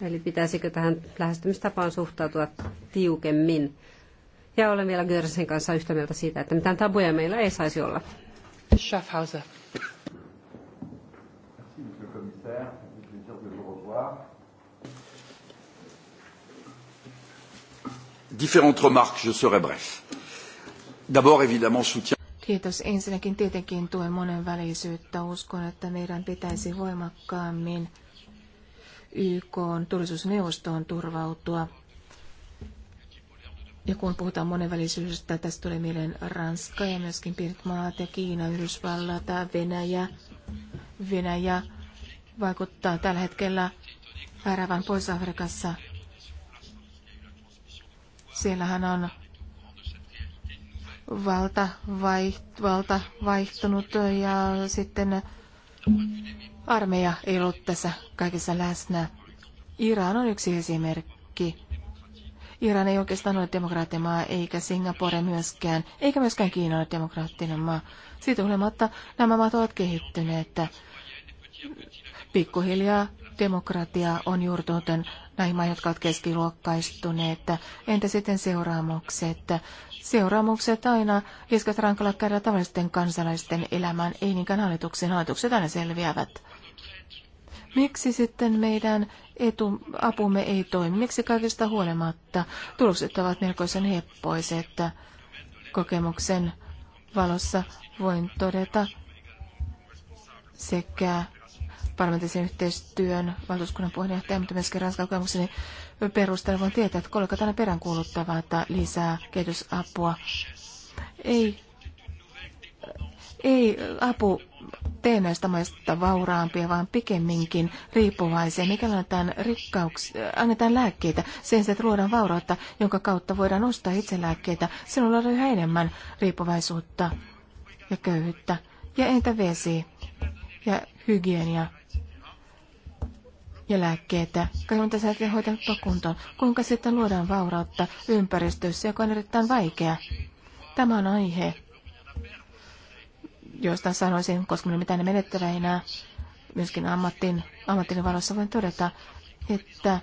Eli pitäisikö tähän lähestymistapaan suhtautua tiukemmin? Ja olen vielä Görsen kanssa yhtä mieltä siitä, että mitään tabuja meillä ei saisi olla. Schaffhauser. Différentes remarques, je serai bref. D'abord, évidemment, soutien. Kiitos. Ensinnäkin tietenkin tuen monenvälisyyttä. Uskon, että meidän pitäisi voimakkaammin YK on turvallisuusneuvostoon turvautua. Ja kun puhutaan monenvälisyydestä, tästä tulee mieleen Ranska ja myöskin pienet maat ja Kiina, Yhdysvallat, Venäjä. Venäjä vaikuttaa tällä hetkellä väärävän pois Afrikassa. Siellähän on valta, vaiht, valta vaihtunut ja sitten Armeija ei ollut tässä kaikessa läsnä. Iran on yksi esimerkki. Iran ei oikeastaan ole demokraattinen maa, eikä Singapore myöskään, eikä myöskään Kiina ole demokraattinen maa. Siitä huolimatta nämä maat ovat kehittyneet. Pikkuhiljaa demokratia on juurtunut näihin maihin, jotka ovat keskiluokkaistuneet. Entä sitten seuraamukset? Seuraamukset aina isket rankalla kädellä tavallisten kansalaisten elämään, ei niinkään hallituksen. Hallitukset aina selviävät. Miksi sitten meidän etu, apumme ei toimi? Miksi kaikesta huolimatta tulokset ovat melkoisen heppoiset? Kokemuksen valossa voin todeta sekä parlamentisen yhteistyön valtuuskunnan puheenjohtaja, mutta myöskin Ranskan kokemukseni perusteella voin tietää, että kollega täällä peräänkuuluttavat lisää kehitysapua. Ei, ei apu tee näistä maista vauraampia, vaan pikemminkin riippuvaisia. Mikäli annetaan, rikkauksia, annetaan lääkkeitä sen sijaan, että luodaan vaurautta, jonka kautta voidaan ostaa itse lääkkeitä, silloin luodaan yhä enemmän riippuvaisuutta ja köyhyyttä. Ja entä vesi ja hygienia? ja lääkkeitä. Kaikki on tässä hoitaa kuntoon. Kuinka sitten luodaan vaurautta ympäristössä, joka on erittäin vaikea? Tämä on aihe, josta sanoisin, koska minulla mitään menettävä enää, myöskin ammattin, ammattin valossa voin todeta, että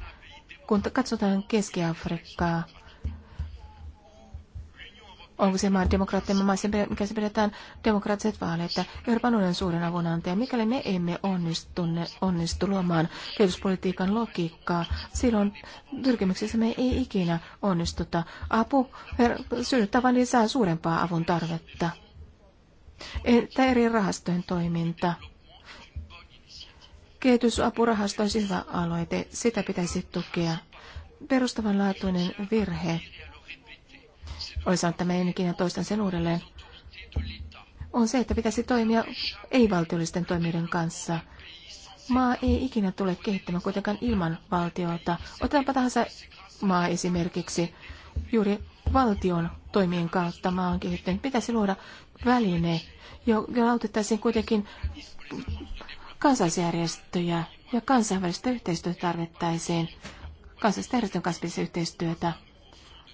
kun katsotaan Keski-Afrikkaa, onko se maan demokraattinen maa, mikä se pidetään demokraattiset vaaleet, Euroopan unionin suuren avunantaja. Mikäli me emme onnistu, ne, onnistu luomaan kehityspolitiikan logiikkaa, silloin pyrkimyksessä me ei ikinä onnistuta. Apu synnyttää vain lisää suurempaa avun tarvetta. Tämä eri rahastojen toiminta. Kehitysapurahasto olisi hyvä aloite. Sitä pitäisi tukea. Perustavanlaatuinen virhe olen sanonut tämän ennenkin ja toistan sen uudelleen, on se, että pitäisi toimia ei-valtiollisten toimijoiden kanssa. Maa ei ikinä tule kehittämään kuitenkaan ilman valtiota. Otetaanpa tahansa maa esimerkiksi. Juuri valtion toimien kautta maa on kehittynyt. Pitäisi luoda väline, jolla autettaisiin kuitenkin kansalaisjärjestöjä ja kansainvälistä yhteistyötä tarvittaisiin. Kansallisten järjestöjen kanssa yhteistyötä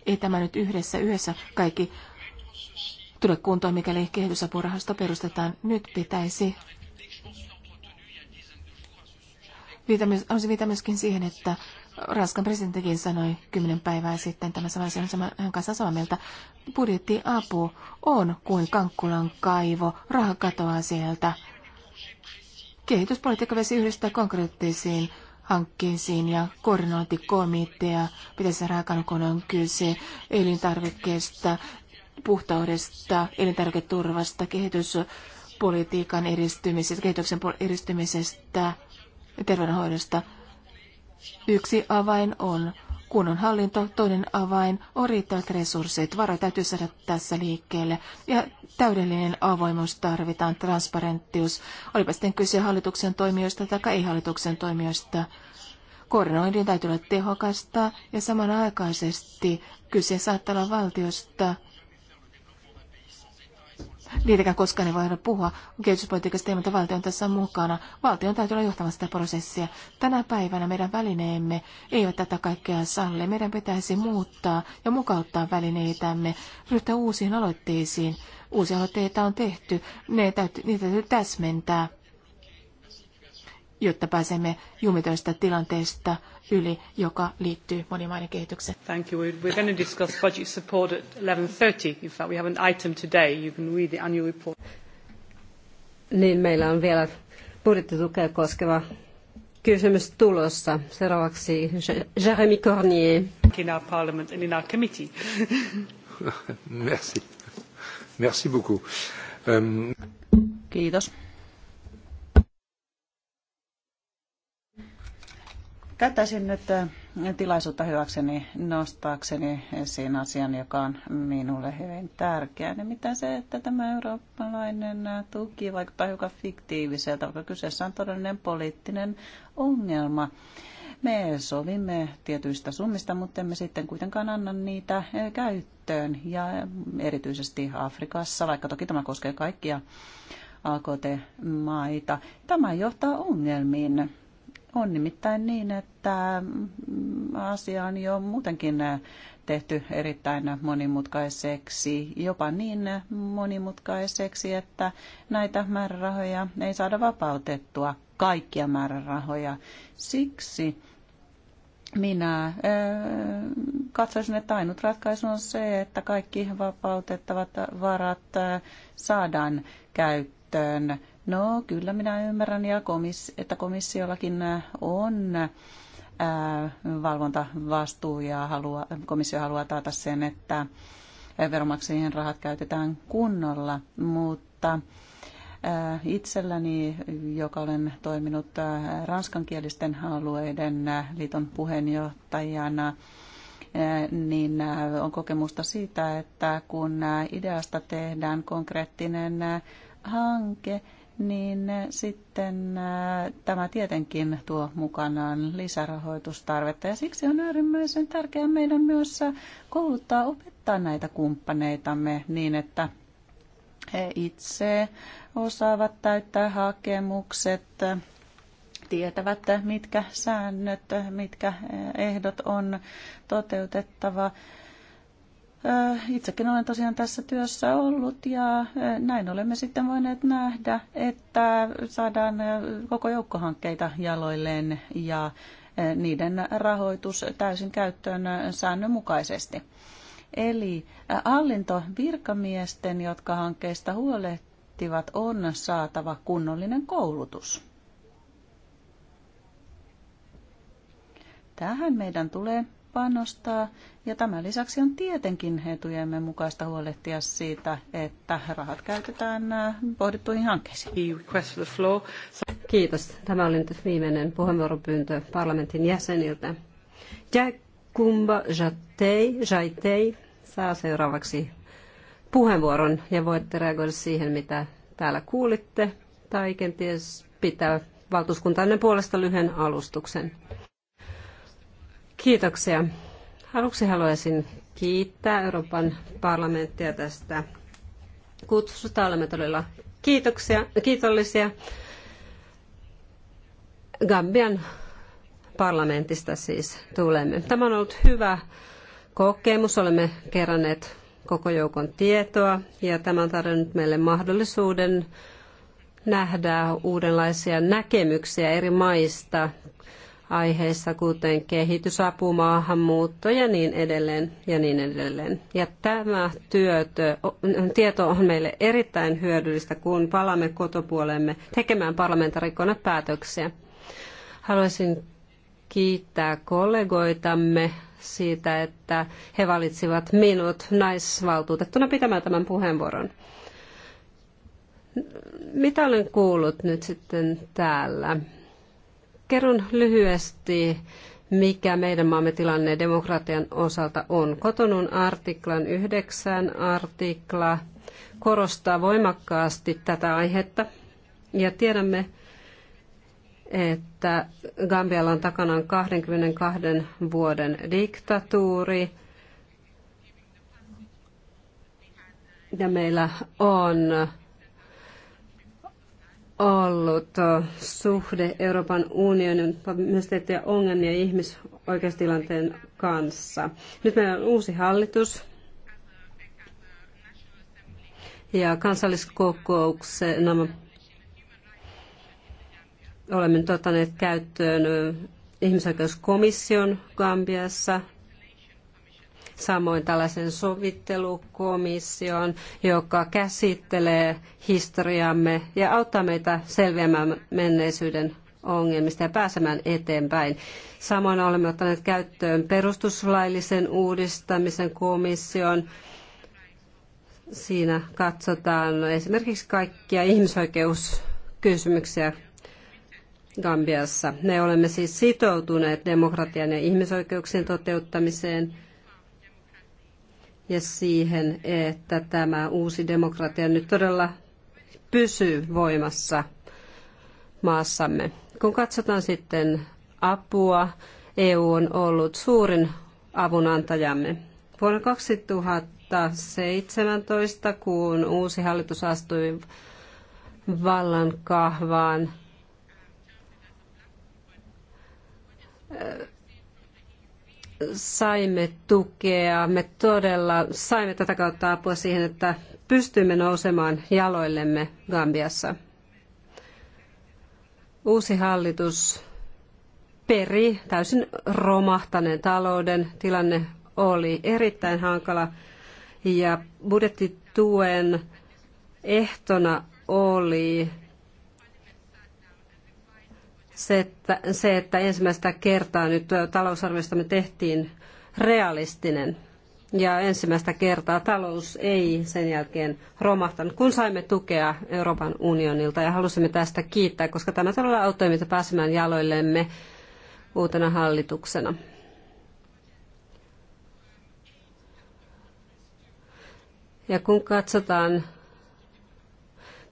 ei tämä nyt yhdessä yössä kaikki tule kuntoon, mikäli kehitysapurahasto perustetaan. Nyt pitäisi Haluaisin viitata myöskin siihen, että Ranskan presidenttikin sanoi kymmenen päivää sitten tämä sama asia, hän kanssa samaa mieltä. Budjettiapu on kuin kankkulan kaivo, raha katoaa sieltä. Kehityspolitiikka vesi yhdistää konkreettisiin hankkeisiin ja koordinointikomitea, pitäisi saada on kyse elintarvikkeesta, puhtaudesta, elintarviketurvasta, kehityspolitiikan edistymisestä, kehityksen edistymisestä ja terveydenhoidosta. Yksi avain on Kunnon hallinto, toinen avain, on riittävät resurssit, vara täytyy saada tässä liikkeelle ja täydellinen avoimuus tarvitaan, transparenttius, olipa sitten kyse hallituksen toimijoista tai ei-hallituksen toimijoista. Koordinoinnin täytyy olla tehokasta ja samanaikaisesti kyse saattaa olla valtiosta, Niitäkään koskaan ei voida puhua kehityspolitiikasta ilman, että valtio on tässä mukana. Valtion täytyy olla johtamassa sitä prosessia. Tänä päivänä meidän välineemme eivät tätä kaikkea salli. Meidän pitäisi muuttaa ja mukauttaa välineitämme, ryhtyä uusiin aloitteisiin. Uusia aloitteita on tehty, ne täytyy, niitä täytyy täsmentää jotta pääsemme jumitoista tilanteesta yli, joka liittyy monimaiden kehitykseen. Thank you. We're going to discuss budget support at 11.30. In fact, we have an item today. You can read the annual report. Niin, meillä on vielä budjettitukea koskeva kysymys tulossa. Seuraavaksi Jeremy Cornier. In our parliament and in our committee. Merci. Merci beaucoup. Um... Kiitos. Käyttäisin nyt äh, tilaisuutta hyväkseni nostaakseni esiin asian, joka on minulle hyvin tärkeä. Nimittäin se, että tämä eurooppalainen äh, tuki vaikuttaa hiukan fiktiiviseltä, vaikka kyseessä on todellinen poliittinen ongelma. Me sovimme tietyistä summista, mutta emme sitten kuitenkaan anna niitä äh, käyttöön. Ja erityisesti Afrikassa, vaikka toki tämä koskee kaikkia AKT-maita. Tämä johtaa ongelmiin on nimittäin niin, että mm, asia on jo muutenkin tehty erittäin monimutkaiseksi, jopa niin monimutkaiseksi, että näitä määrärahoja ei saada vapautettua, kaikkia määrärahoja. Siksi minä katsoisin, että ainut ratkaisu on se, että kaikki vapautettavat varat saadaan käyttöön No kyllä minä ymmärrän, ja komis, että komissiollakin äh, on ää, äh, valvontavastuu ja halua, komissio haluaa taata sen, että äh, veromaksajien rahat käytetään kunnolla, mutta itselläni, joka olen toiminut ranskankielisten alueiden liiton puheenjohtajana, niin on kokemusta siitä, että kun ideasta tehdään konkreettinen hanke, niin eh, sitten eh, tämä tietenkin tuo mukanaan lisärahoitustarvetta. Ja siksi on äärimmäisen tärkeää meidän myös eh, kouluttaa, opettaa näitä kumppaneitamme niin, että he itse osaavat täyttää hakemukset, tietävät, mitkä säännöt, mitkä ehdot on toteutettava Itsekin olen tosiaan tässä työssä ollut ja näin olemme sitten voineet nähdä, että saadaan koko joukkohankkeita jaloilleen ja niiden rahoitus täysin käyttöön säännönmukaisesti. Eli hallintovirkamiesten, jotka hankkeista huolehtivat, on saatava kunnollinen koulutus. Tähän meidän tulee panostaa. Ja tämän lisäksi on tietenkin etujemme mukaista huolehtia siitä, että rahat käytetään äh, pohdittuihin hankkeisiin. Kiitos. Tämä oli nyt viimeinen puheenvuoropyyntö parlamentin jäseniltä. Ja Kumba jatei, jatei, saa seuraavaksi puheenvuoron ja voitte reagoida siihen, mitä täällä kuulitte, tai kenties pitää valtuuskuntainen puolesta lyhyen alustuksen. Kiitoksia. Aluksi haluaisin kiittää Euroopan parlamenttia tästä kutsusta. Olemme todella kiitoksia, kiitollisia Gambian parlamentista siis tulemme. Tämä on ollut hyvä kokemus. Olemme keränneet koko joukon tietoa ja tämä on tarjonnut meille mahdollisuuden nähdä uudenlaisia näkemyksiä eri maista aiheissa, kuten kehitysapu, maahanmuutto ja niin edelleen. Ja, niin edelleen. ja tämä työtö, tieto on meille erittäin hyödyllistä, kun palaamme kotopuolemme tekemään parlamentarikkoina päätöksiä. Haluaisin kiittää kollegoitamme siitä, että he valitsivat minut naisvaltuutettuna pitämään tämän puheenvuoron. Mitä olen kuullut nyt sitten täällä? Kerron lyhyesti, mikä meidän maamme tilanne demokratian osalta on. Kotonun artiklan 9 artikla korostaa voimakkaasti tätä aihetta. Ja tiedämme, että Gambialla on takana 22 vuoden diktatuuri. Ja meillä on ollut suhde Euroopan unionin myös tiettyjä ongelmia ihmisoikeustilanteen kanssa. Nyt meillä on uusi hallitus ja kansalliskokouksen olemme ottaneet käyttöön ihmisoikeuskomission Gambiassa – samoin tällaisen sovittelukomission, joka käsittelee historiamme ja auttaa meitä selviämään menneisyyden ongelmista ja pääsemään eteenpäin. Samoin olemme ottaneet käyttöön perustuslaillisen uudistamisen komission. Siinä katsotaan esimerkiksi kaikkia ihmisoikeuskysymyksiä Gambiassa. Me olemme siis sitoutuneet demokratian ja ihmisoikeuksien toteuttamiseen – ja siihen, että tämä uusi demokratia nyt todella pysyy voimassa maassamme. Kun katsotaan sitten apua, EU on ollut suurin avunantajamme. Vuonna 2017, kun uusi hallitus astui vallan kahvaan, saimme tukea, me todella saimme tätä kautta apua siihen, että pystymme nousemaan jaloillemme Gambiassa. Uusi hallitus peri täysin romahtaneen talouden. Tilanne oli erittäin hankala ja budjettituen ehtona oli se, että, se, että ensimmäistä kertaa nyt talousarviosta me tehtiin realistinen. Ja ensimmäistä kertaa talous ei sen jälkeen romahtanut, kun saimme tukea Euroopan unionilta ja halusimme tästä kiittää, koska tämä todella auttoi meitä pääsemään jaloillemme uutena hallituksena. Ja kun katsotaan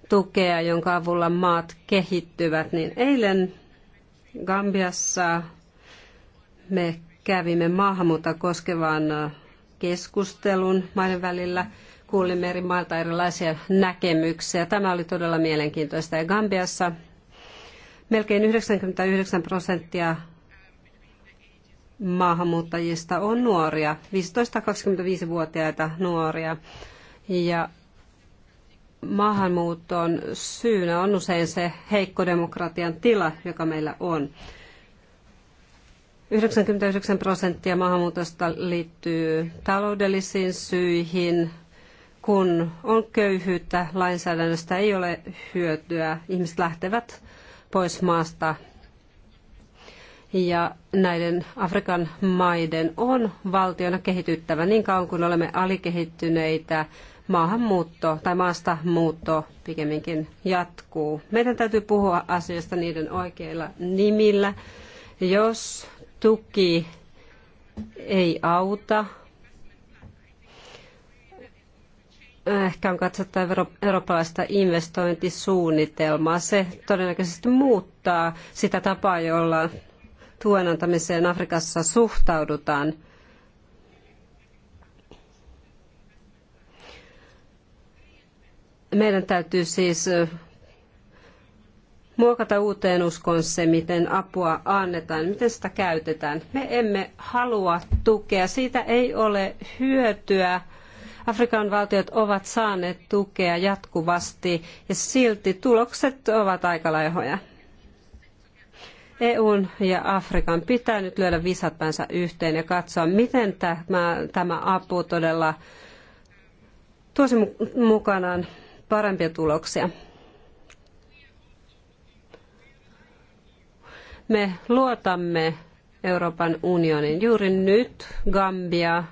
tukea, jonka avulla maat kehittyvät, niin eilen Gambiassa me kävimme maahanmuuta koskevan keskustelun maiden välillä. Kuulimme eri mailta erilaisia näkemyksiä. Tämä oli todella mielenkiintoista. Ja Gambiassa melkein 99 prosenttia maahanmuuttajista on nuoria, 15-25-vuotiaita nuoria. Ja maahanmuuttoon syynä on usein se heikko demokratian tila, joka meillä on. 99 prosenttia maahanmuutosta liittyy taloudellisiin syihin, kun on köyhyyttä, lainsäädännöstä ei ole hyötyä, ihmiset lähtevät pois maasta. Ja näiden Afrikan maiden on valtiona kehityttävä niin kauan kuin olemme alikehittyneitä, maahanmuutto tai maasta muutto pikemminkin jatkuu. Meidän täytyy puhua asioista niiden oikeilla nimillä. Jos tuki ei auta, ehkä on katsottava eurooppalaista investointisuunnitelmaa. Se todennäköisesti muuttaa sitä tapaa, jolla tuen antamiseen Afrikassa suhtaudutaan – Meidän täytyy siis muokata uuteen uskoon se, miten apua annetaan, miten sitä käytetään. Me emme halua tukea, siitä ei ole hyötyä. Afrikan valtiot ovat saaneet tukea jatkuvasti ja silti tulokset ovat aika laihoja. EUn ja Afrikan pitää nyt lyödä visat päänsä yhteen ja katsoa, miten tämä, tämä apu todella tuosi mukanaan parempia tuloksia. Me luotamme Euroopan unionin. Juuri nyt Gambia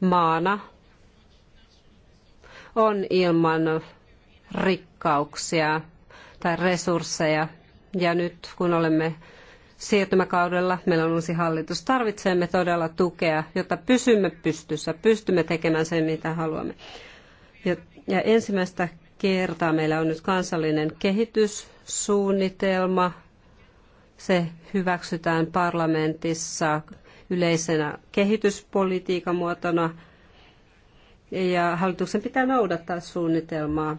maana on ilman rikkauksia tai resursseja. Ja nyt kun olemme siirtymäkaudella, meillä on uusi hallitus, tarvitsemme todella tukea, jotta pysymme pystyssä, pystymme tekemään sen, mitä haluamme. Ja ja ensimmäistä kertaa meillä on nyt kansallinen kehityssuunnitelma. Se hyväksytään parlamentissa yleisenä kehityspolitiikan muotona. Ja hallituksen pitää noudattaa suunnitelmaa.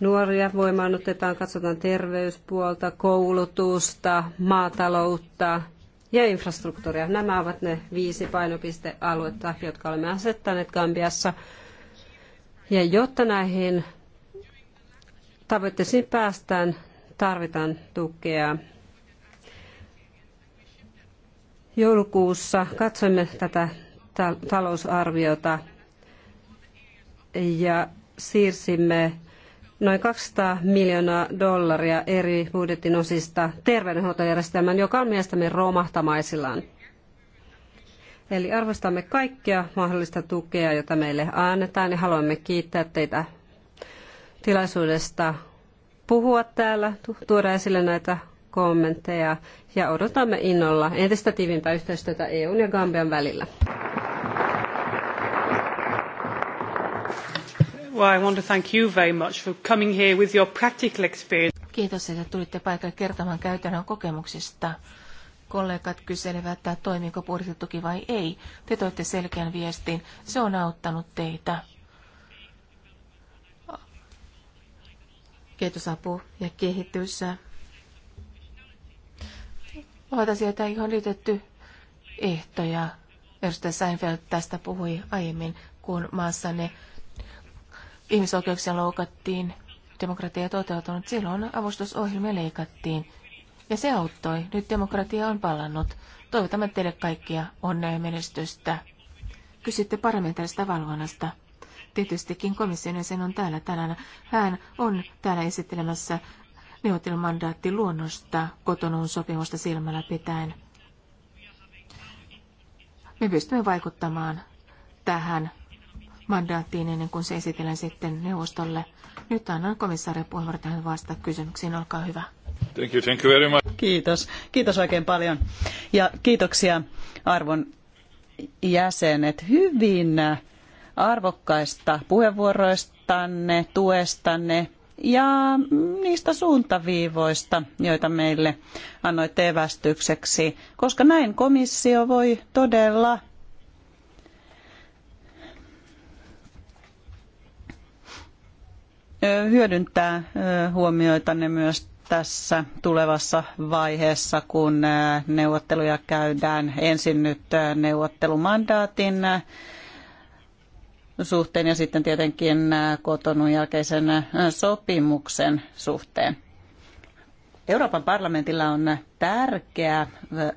Nuoria otetaan, katsotaan terveyspuolta, koulutusta, maataloutta – ja infrastruktuuria. Nämä ovat ne viisi painopistealuetta, jotka olemme asettaneet Gambiassa. Ja jotta näihin tavoitteisiin päästään, tarvitaan tukea. Joulukuussa katsoimme tätä talousarviota ja siirsimme noin 200 miljoonaa dollaria eri budjetin osista terveydenhuoltojärjestelmän, joka on mielestämme romahtamaisillaan. Eli arvostamme kaikkea mahdollista tukea, jota meille annetaan ja haluamme kiittää teitä tilaisuudesta puhua täällä, tuoda esille näitä kommentteja ja odotamme innolla entistä tiiviimpää yhteistyötä EUn ja Gambian välillä. Well, I want to thank you very much for coming here with your practical experience. Kiitos, että tulitte paikalle kertomaan käytännön kokemuksista. Kollegat kyselevät, että toimiiko puolisotuki vai ei. Te toitte selkeän viestin. Se on auttanut teitä. Kehitysapu ja kehitys ovat asioita, joihin on liitetty ehtoja. Edustaja Seinfeld tästä puhui aiemmin, kun maassanne ihmisoikeuksia loukattiin, demokratia toteutunut, silloin avustusohjelmia leikattiin. Ja se auttoi. Nyt demokratia on palannut. Toivotamme teille kaikkia onnea ja menestystä. Kysytte parlamentaarista valvonnasta. Tietystikin komission sen on täällä tänään. Hän on täällä esittelemässä neuvottelumandaatti luonnosta kotonuun sopimusta silmällä pitäen. Me pystymme vaikuttamaan tähän mandaattiin ennen kuin se esitellään sitten neuvostolle. Nyt annan komissaarin puheenvuoron tähän vastata kysymyksiin. Olkaa hyvä. Thank you, thank you very much. Kiitos. Kiitos oikein paljon. Ja kiitoksia arvon jäsenet hyvin arvokkaista puheenvuoroistanne, tuestanne ja niistä suuntaviivoista, joita meille annoitte evästykseksi, koska näin komissio voi todella hyödyntää huomioitanne myös tässä tulevassa vaiheessa, kun neuvotteluja käydään ensin nyt neuvottelumandaatin suhteen ja sitten tietenkin kotonun jälkeisen sopimuksen suhteen. Euroopan parlamentilla on tärkeä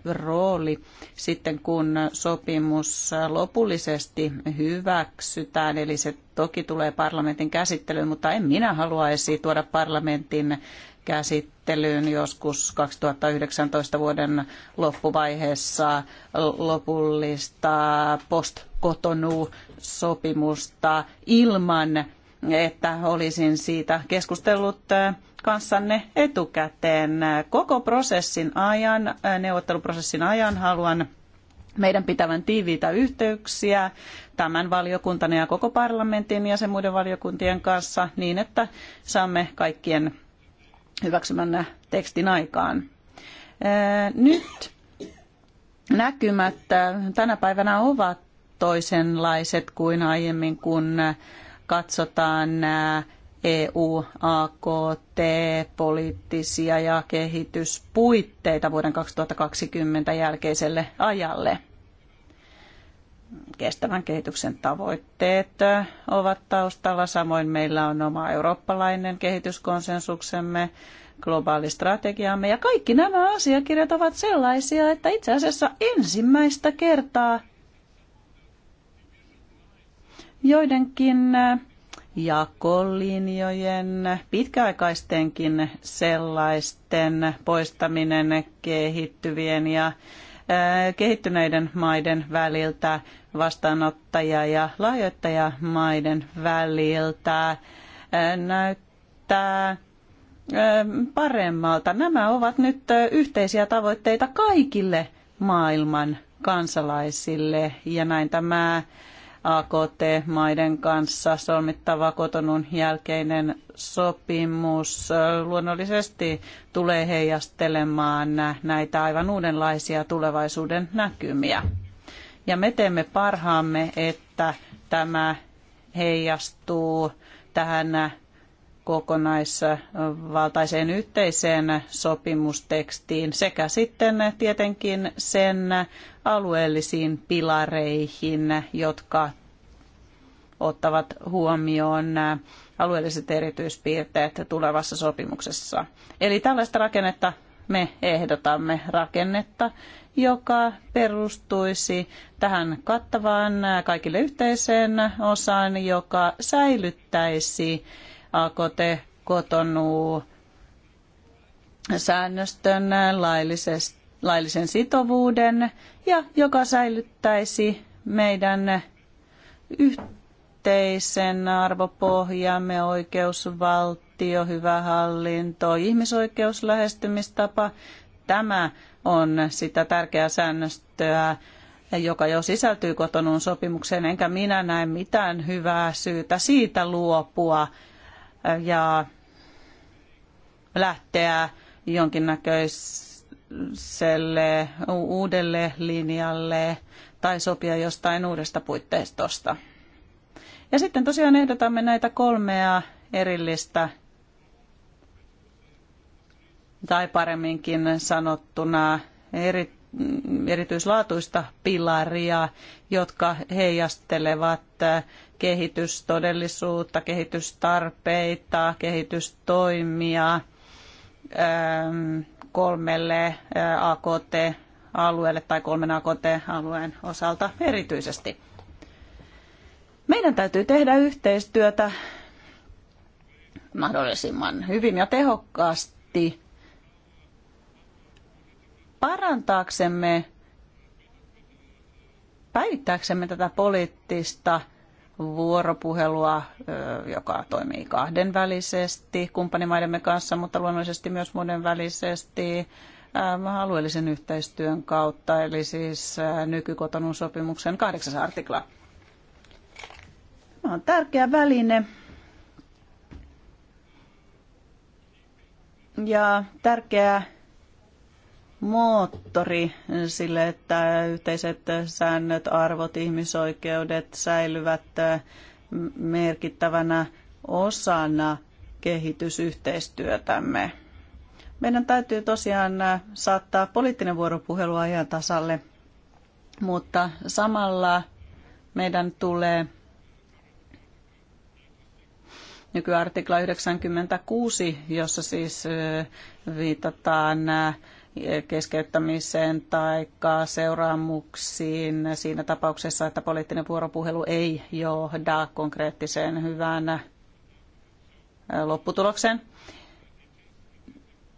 rooli sitten, kun sopimus lopullisesti hyväksytään, eli se toki tulee parlamentin käsittelyyn, mutta en minä haluaisi tuoda parlamentin käsittelyyn joskus 2019 vuoden loppuvaiheessa lopullista post sopimusta ilman että olisin siitä keskustellut äh, kanssanne etukäteen. Koko prosessin ajan, äh, neuvotteluprosessin ajan haluan meidän pitävän tiiviitä yhteyksiä tämän valiokuntan ja koko parlamentin ja sen muiden valiokuntien kanssa niin, että saamme kaikkien hyväksymän tekstin aikaan. Äh, nyt näkymät tänä päivänä ovat toisenlaiset kuin aiemmin, kun katsotaan EU-AKT-poliittisia ja kehityspuitteita vuoden 2020 jälkeiselle ajalle. Kestävän kehityksen tavoitteet ovat taustalla, samoin meillä on oma eurooppalainen kehityskonsensuksemme, globaali strategiamme ja kaikki nämä asiakirjat ovat sellaisia, että itse asiassa ensimmäistä kertaa joidenkin äh, jakolinjojen, pitkäaikaistenkin sellaisten poistaminen kehittyvien ja äh, kehittyneiden maiden väliltä, vastaanottaja- ja lahjoittajamaiden väliltä äh, näyttää ähm, paremmalta. Nämä ovat nyt yhteisiä tavoitteita kaikille maailman kansalaisille ja näin tämä AKT-maiden kanssa solmittava kotonun jälkeinen sopimus luonnollisesti tulee heijastelemaan näitä aivan uudenlaisia tulevaisuuden näkymiä. Ja me teemme parhaamme, että tämä heijastuu tähän kokonaisvaltaiseen yhteiseen sopimustekstiin sekä sitten tietenkin sen alueellisiin pilareihin, jotka ottavat huomioon alueelliset erityispiirteet tulevassa sopimuksessa. Eli tällaista rakennetta me ehdotamme rakennetta, joka perustuisi tähän kattavaan kaikille yhteiseen osaan, joka säilyttäisi AKT kotonuu säännöstön laillisen sitovuuden ja joka säilyttäisi meidän yhteisen arvopohjamme, oikeusvaltio, hyvä hallinto, ihmisoikeuslähestymistapa. Tämä on sitä tärkeää säännöstöä, joka jo sisältyy kotonun sopimukseen, enkä minä näe mitään hyvää syytä siitä luopua ja lähteä jonkinnäköiselle uudelle linjalle tai sopia jostain uudesta puitteistosta. Ja sitten tosiaan ehdotamme näitä kolmea erillistä tai paremminkin sanottuna eri, mm, erityislaatuista pilaria, jotka heijastelevat kehitystodellisuutta, kehitystarpeita, kehitystoimia ähm, kolmelle äh, AKT-alueelle tai kolmen AKT-alueen osalta erityisesti. Meidän täytyy tehdä yhteistyötä mahdollisimman hyvin ja tehokkaasti parantaaksemme, päivittääksemme tätä poliittista vuoropuhelua, joka toimii kahdenvälisesti kumppanimaidemme kanssa, mutta luonnollisesti myös monenvälisesti alueellisen yhteistyön kautta, eli siis nykykotonun sopimuksen kahdeksas artikla. Tämä on tärkeä väline ja tärkeä moottori sille, että yhteiset säännöt, arvot, ihmisoikeudet säilyvät merkittävänä osana kehitysyhteistyötämme. Meidän täytyy tosiaan saattaa poliittinen vuoropuhelu ajan tasalle, mutta samalla meidän tulee nykyartikla 96, jossa siis viitataan keskeyttämiseen tai seuraamuksiin siinä tapauksessa, että poliittinen vuoropuhelu ei johda konkreettiseen hyvään äh, lopputulokseen,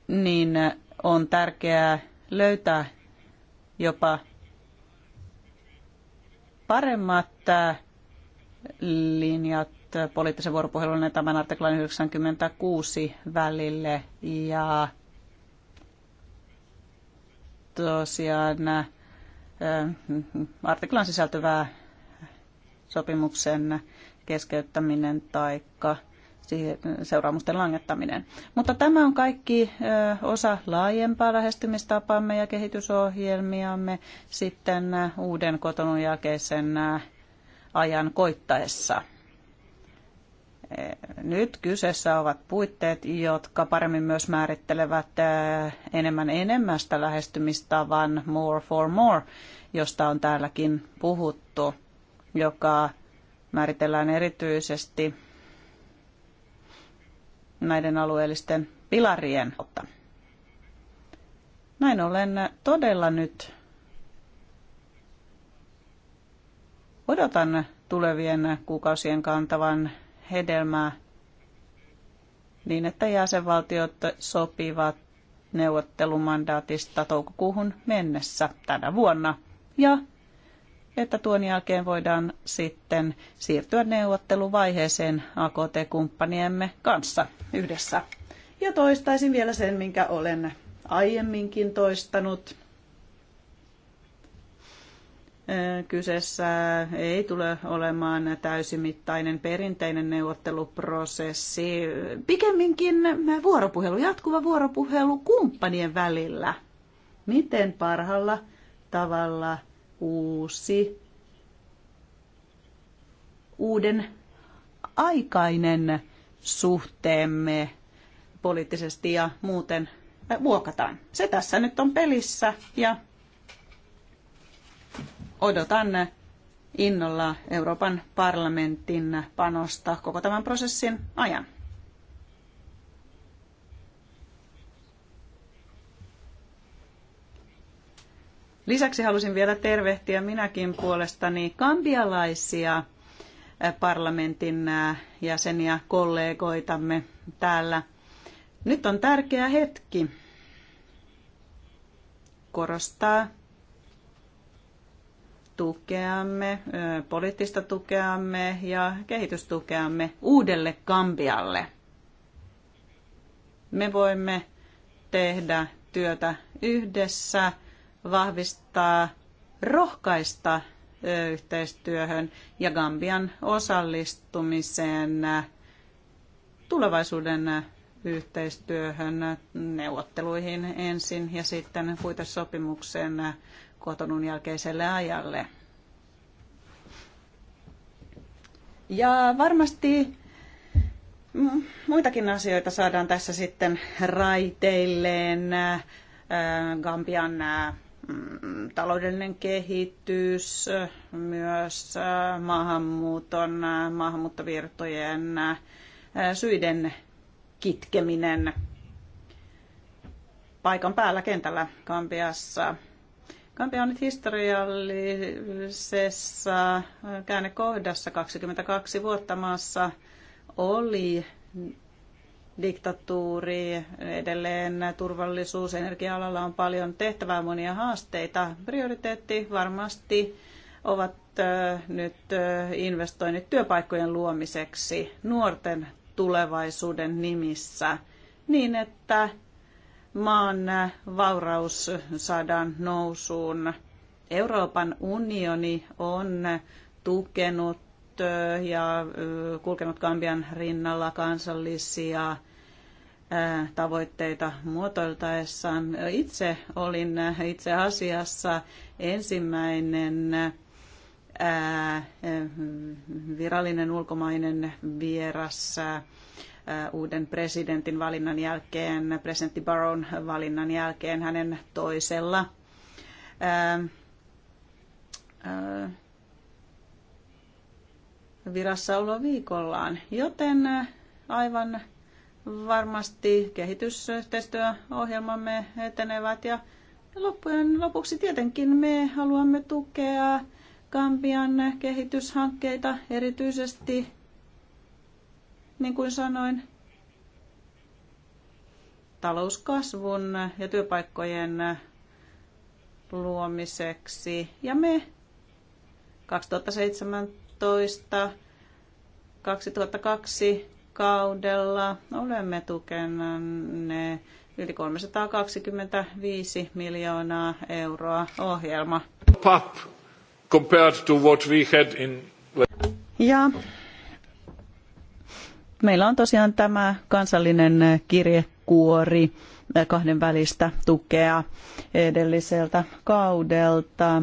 niin äh, on tärkeää löytää jopa paremmat äh, linjat poliittisen vuoropuhelun ja tämän artiklan 96 välille ja tosiaan äh, artiklan sisältyvää sopimuksen keskeyttäminen tai seuraamusten langettaminen. Mutta tämä on kaikki äh, osa laajempaa lähestymistapaamme ja kehitysohjelmiamme sitten äh, uuden kotonun jälkeisen ajan koittaessa. Nyt kyseessä ovat puitteet, jotka paremmin myös määrittelevät enemmän enemmästä lähestymistavan more for more, josta on täälläkin puhuttu, joka määritellään erityisesti näiden alueellisten pilarien kautta. Näin ollen todella nyt odotan tulevien kuukausien kantavan hedelmää niin, että jäsenvaltiot sopivat neuvottelumandaatista toukokuuhun mennessä tänä vuonna ja että tuon jälkeen voidaan sitten siirtyä neuvotteluvaiheeseen AKT-kumppaniemme kanssa yhdessä. Ja toistaisin vielä sen, minkä olen aiemminkin toistanut kyseessä ei tule olemaan täysimittainen perinteinen neuvotteluprosessi, pikemminkin vuoropuhelu, jatkuva vuoropuhelu kumppanien välillä. Miten parhalla tavalla uusi, uuden aikainen suhteemme poliittisesti ja muuten muokataan. Se tässä nyt on pelissä ja odotan innolla Euroopan parlamentin panosta koko tämän prosessin ajan. Lisäksi halusin vielä tervehtiä minäkin puolestani kambialaisia eh, parlamentin eh, jäseniä, kollegoitamme täällä. Nyt on tärkeä hetki korostaa tukeamme, poliittista tukeamme ja kehitystukeamme uudelle Kambialle. Me voimme tehdä työtä yhdessä, vahvistaa, rohkaista yhteistyöhön ja Gambian osallistumiseen tulevaisuuden yhteistyöhön, neuvotteluihin ensin ja sitten puitesopimuksen kotonun jälkeiselle ajalle. Ja varmasti mm, muitakin asioita saadaan tässä sitten raiteilleen. Äh, Gambian äh, mm, taloudellinen kehitys, myös äh, maahanmuuton, maahanmuuttovirtojen syiden kitkeminen paikan päällä kentällä Gambiassa – Kampia on nyt historiallisessa käännekohdassa 22 vuotta maassa oli diktatuuri, edelleen turvallisuus, energia-alalla on paljon tehtävää, monia haasteita. Prioriteetti varmasti ovat nyt investoinnit työpaikkojen luomiseksi nuorten tulevaisuuden nimissä niin, että maan vauraus saadaan nousuun. Euroopan unioni on tukenut ja kulkenut Kambian rinnalla kansallisia tavoitteita muotoiltaessaan. Itse olin itse asiassa ensimmäinen virallinen ulkomainen vieras uuden presidentin valinnan jälkeen, presidentti Barron valinnan jälkeen hänen toisella virassaoloviikollaan. Joten aivan varmasti kehitysyhteistyöohjelmamme etenevät ja loppujen lopuksi tietenkin me haluamme tukea Gambian kehityshankkeita erityisesti niin kuin sanoin, talouskasvun ja työpaikkojen luomiseksi. Ja me 2017 2002 kaudella olemme tukenne yli 325 miljoonaa euroa ohjelma. Up compared to what we had in... Ja meillä on tosiaan tämä kansallinen kirjekuori kahden välistä tukea edelliseltä kaudelta.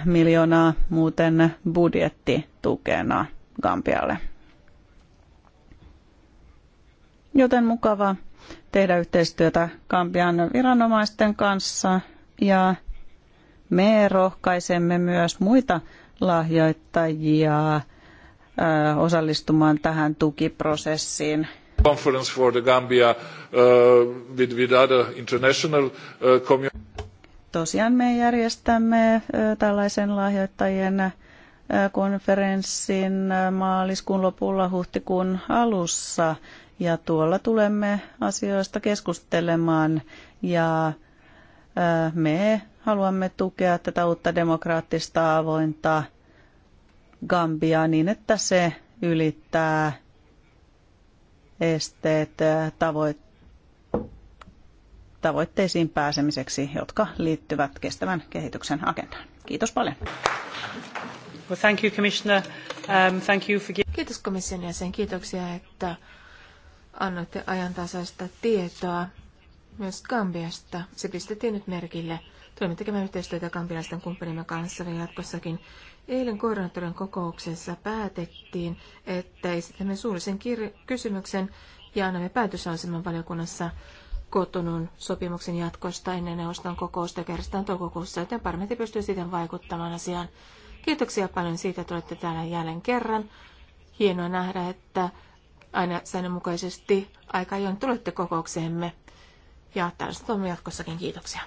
55-60 miljoonaa muuten budjettitukena Gambialle. Joten mukava tehdä yhteistyötä Gambian viranomaisten kanssa ja me rohkaisemme myös muita lahjoittajia osallistumaan tähän tukiprosessiin conference for the Gambia uh, with, with other international uh, Tosiaan me järjestämme tällaisen lahjoittajien konferenssin maaliskuun lopulla huhtikuun alussa ja tuolla tulemme asioista keskustelemaan ja me haluamme tukea tätä uutta demokraattista avointa Gambiaa niin, että se ylittää esteet tavoitteisiin pääsemiseksi, jotka liittyvät kestävän kehityksen agendaan. Kiitos paljon. Well, thank you, Commissioner. Um, thank you for... Kiitos komission jäsen. Kiitoksia, että annoitte ajantasaista tietoa myös Gambiasta. Se pistettiin nyt merkille. Tulemme tekemään yhteistyötä kampilaisten kumppanimme kanssa vielä jatkossakin. Eilen koordinaattorin kokouksessa päätettiin, että esitämme suullisen kysymyksen ja annamme päätösaseman valiokunnassa kotonun sopimuksen jatkosta ennen neuvoston kokousta kerrotaan toukokuussa, joten parlamentti pystyy siten vaikuttamaan asiaan. Kiitoksia paljon siitä, että olette täällä jälleen kerran. Hienoa nähdä, että aina säännönmukaisesti aika ajoin tulette kokoukseemme. Ja tällaista toimii jatkossakin. Kiitoksia.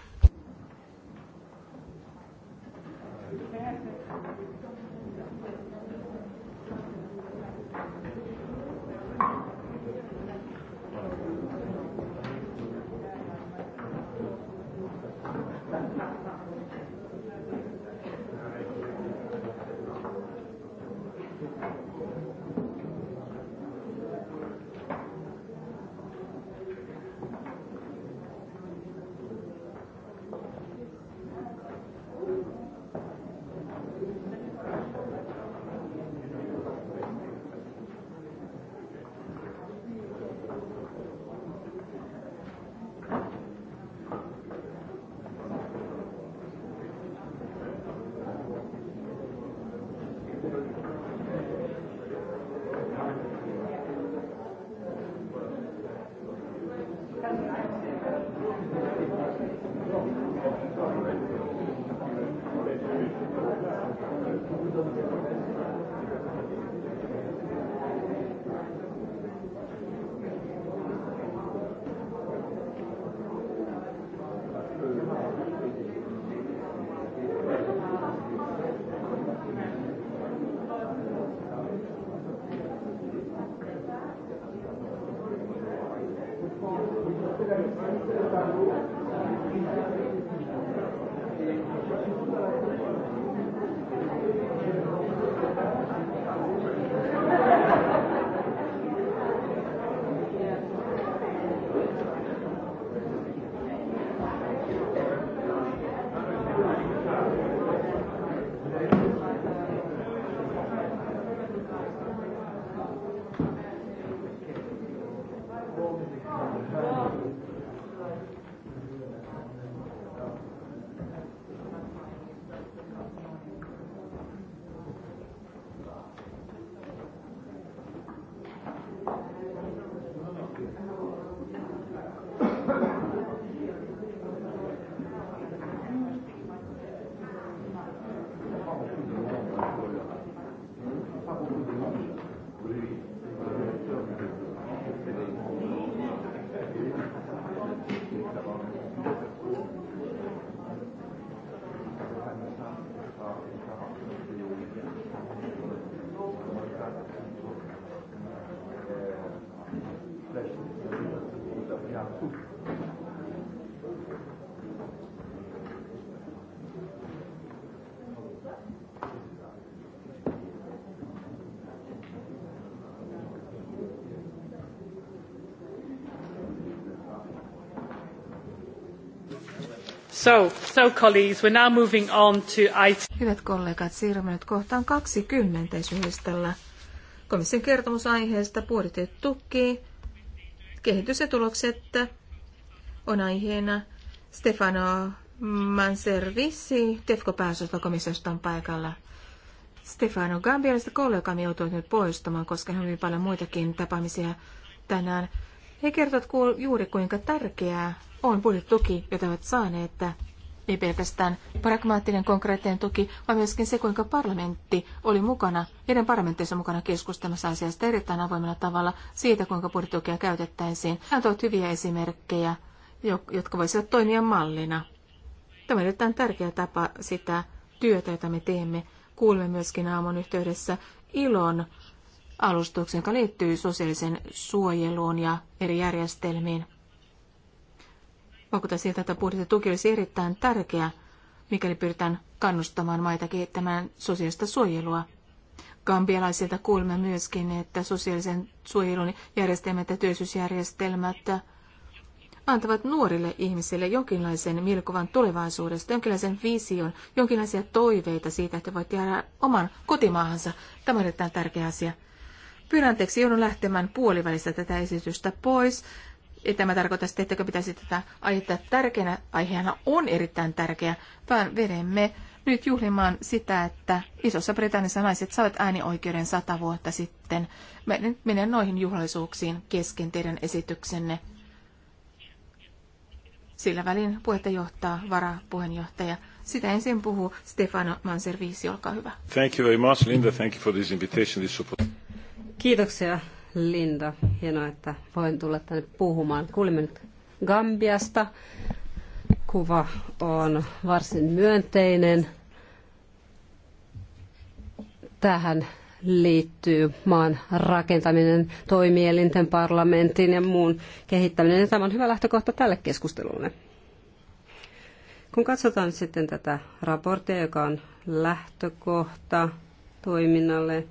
So, so colleagues, we're now moving on to Hyvät kollegat, siirrymme nyt kohtaan 20 syhistellä. Komission kertomusaiheesta budjetit tuki, kehitys ja tulokset on aiheena Stefano Manservisi, Tefko pääsosta komissiosta on paikalla. Stefano Gambialista kollegamme joutui nyt poistumaan, koska hän on hyvin paljon muitakin tapaamisia tänään. He kertovat juuri kuinka tärkeää on budjettituki, jota ovat saaneet, ei pelkästään pragmaattinen konkreettinen tuki, vaan myöskin se, kuinka parlamentti oli mukana, heidän parlamenttinsa mukana keskustelemassa asiasta erittäin avoimella tavalla siitä, kuinka budjettitukea käytettäisiin. Hän tuot hyviä esimerkkejä, jotka voisivat toimia mallina. Tämä on erittäin tärkeä tapa sitä työtä, jota me teemme. Kuulemme myöskin aamun yhteydessä ilon alustuksen, joka liittyy sosiaalisen suojeluun ja eri järjestelmiin. Vaikuttaa siltä, että budjettituki olisi erittäin tärkeä, mikäli pyritään kannustamaan maita kehittämään sosiaalista suojelua. Gambialaisilta kuulemme myöskin, että sosiaalisen suojelun järjestelmät ja työllisyysjärjestelmät antavat nuorille ihmisille jonkinlaisen mielikuvan tulevaisuudesta, jonkinlaisen vision, jonkinlaisia toiveita siitä, että voit jäädä oman kotimaahansa. Tämä on erittäin tärkeä asia. Pyydän anteeksi, joudun lähtemään puolivälistä tätä esitystä pois. Ja tämä tarkoittaa sitä, että pitäisi tätä aihetta tärkeänä aiheena on erittäin tärkeä, vaan vedemme nyt juhlimaan sitä, että Isossa britannissa naiset saavat äänioikeuden sata vuotta sitten. Menen, menen noihin juhlallisuuksiin kesken teidän esityksenne. Sillä välin puhetta johtaa varapuheenjohtaja. Sitä ensin puhuu Stefano Manservisi, olkaa hyvä. Thank you very much, Linda. Thank you for this invitation. This support. Kiitoksia Linda. Hienoa, että voin tulla tänne puhumaan. Kuulimme nyt Gambiasta. Kuva on varsin myönteinen. Tähän liittyy maan rakentaminen, toimielinten, parlamentin ja muun kehittäminen. Ja tämä on hyvä lähtökohta tälle keskustelulle. Kun katsotaan sitten tätä raporttia, joka on lähtökohta toiminnalle,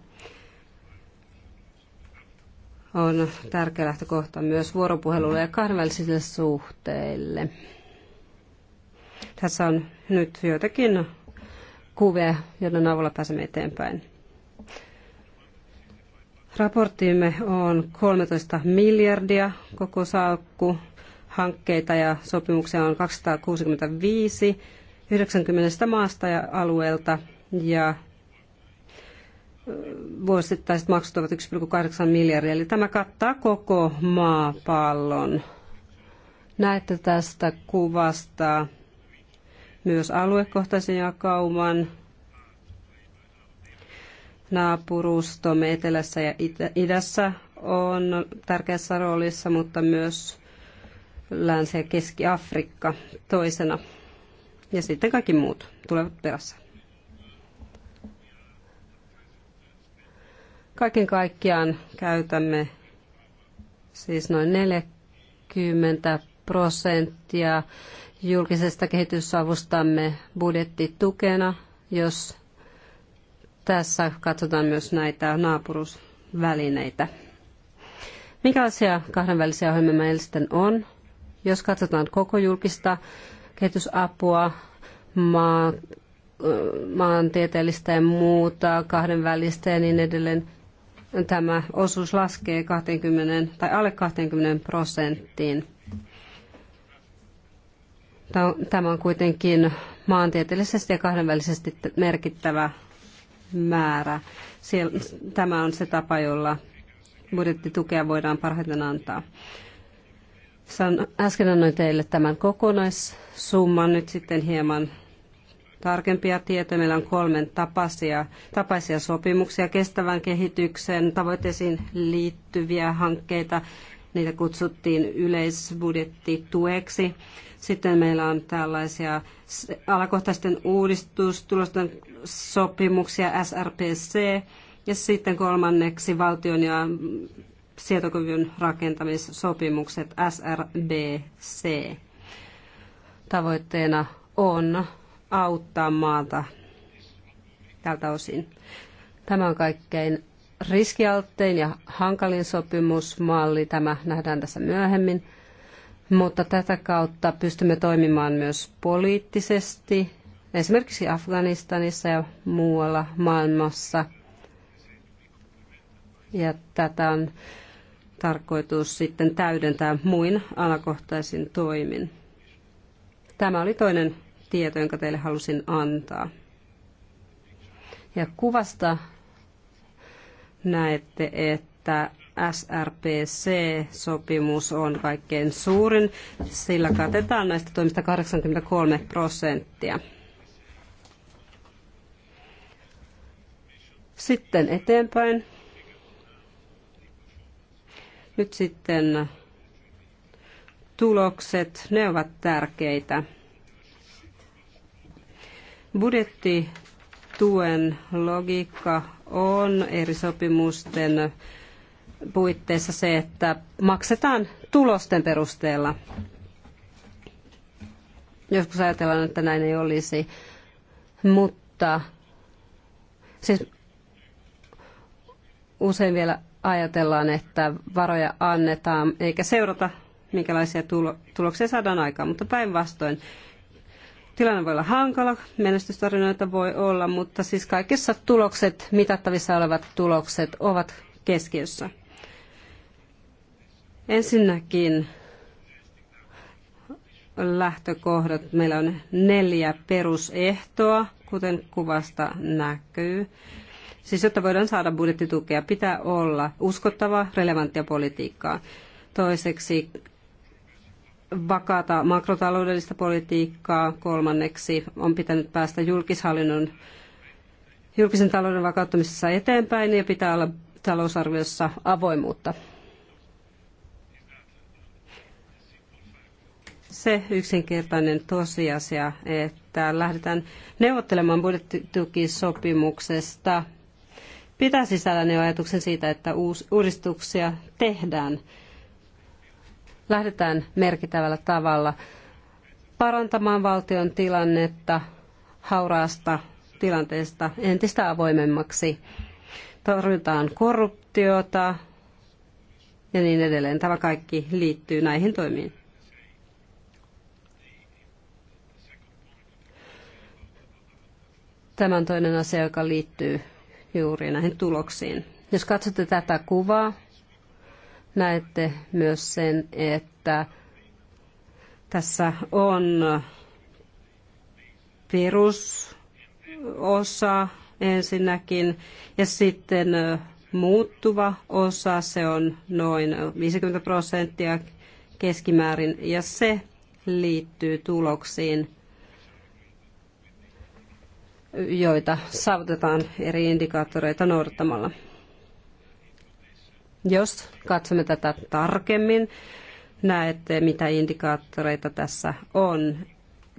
on tärkeä lähtökohta myös vuoropuhelulle ja kahdenvälisille suhteille. Tässä on nyt joitakin kuvia, joiden avulla pääsemme eteenpäin. Raporttiimme on 13 miljardia koko salkku, hankkeita ja sopimuksia on 265 90 maasta ja alueelta ja vuosittaiset maksut ovat 1,8 miljardia, eli tämä kattaa koko maapallon. Näette tästä kuvasta myös aluekohtaisen jakauman naapurustomme etelässä ja idässä on tärkeässä roolissa, mutta myös Länsi- ja Keski-Afrikka toisena. Ja sitten kaikki muut tulevat perässä. Kaiken kaikkiaan käytämme siis noin 40 prosenttia julkisesta kehitysavustamme budjettitukena, jos tässä katsotaan myös näitä naapurusvälineitä. Minkälaisia kahdenvälisiä ohjelmia meillä sitten on? Jos katsotaan koko julkista kehitysapua, maa, maantieteellistä ja muuta, kahdenvälistä ja niin edelleen, tämä osuus laskee 20 tai alle 20 prosenttiin. Tämä on kuitenkin maantieteellisesti ja kahdenvälisesti merkittävä määrä. Tämä on se tapa, jolla budjettitukea voidaan parhaiten antaa. Äsken annoin teille tämän kokonaissumman, nyt sitten hieman tarkempia tietoja. Meillä on kolmen tapaisia, tapaisia sopimuksia, kestävän kehityksen tavoitteisiin liittyviä hankkeita. Niitä kutsuttiin yleisbudjettitueksi. Sitten meillä on tällaisia alakohtaisten uudistustulosten sopimuksia, SRPC, ja sitten kolmanneksi valtion ja sietokyvyn rakentamissopimukset, SRBC. Tavoitteena on auttaa maata tältä osin. Tämä on kaikkein riskialttein ja hankalin sopimusmalli. Tämä nähdään tässä myöhemmin. Mutta tätä kautta pystymme toimimaan myös poliittisesti, esimerkiksi Afganistanissa ja muualla maailmassa. Ja tätä on tarkoitus sitten täydentää muin alakohtaisin toimin. Tämä oli toinen tieto, jonka teille halusin antaa. Ja kuvasta näette, että SRPC-sopimus on kaikkein suurin. Sillä katetaan näistä toimista 83 prosenttia. Sitten eteenpäin. Nyt sitten tulokset, ne ovat tärkeitä. Budjettituen logiikka on eri sopimusten puitteissa se, että maksetaan tulosten perusteella. Joskus ajatellaan, että näin ei olisi, mutta siis usein vielä ajatellaan, että varoja annetaan eikä seurata, minkälaisia tuloksia saadaan aikaan, mutta päinvastoin Tilanne voi olla hankala, menestystarinoita voi olla, mutta siis kaikessa tulokset, mitattavissa olevat tulokset ovat keskiössä. Ensinnäkin lähtökohdat. Meillä on neljä perusehtoa, kuten kuvasta näkyy. Siis jotta voidaan saada budjettitukea, pitää olla uskottavaa, relevanttia politiikkaa. Toiseksi vakaata makrotaloudellista politiikkaa. Kolmanneksi on pitänyt päästä julkishallinnon, julkisen talouden vakauttamisessa eteenpäin ja pitää olla talousarviossa avoimuutta. se yksinkertainen tosiasia, että lähdetään neuvottelemaan budjettitukisopimuksesta, pitää sisällä ne ajatuksen siitä, että uudistuksia tehdään lähdetään merkittävällä tavalla parantamaan valtion tilannetta hauraasta tilanteesta entistä avoimemmaksi. Torjutaan korruptiota ja niin edelleen. Tämä kaikki liittyy näihin toimiin. Tämä on toinen asia, joka liittyy juuri näihin tuloksiin. Jos katsotte tätä kuvaa, näette myös sen, että tässä on perusosa ensinnäkin ja sitten muuttuva osa, se on noin 50 prosenttia keskimäärin ja se liittyy tuloksiin, joita saavutetaan eri indikaattoreita noudattamalla. Jos katsomme tätä tarkemmin, näette, mitä indikaattoreita tässä on.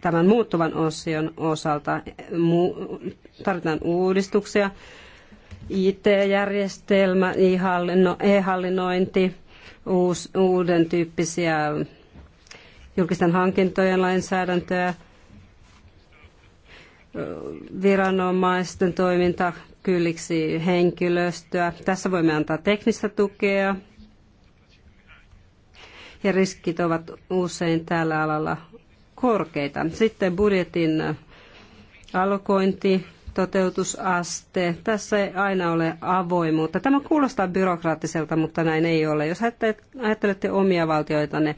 Tämän muuttuvan osion osalta tarvitaan uudistuksia, IT-järjestelmä, e-hallinnointi, uuden tyyppisiä julkisten hankintojen lainsäädäntöä, viranomaisten toiminta, kylliksi henkilöstöä. Tässä voimme antaa teknistä tukea. Ja riskit ovat usein tällä alalla korkeita. Sitten budjetin alokointi toteutusaste. Tässä ei aina ole avoimuutta. Tämä kuulostaa byrokraattiselta, mutta näin ei ole. Jos ajattelette omia ne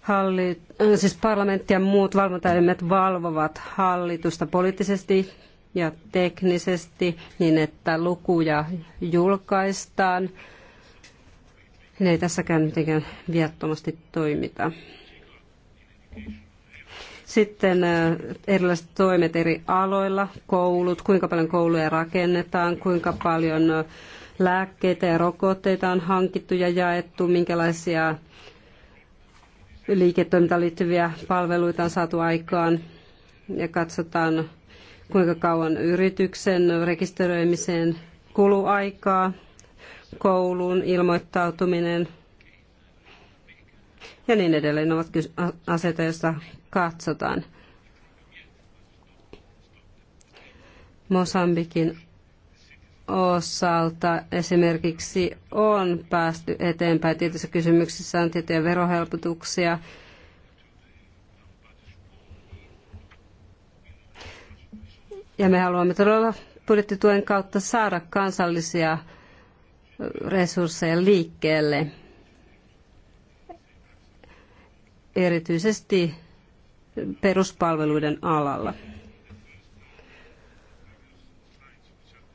hallit, äh, siis parlamentti ja muut valvontaelimet valvovat hallitusta poliittisesti ja teknisesti niin, että lukuja julkaistaan. Ne ei tässäkään mitenkään viattomasti toimita. Sitten erilaiset toimet eri aloilla, koulut, kuinka paljon kouluja rakennetaan, kuinka paljon lääkkeitä ja rokotteita on hankittu ja jaettu, minkälaisia liiketoimintaan liittyviä palveluita on saatu aikaan ja katsotaan kuinka kauan yrityksen rekisteröimiseen kuluu aikaa, kouluun ilmoittautuminen ja niin edelleen ovat asioita, joista katsotaan. Mosambikin osalta esimerkiksi on päästy eteenpäin. Tietyissä kysymyksissä on tiettyjä verohelpotuksia, Ja me haluamme todella budjettituen kautta saada kansallisia resursseja liikkeelle. Erityisesti peruspalveluiden alalla.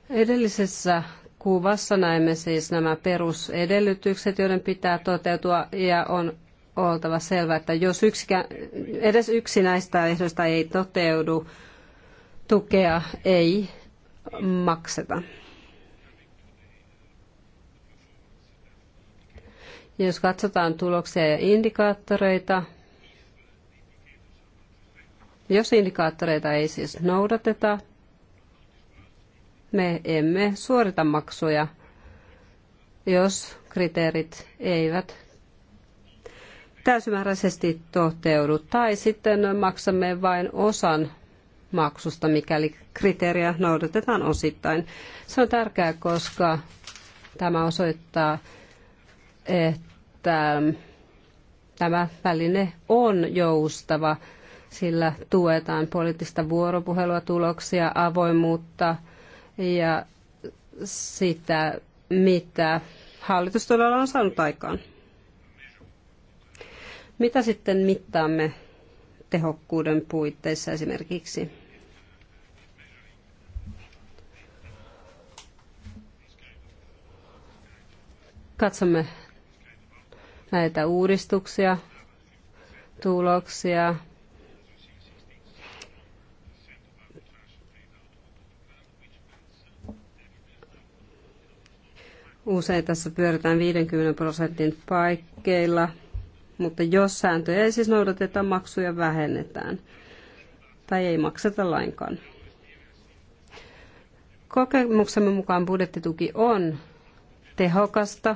Edellisessä kuvassa näemme siis nämä perusedellytykset, joiden pitää toteutua ja on oltava selvää, että jos yksikä, edes yksi näistä ehdoista ei toteudu, tukea ei makseta. Jos katsotaan tuloksia ja indikaattoreita, jos indikaattoreita ei siis noudateta, me emme suorita maksuja, jos kriteerit eivät täysimääräisesti toteudu. Tai sitten maksamme vain osan maksusta, mikäli kriteeriä noudatetaan osittain. Se on tärkeää, koska tämä osoittaa, että tämä väline on joustava, sillä tuetaan poliittista vuoropuhelua, tuloksia, avoimuutta ja sitä, mitä hallitus todella on saanut aikaan. Mitä sitten mittaamme tehokkuuden puitteissa esimerkiksi? Katsomme näitä uudistuksia, tuloksia, Usein tässä pyöritään 50 prosentin paikkeilla, mutta jos sääntöjä ei siis noudateta, maksuja vähennetään tai ei makseta lainkaan. Kokemuksemme mukaan budjettituki on tehokasta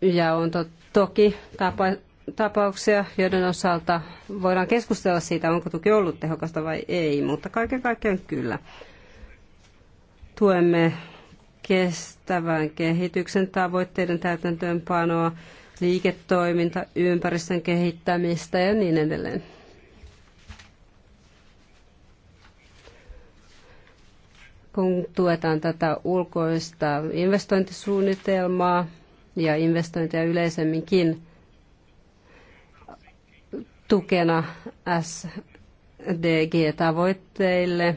ja on to, toki tapa, tapauksia, joiden osalta voidaan keskustella siitä, onko tuki ollut tehokasta vai ei, mutta kaiken kaikkiaan kyllä. Tuemme kestävän kehityksen tavoitteiden täytäntöönpanoa, liiketoiminta, ympäristön kehittämistä ja niin edelleen. kun tuetaan tätä ulkoista investointisuunnitelmaa ja investointeja yleisemminkin tukena SDG-tavoitteille.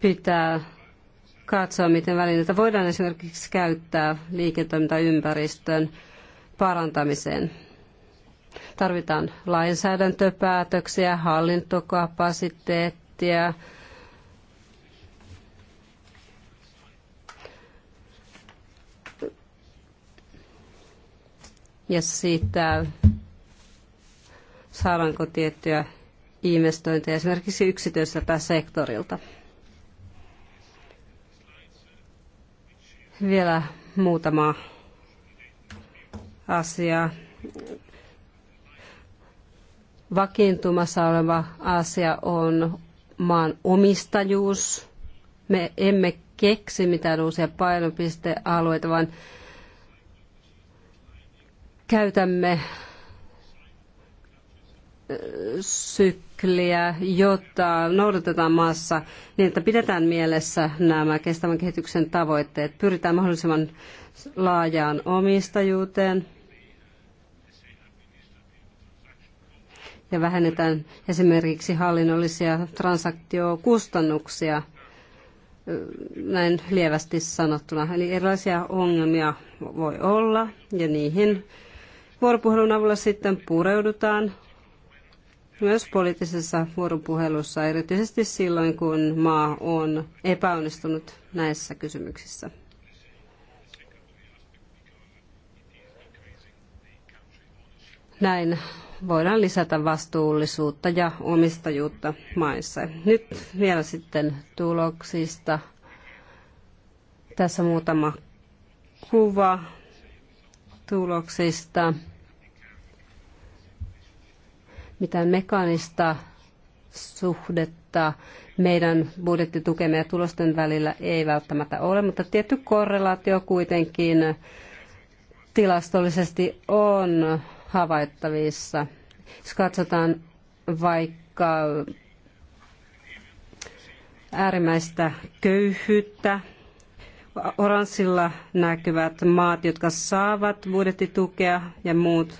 Pitää katsoa, miten välineitä voidaan esimerkiksi käyttää liiketoimintaympäristön parantamiseen. Tarvitaan lainsäädäntöpäätöksiä, hallintokapasiteettia, ja siitä saadaanko tiettyjä investointeja esimerkiksi yksityiseltä sektorilta. Vielä muutama asia vakiintumassa oleva asia on maan omistajuus. Me emme keksi mitään uusia painopistealueita, vaan käytämme sykliä, jota noudatetaan maassa niin, että pidetään mielessä nämä kestävän kehityksen tavoitteet. Pyritään mahdollisimman laajaan omistajuuteen, ja vähennetään esimerkiksi hallinnollisia transaktiokustannuksia näin lievästi sanottuna. Eli erilaisia ongelmia voi olla ja niihin vuoropuhelun avulla sitten pureudutaan myös poliittisessa vuoropuhelussa, erityisesti silloin kun maa on epäonnistunut näissä kysymyksissä. Näin voidaan lisätä vastuullisuutta ja omistajuutta maissa. Nyt vielä sitten tuloksista. Tässä muutama kuva tuloksista. mitä mekanista suhdetta meidän budjettitukemme ja tulosten välillä ei välttämättä ole, mutta tietty korrelaatio kuitenkin tilastollisesti on havaittavissa. Jos katsotaan vaikka äärimmäistä köyhyyttä, oranssilla näkyvät maat, jotka saavat budjettitukea ja muut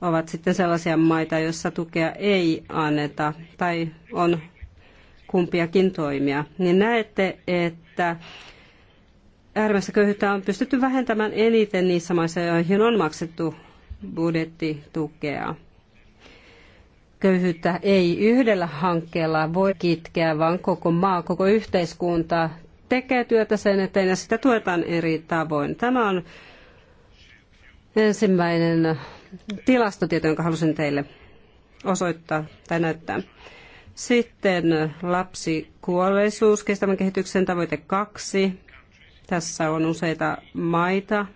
ovat sitten sellaisia maita, joissa tukea ei anneta tai on kumpiakin toimia. Niin näette, että äärimmäistä köyhyyttä on pystytty vähentämään eniten niissä maissa, joihin on maksettu budjettitukea. Köyhyyttä ei yhdellä hankkeella voi kitkeä, vaan koko maa, koko yhteiskunta tekee työtä sen eteen ja sitä tuetaan eri tavoin. Tämä on ensimmäinen tilastotieto, jonka halusin teille osoittaa tai näyttää. Sitten lapsikuolleisuus, kestävän kehityksen tavoite kaksi. Tässä on useita maita,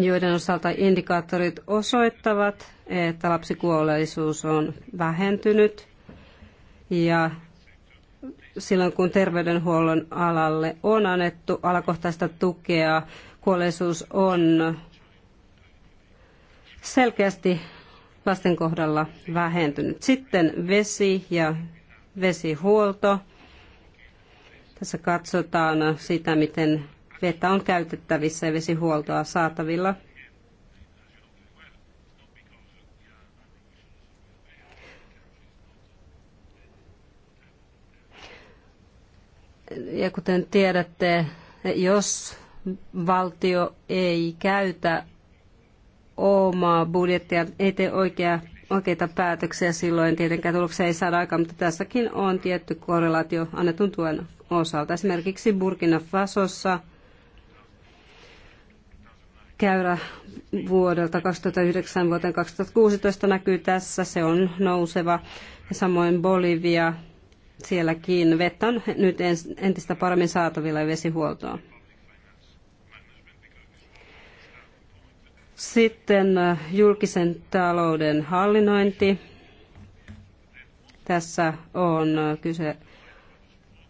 joiden osalta indikaattorit osoittavat, että lapsikuolleisuus on vähentynyt ja silloin kun terveydenhuollon alalle on annettu alakohtaista tukea, kuolleisuus on selkeästi lasten kohdalla vähentynyt. Sitten vesi ja vesihuolto. Tässä katsotaan sitä, miten vettä on käytettävissä ja vesihuoltoa saatavilla. Ja kuten tiedätte, jos valtio ei käytä omaa budjettia, ei tee oikea, oikeita päätöksiä silloin. Tietenkään tuloksia ei saada aikaan, mutta tässäkin on tietty korrelaatio annetun tuen osalta. Esimerkiksi Burkina Fasossa – käyrä vuodelta 2009 vuoteen 2016 näkyy tässä. Se on nouseva. Ja samoin Bolivia, sielläkin vettä on nyt entistä paremmin saatavilla ja vesihuoltoa. Sitten äh, julkisen talouden hallinnointi. Tässä on äh, kyse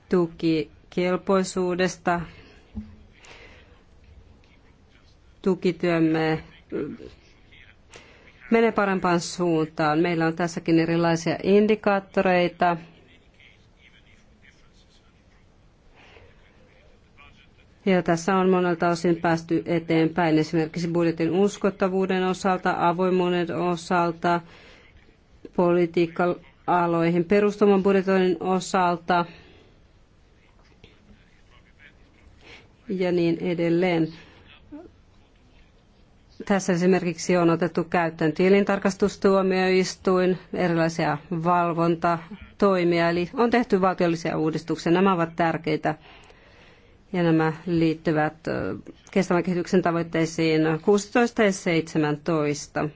tukikelpoisuudesta, tukityömme menee parempaan suuntaan. Meillä on tässäkin erilaisia indikaattoreita. Ja tässä on monelta osin päästy eteenpäin esimerkiksi budjetin uskottavuuden osalta, avoimuuden osalta, politiikka-aloihin perustuman budjetoinnin osalta ja niin edelleen. Tässä esimerkiksi on otettu käyttöön tilintarkastustuomioistuin, erilaisia valvontatoimia, eli on tehty valtiollisia uudistuksia. Nämä ovat tärkeitä ja nämä liittyvät kestävän kehityksen tavoitteisiin 16 ja 17.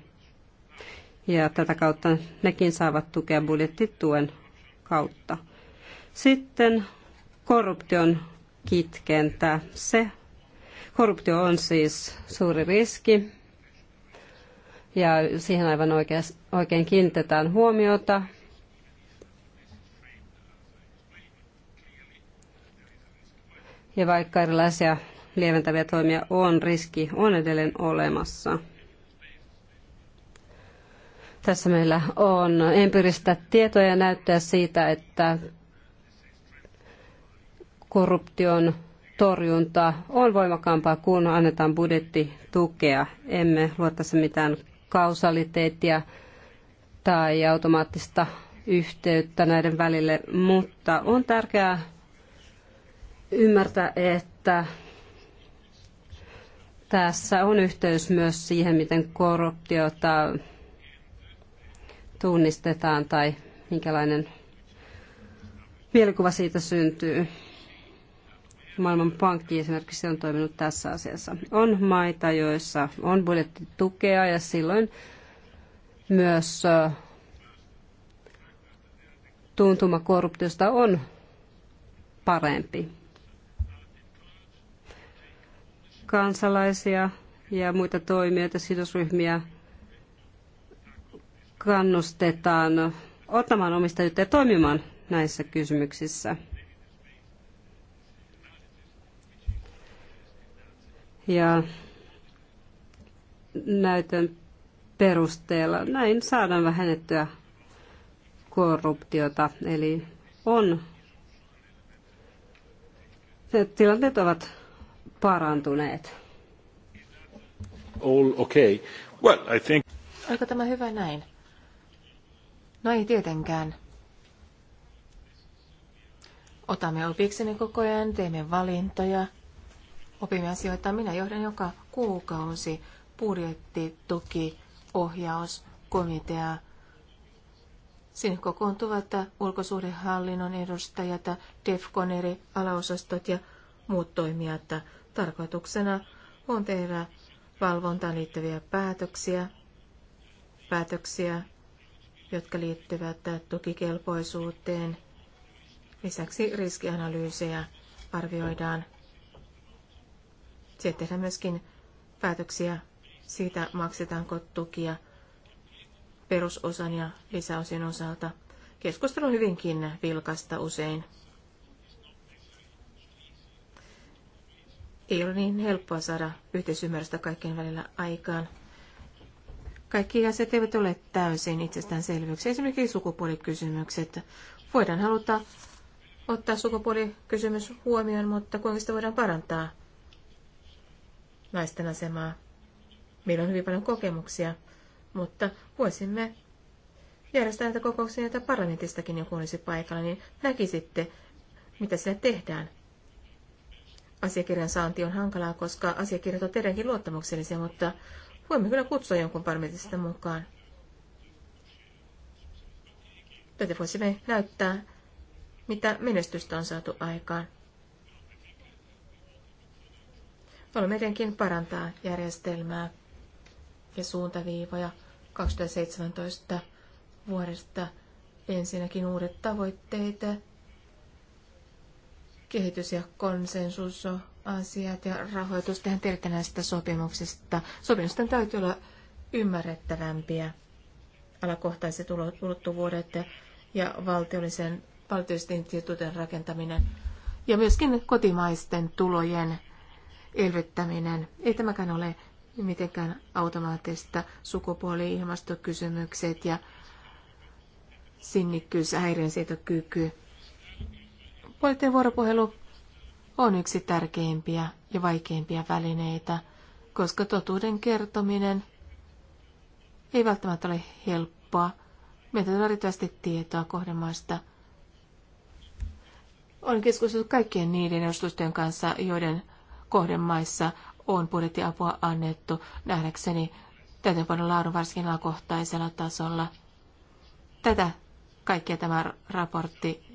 Ja tätä kautta nekin saavat tukea budjettituen kautta. Sitten korruption kitkentä. Se Korruptio on siis suuri riski ja siihen aivan oikein kiinnitetään huomiota. Ja vaikka erilaisia lieventäviä toimia on, riski on edelleen olemassa. Tässä meillä on empiiristä tietoja ja näyttää siitä, että korruption torjunta on voimakkaampaa, kun annetaan budjettitukea. Emme luo tässä mitään kausaliteettia tai automaattista yhteyttä näiden välille, mutta on tärkeää ymmärtää, että tässä on yhteys myös siihen, miten korruptiota tunnistetaan tai minkälainen mielikuva siitä syntyy. Maailman pankki esimerkiksi on toiminut tässä asiassa. On maita, joissa on budjettitukea ja silloin myös tuntuma korruptiosta on parempi. Kansalaisia ja muita toimijoita, sidosryhmiä kannustetaan ottamaan omistajuutta ja toimimaan näissä kysymyksissä. ja näytön perusteella. Näin saadaan vähennettyä korruptiota, eli on tilanteet ovat parantuneet. All okay. Well, I think... Oliko tämä hyvä näin? No ei tietenkään. Otamme opikseni koko ajan, teemme valintoja opimme asioita. Minä johdan joka kuukausi budjettituki, ohjaus, komitea. Sinne kokoontuvat ulkosuhdehallinnon edustajat, DEFCON eri alaosastot ja muut toimijat. Tarkoituksena on tehdä valvontaan liittyviä päätöksiä, päätöksiä, jotka liittyvät tukikelpoisuuteen. Lisäksi riskianalyysejä arvioidaan sitten tehdään myöskin päätöksiä siitä, maksetaanko tukia perusosan ja lisäosien osalta. Keskustelu on hyvinkin vilkasta usein. Ei ole niin helppoa saada yhteisymmärrystä kaikkien välillä aikaan. Kaikki asiat eivät ole täysin itsestäänselvyyksiä, esimerkiksi sukupuolikysymykset. Voidaan haluta ottaa sukupuolikysymys huomioon, mutta kuinka sitä voidaan parantaa? naisten asemaa. Meillä on hyvin paljon kokemuksia, mutta voisimme järjestää näitä kokouksia, joita parlamentistakin joku olisi paikalla, niin näkisitte, mitä siellä tehdään. Asiakirjan saanti on hankalaa, koska asiakirjat ovat teidänkin luottamuksellisia, mutta voimme kyllä kutsua jonkun parlamentista mukaan. Tätä voisimme näyttää, mitä menestystä on saatu aikaan. Haluamme etenkin parantaa järjestelmää ja suuntaviivoja 2017 vuodesta. Ensinnäkin uudet tavoitteet, kehitys- ja konsensusasiat ja rahoitus. Tehän tiedätte näistä sopimuksista. Sopimusten täytyy olla ymmärrettävämpiä alakohtaiset ulottuvuudet ja valtiollisen valtiollisten instituutin rakentaminen ja myöskin kotimaisten tulojen elvyttäminen. Ei tämäkään ole mitenkään automaattista. Sukupuoli, ilmastokysymykset ja sinnikkyys, häiriönsietokyky. Poliittinen vuoropuhelu on yksi tärkeimpiä ja vaikeimpia välineitä, koska totuuden kertominen ei välttämättä ole helppoa. Meitä on riittävästi tietoa kohdemaista Olen keskustellut kaikkien niiden edustustojen kanssa, joiden kohdemaissa on budjettiapua annettu nähdäkseni täytäntöönpanon laadun varsinkin alakohtaisella tasolla. Tätä kaikkea tämä raportti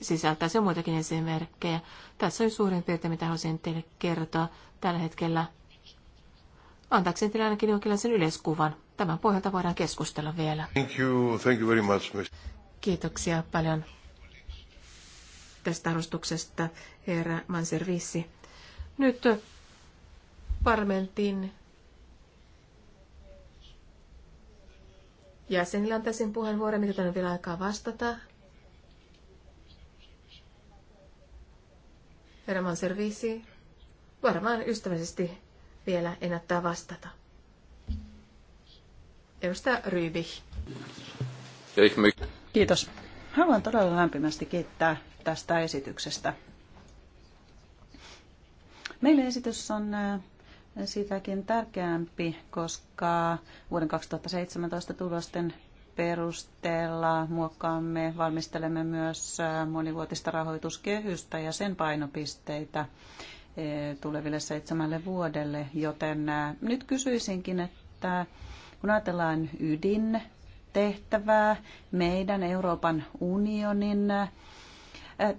sisältää. Se muitakin esimerkkejä. Tässä on suurin piirtein, mitä haluaisin teille kertoa tällä hetkellä. Antaakseni teille ainakin jonkinlaisen yleiskuvan. Tämän pohjalta voidaan keskustella vielä. Thank you, thank you very much, Mr. Kiitoksia paljon tästä arvostuksesta, herra Manservissi. Nyt parlamentin jäsenillä antaisin puheenvuoro, niin mitä tänne vielä aikaa vastata. Herman Servisi varmaan ystävällisesti vielä ennättää vastata. Edustaja Ryyvi. Kiitos. Haluan todella lämpimästi kiittää tästä esityksestä. Meille esitys on sitäkin tärkeämpi, koska vuoden 2017 tulosten perusteella muokkaamme, valmistelemme myös monivuotista rahoituskehystä ja sen painopisteitä tuleville seitsemälle vuodelle, joten nyt kysyisinkin, että kun ajatellaan ydin tehtävää meidän Euroopan unionin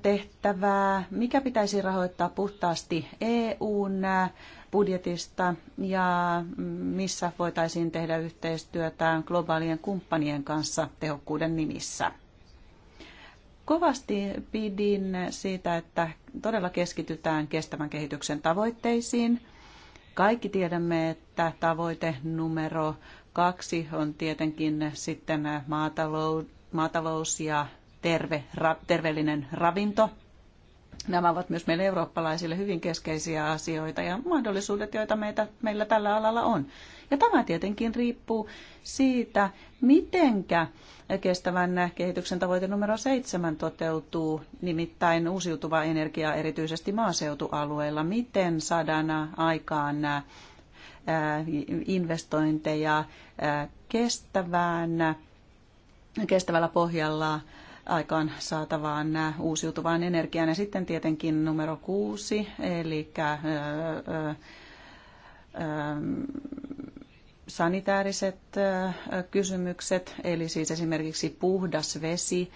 tehtävää, mikä pitäisi rahoittaa puhtaasti EUn budjetista ja missä voitaisiin tehdä yhteistyötä globaalien kumppanien kanssa tehokkuuden nimissä. Kovasti pidin siitä, että todella keskitytään kestävän kehityksen tavoitteisiin. Kaikki tiedämme, että tavoite numero kaksi on tietenkin sitten maatalous, ja terve, ra, terveellinen ravinto. Nämä ovat myös meille eurooppalaisille hyvin keskeisiä asioita ja mahdollisuudet, joita meitä, meillä tällä alalla on. Ja tämä tietenkin riippuu siitä, mitenkä kestävän kehityksen tavoite numero seitsemän toteutuu, nimittäin uusiutuva energia erityisesti maaseutualueilla. Miten saadaan aikaan investointeja kestävään, kestävällä pohjalla aikaan saatavaan äh, uusiutuvaan energiaan. Ja sitten tietenkin numero kuusi, eli äh, äh, ähm, sanitaariset kysymykset, eli siis esimerkiksi puhdas vesi,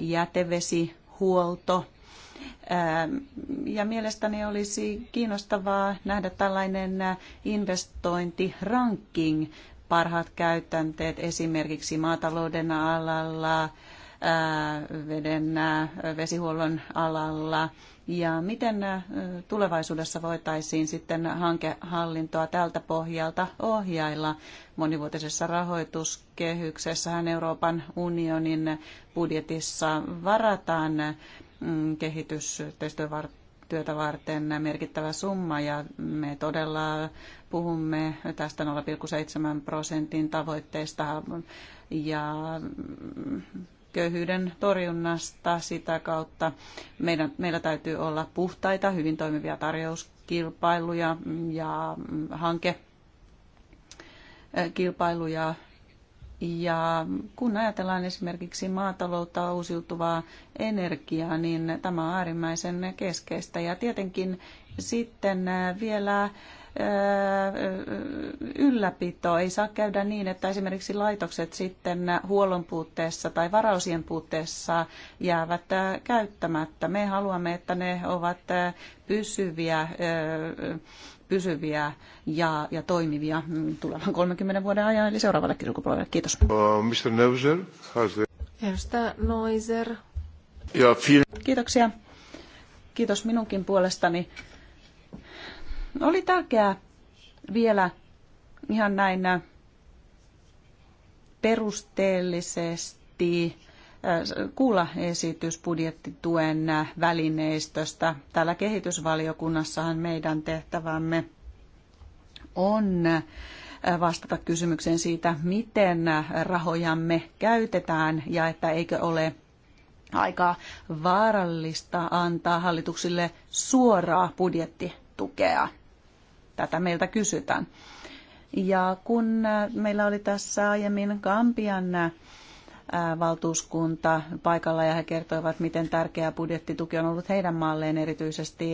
jätevesi, huolto. Ähm, ja mielestäni olisi kiinnostavaa nähdä tällainen investointiranking, parhaat käytänteet esimerkiksi maatalouden alalla, veden vesihuollon alalla ja miten tulevaisuudessa voitaisiin sitten hankehallintoa tältä pohjalta ohjailla monivuotisessa rahoituskehyksessähän Euroopan unionin budjetissa varataan mm, kehitystyötä varten merkittävä summa ja me todella puhumme tästä 0,7 prosentin tavoitteesta ja mm, köyhyyden torjunnasta. Sitä kautta meidän, meillä täytyy olla puhtaita, hyvin toimivia tarjouskilpailuja ja mm, hankekilpailuja. Ja kun ajatellaan esimerkiksi maataloutta, uusiutuvaa energiaa, niin tämä on äärimmäisen keskeistä. Ja tietenkin sitten vielä ylläpito. Ei saa käydä niin, että esimerkiksi laitokset sitten huollon puutteessa tai varausien puutteessa jäävät käyttämättä. Me haluamme, että ne ovat pysyviä pysyviä ja, ja toimivia mm, tulevan 30 vuoden ajan, eli seuraavalle sukupolvelle. Kiitos. Uh, Mr. Neuser, has the... Kiitoksia. Kiitos minunkin puolestani oli tärkeää vielä ihan näin äh, perusteellisesti äh, kuulla esitys budjettituen äh, välineistöstä. Täällä kehitysvaliokunnassahan meidän tehtävämme on vastata kysymykseen siitä, miten rahojamme käytetään ja että eikö ole aika vaarallista antaa hallituksille suoraa budjettitukea tätä meiltä kysytään. Ja kun meillä oli tässä aiemmin Kampian valtuuskunta paikalla ja he kertoivat, miten tärkeä budjettituki on ollut heidän maalleen erityisesti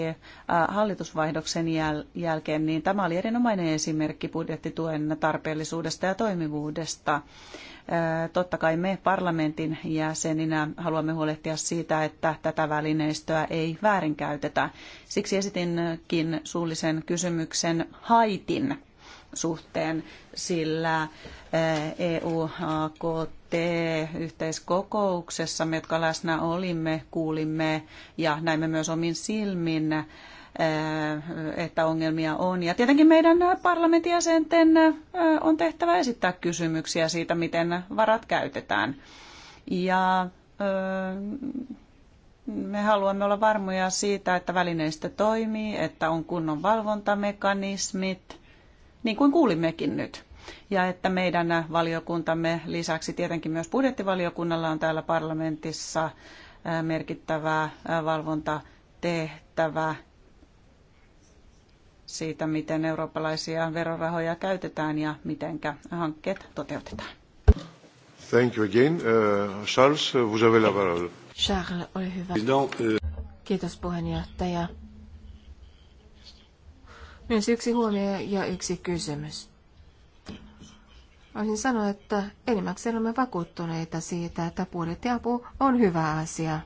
hallitusvaihdoksen jäl- jälkeen, niin tämä oli erinomainen esimerkki budjettituen tarpeellisuudesta ja toimivuudesta. Totta kai me parlamentin jäseninä haluamme huolehtia siitä, että tätä välineistöä ei väärinkäytetä. Siksi esitinkin suullisen kysymyksen haitin suhteen, sillä eu yhteiskokouksessa me jotka läsnä olimme, kuulimme ja näimme myös omin silmin, e, että ongelmia on. Ja tietenkin meidän parlamentin jäsenten e, on tehtävä esittää kysymyksiä siitä, miten varat käytetään. Ja e, me haluamme olla varmoja siitä, että välineistä toimii, että on kunnon valvontamekanismit, niin kuin kuulimmekin nyt ja että meidän valiokuntamme lisäksi tietenkin myös budjettivaliokunnalla on täällä parlamentissa merkittävää valvontatehtävä siitä, miten eurooppalaisia verorahoja käytetään ja miten hankkeet toteutetaan. Thank you again. Uh, Charles, vous avez la parole. Charles, ole hyvä. Euh, Kiitos puheenjohtaja. Myös yksi huomio ja yksi kysymys. Voisin sanoa, että enimmäkseen olemme vakuuttuneita siitä, että budjettiapu on hyvä asia.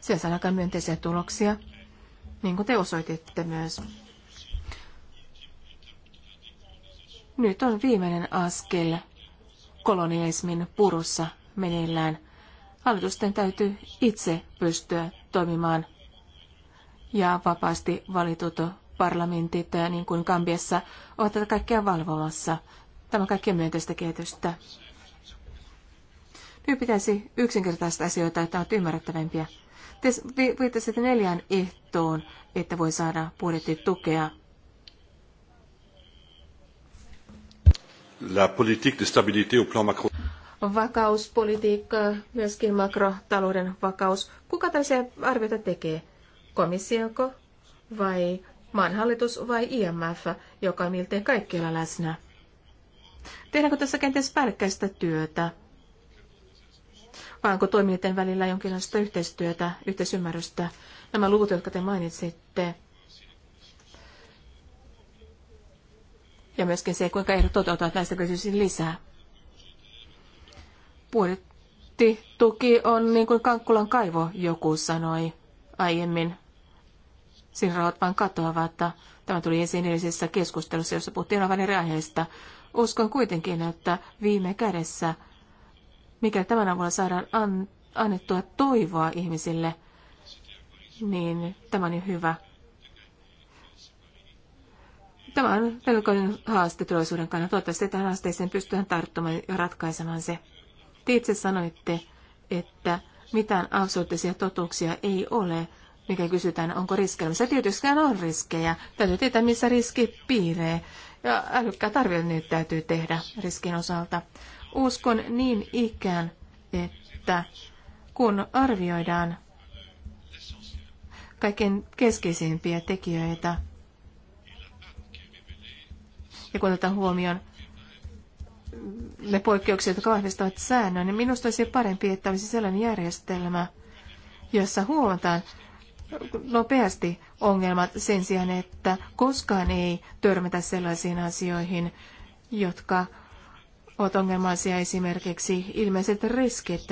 Se saa aika myönteisiä tuloksia, niin kuin te osoititte myös. Nyt on viimeinen askel kolonialismin purussa meneillään. Hallitusten täytyy itse pystyä toimimaan ja vapaasti valitut parlamentit, niin kuin Kambiassa, ovat tätä kaikkea valvomassa. Tämä on kaikkien myönteistä kehitystä. Nyt pitäisi yksinkertaista asioita, että ovat ymmärrettävämpiä. Te viittasitte neljään ehtoon, että voi saada budjettitukea. La politique de stabilité au plan macro vakauspolitiikka, myöskin makrotalouden vakaus. Kuka tällaisia arvioita tekee? Komissioko vai maanhallitus vai IMF, joka on miltei kaikkialla läsnä? Tehdäänkö tässä kenties päällekkäistä työtä? Vai onko toimijoiden välillä jonkinlaista yhteistyötä, yhteisymmärrystä? Nämä luvut, jotka te mainitsitte, ja myöskin se, kuinka ehdot toteutuvat, näistä kysyisin lisää. Budjettituki on niin kuin Kankkulan kaivo, joku sanoi aiemmin. Siinä rahat vain katoavat. Tämä tuli esiin edellisessä keskustelussa, jossa puhuttiin aivan eri aiheista. Uskon kuitenkin, että viime kädessä, mikä tämän avulla saadaan an, annettua toivoa ihmisille, niin tämä on jo hyvä. Tämä on melkoinen haaste tulevaisuuden kannalta. Toivottavasti tähän haasteeseen pystytään tarttumaan ja ratkaisemaan se. Te itse sanoitte, että mitään absoluuttisia totuuksia ei ole, mikä kysytään, onko riskejä. Tietysti on riskejä. Täytyy tietää, missä riski piiree ja älykkäät arvioinnit nyt täytyy tehdä riskin osalta. Uskon niin ikään, että kun arvioidaan kaiken keskeisimpiä tekijöitä, ja kun otetaan huomioon ne poikkeukset, jotka vahvistavat säännön, niin minusta olisi parempi, että olisi sellainen järjestelmä, jossa huomataan nopeasti ongelmat sen sijaan, että koskaan ei törmätä sellaisiin asioihin, jotka ovat ongelmaisia esimerkiksi ilmeiset riskit.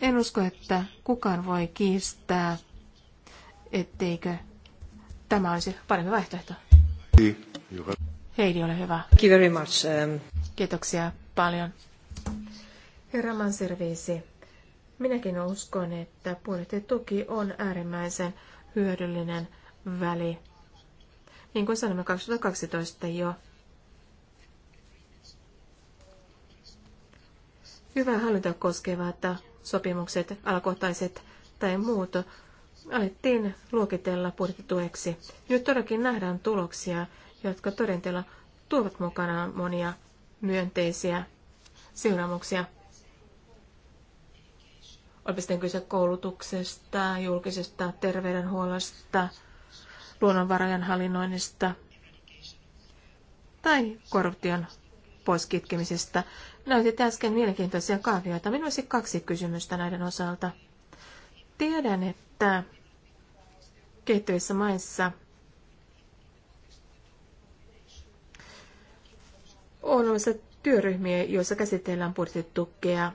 En usko, että kukaan voi kiistää, etteikö tämä olisi parempi vaihtoehto. Heidi, ole hyvä. Thank you very much. Um, Kiitoksia paljon. Herra Manserviisi Minäkin uskon, että budjettituki on äärimmäisen hyödyllinen väli. Niin kuin sanoimme 2012 jo. Hyvää hallinta koskevat sopimukset, alakohtaiset tai muut alettiin luokitella budjettitueksi. Nyt todellakin nähdään tuloksia, jotka todenteella tuovat mukanaan monia myönteisiä seuraamuksia. Oli sitten kyse koulutuksesta, julkisesta terveydenhuollosta, luonnonvarojen hallinnoinnista tai korruption poiskitkemisestä. Näytit äsken mielenkiintoisia kaavioita. Minulla olisi kaksi kysymystä näiden osalta. Tiedän, että kehittyvissä maissa on olemassa työryhmiä, joissa käsitellään budjettitukea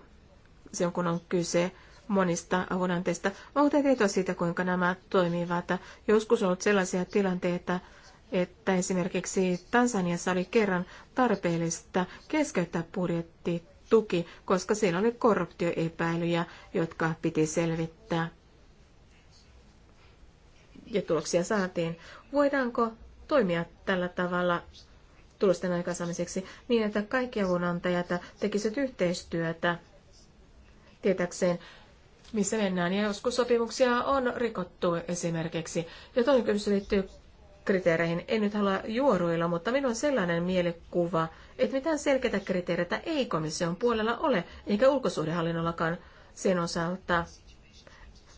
silloin, kun on kyse monista avunanteista. Onko te tietoa siitä, kuinka nämä toimivat? Joskus on ollut sellaisia tilanteita, että esimerkiksi Tansaniassa oli kerran tarpeellista keskeyttää budjettituki, koska siellä oli korruptioepäilyjä, jotka piti selvittää. Ja tuloksia saatiin. Voidaanko toimia tällä tavalla tulosten aikaansaamiseksi niin, että kaikki avunantajat tekisivät yhteistyötä tietäkseen, missä mennään. Ja joskus sopimuksia on rikottu esimerkiksi. Ja toinen kysymys liittyy kriteereihin. En nyt halua juoruilla, mutta minulla on sellainen mielikuva, että mitään selkeitä kriteereitä ei komission puolella ole, eikä ulkosuhdehallinnollakaan sen osalta,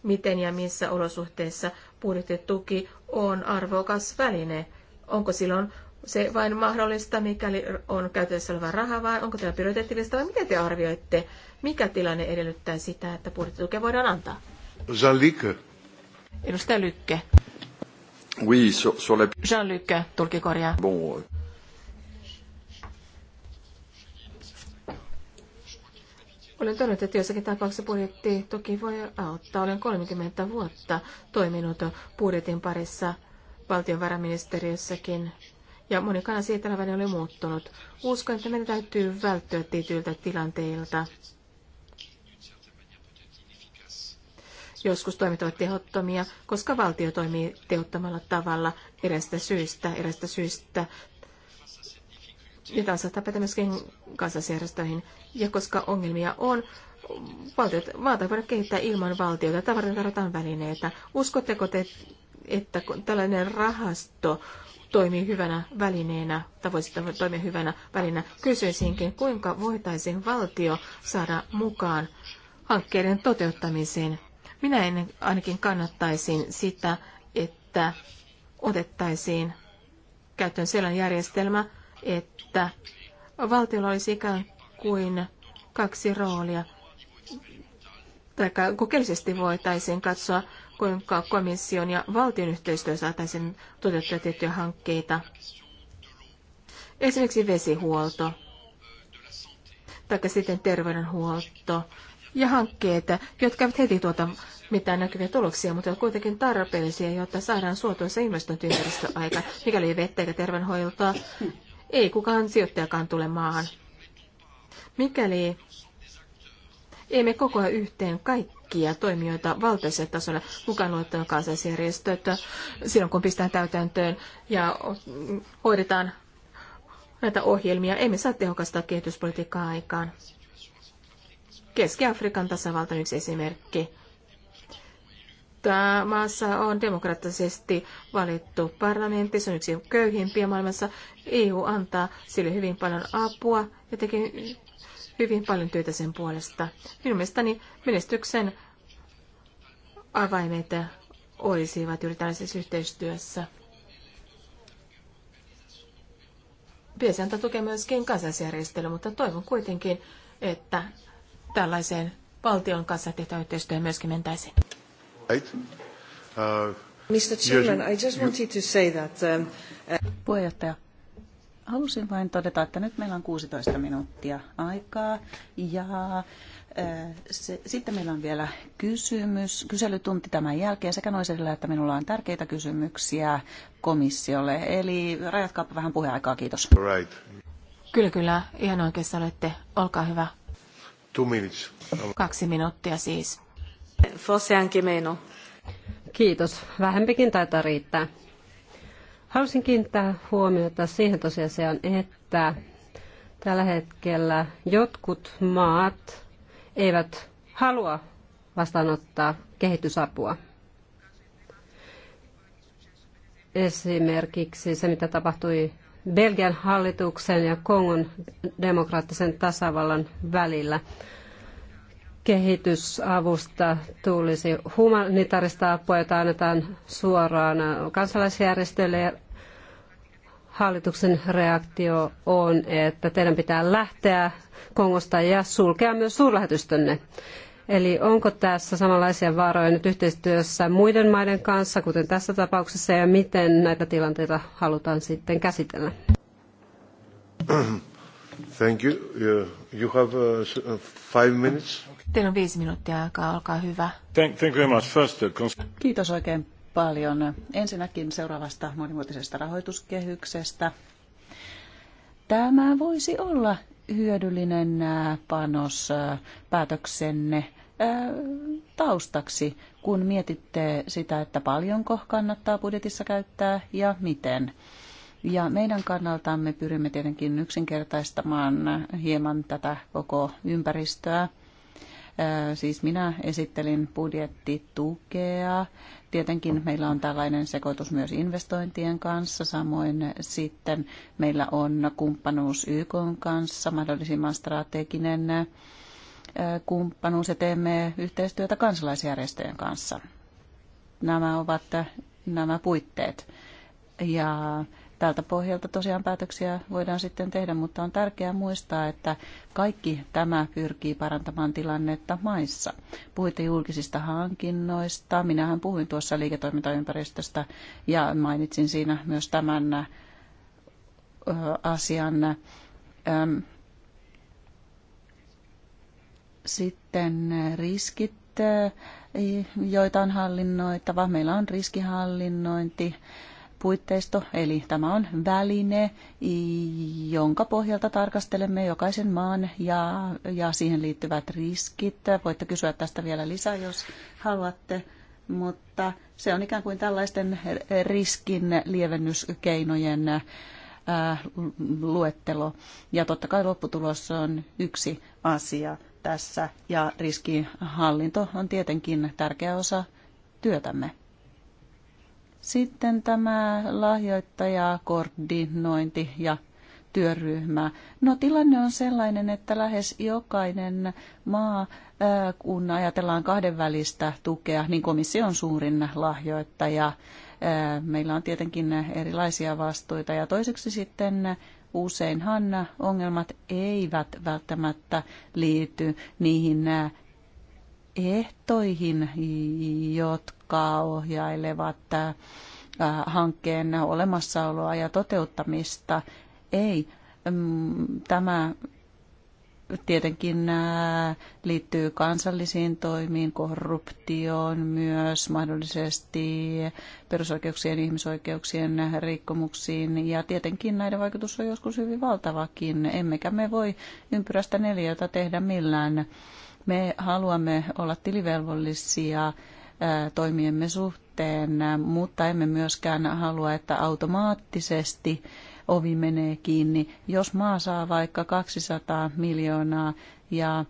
miten ja missä olosuhteissa budjettituki on arvokas väline. Onko silloin se vain mahdollista, mikäli on käytössä oleva raha, vai onko tämä prioriteettilista, vai miten te arvioitte mikä tilanne edellyttää sitä, että budjettitukea voidaan antaa? Jean-Luc. Edustaja Lykke. Oui, so, so le... Jean-Luc, tulki korjaa. Bon. Euh, Olen todennut, että jossakin tapauksessa budjetti toki voi auttaa. Olen 30 vuotta toiminut budjetin parissa valtionvarainministeriössäkin ja moni monikana siitä oli muuttunut. Uskon, että meidän täytyy välttyä tietyiltä tilanteilta, Joskus toimet ovat tehottomia, koska valtio toimii tehottomalla tavalla erästä syystä, erästä syystä. Ja saattaa päteä myöskin kansallisjärjestöihin. Ja koska ongelmia on, valtiot, maata voidaan kehittää ilman valtiota. Tavaran tarvitaan välineitä. Uskotteko te, että tällainen rahasto toimii hyvänä välineenä, tai voisi toimia hyvänä välineenä. Kysyisinkin, kuinka voitaisiin valtio saada mukaan hankkeiden toteuttamiseen minä en ainakin kannattaisin sitä, että otettaisiin käyttöön sellainen järjestelmä, että valtiolla olisi ikään kuin kaksi roolia. Tai kokeellisesti voitaisiin katsoa, kuinka komission ja valtion yhteistyö saataisiin toteuttaa tiettyjä hankkeita. Esimerkiksi vesihuolto tai sitten terveydenhuolto ja hankkeet, jotka eivät heti tuota mitään näkyviä tuloksia, mutta ovat kuitenkin tarpeellisia, jotta saadaan suotuisa investointiympäristöaika, aika, mikäli ei vettä eikä terveydenhoitoa, ei kukaan sijoittajakaan tule maahan. Mikäli emme ajan yhteen kaikkia toimijoita valtaisella tasolla, mukaan luettuna kansalaisjärjestöt, silloin kun pistetään täytäntöön ja hoidetaan näitä ohjelmia, emme saa tehokasta kehityspolitiikkaa aikaan. Keski-Afrikan tasavalta on yksi esimerkki. Tämä maassa on demokraattisesti valittu parlamentti, se on yksi köyhimpiä maailmassa. EU antaa sille hyvin paljon apua ja tekee hyvin paljon työtä sen puolesta. Minun mielestäni menestyksen avaimet olisivat juuri tällaisessa yhteistyössä. Pitäisi antaa tukea myöskin kansalaisjärjestelyä, mutta toivon kuitenkin, että tällaiseen valtion kanssa tehtävään yhteistyöhön myöskin mentäisiin. Right. Uh, Mr. Chairman, I just wanted to say that, um, uh, Puheenjohtaja, halusin vain todeta, että nyt meillä on 16 minuuttia aikaa ja uh, se, sitten meillä on vielä kysymys, kyselytunti tämän jälkeen sekä noiselle, että minulla on tärkeitä kysymyksiä komissiolle. Eli rajatkaapa vähän puheaikaa, kiitos. Right. Kyllä, kyllä, ihan oikeassa olette. Olkaa hyvä. Two minutes. Kaksi minuuttia siis. Fossiankin meno. Kiitos. Vähempikin taitaa riittää. Haluaisin kiinnittää huomiota siihen tosiasiaan, että tällä hetkellä jotkut maat eivät halua vastaanottaa kehitysapua. Esimerkiksi se, mitä tapahtui Belgian hallituksen ja Kongon demokraattisen tasavallan välillä. Kehitysavusta tulisi humanitaarista apua, jota annetaan suoraan kansalaisjärjestöille ja hallituksen reaktio on, että teidän pitää lähteä Kongosta ja sulkea myös suurlähetystönne. Eli onko tässä samanlaisia vaaroja nyt yhteistyössä muiden maiden kanssa, kuten tässä tapauksessa, ja miten näitä tilanteita halutaan sitten käsitellä? Thank you. You have uh, uh, five minutes. Teillä on viisi minuuttia aikaa, olkaa hyvä. Thank, thank you very much. First, uh, Kiitos oikein paljon. Ensinnäkin seuraavasta monimuotoisesta rahoituskehyksestä. Tämä voisi olla hyödyllinen panos päätöksenne taustaksi, kun mietitte sitä, että paljonko kannattaa budjetissa käyttää ja miten. Ja meidän kannaltamme pyrimme tietenkin yksinkertaistamaan hieman tätä koko ympäristöä. Siis minä esittelin budjettitukea. Tietenkin meillä on tällainen sekoitus myös investointien kanssa. Samoin sitten meillä on kumppanuus YK kanssa, mahdollisimman strateginen kumppanuus ja teemme yhteistyötä kansalaisjärjestöjen kanssa. Nämä ovat nämä puitteet. Ja tältä pohjalta tosiaan päätöksiä voidaan sitten tehdä, mutta on tärkeää muistaa, että kaikki tämä pyrkii parantamaan tilannetta maissa. Puhuitte julkisista hankinnoista, minähän puhuin tuossa liiketoimintaympäristöstä ja mainitsin siinä myös tämän asian. Sitten riskit, eh, joita on hallinnoitava. Meillä on riskihallinnointi puitteisto, eli tämä on väline, jonka pohjalta tarkastelemme jokaisen maan ja, ja siihen liittyvät riskit. Voitte kysyä tästä vielä lisää, jos haluatte, mutta se on ikään kuin tällaisten riskin lievennyskeinojen eh, luettelo. Ja totta kai lopputulos on yksi asia, tässä ja riskihallinto on tietenkin tärkeä osa työtämme. Sitten tämä lahjoittaja, koordinointi ja työryhmä. No tilanne on sellainen, että lähes jokainen maa, kun ajatellaan kahdenvälistä tukea, niin komissio on suurin lahjoittaja. Meillä on tietenkin erilaisia vastuita ja toiseksi sitten Useinhan ongelmat eivät välttämättä liity niihin ehtoihin, jotka ohjailevat äh, hankkeen olemassaoloa ja toteuttamista. Ei, mm, tämä tietenkin äh, liittyy kansallisiin toimiin, korruptioon myös, mahdollisesti perusoikeuksien, ihmisoikeuksien rikkomuksiin. Ja tietenkin näiden vaikutus on joskus hyvin valtavakin. Emmekä me voi ympyrästä neljöitä tehdä millään. Me haluamme olla tilivelvollisia äh, toimiemme suhteen, mutta emme myöskään halua, että automaattisesti ovi menee kiinni. Jos maa saa vaikka 200 miljoonaa ja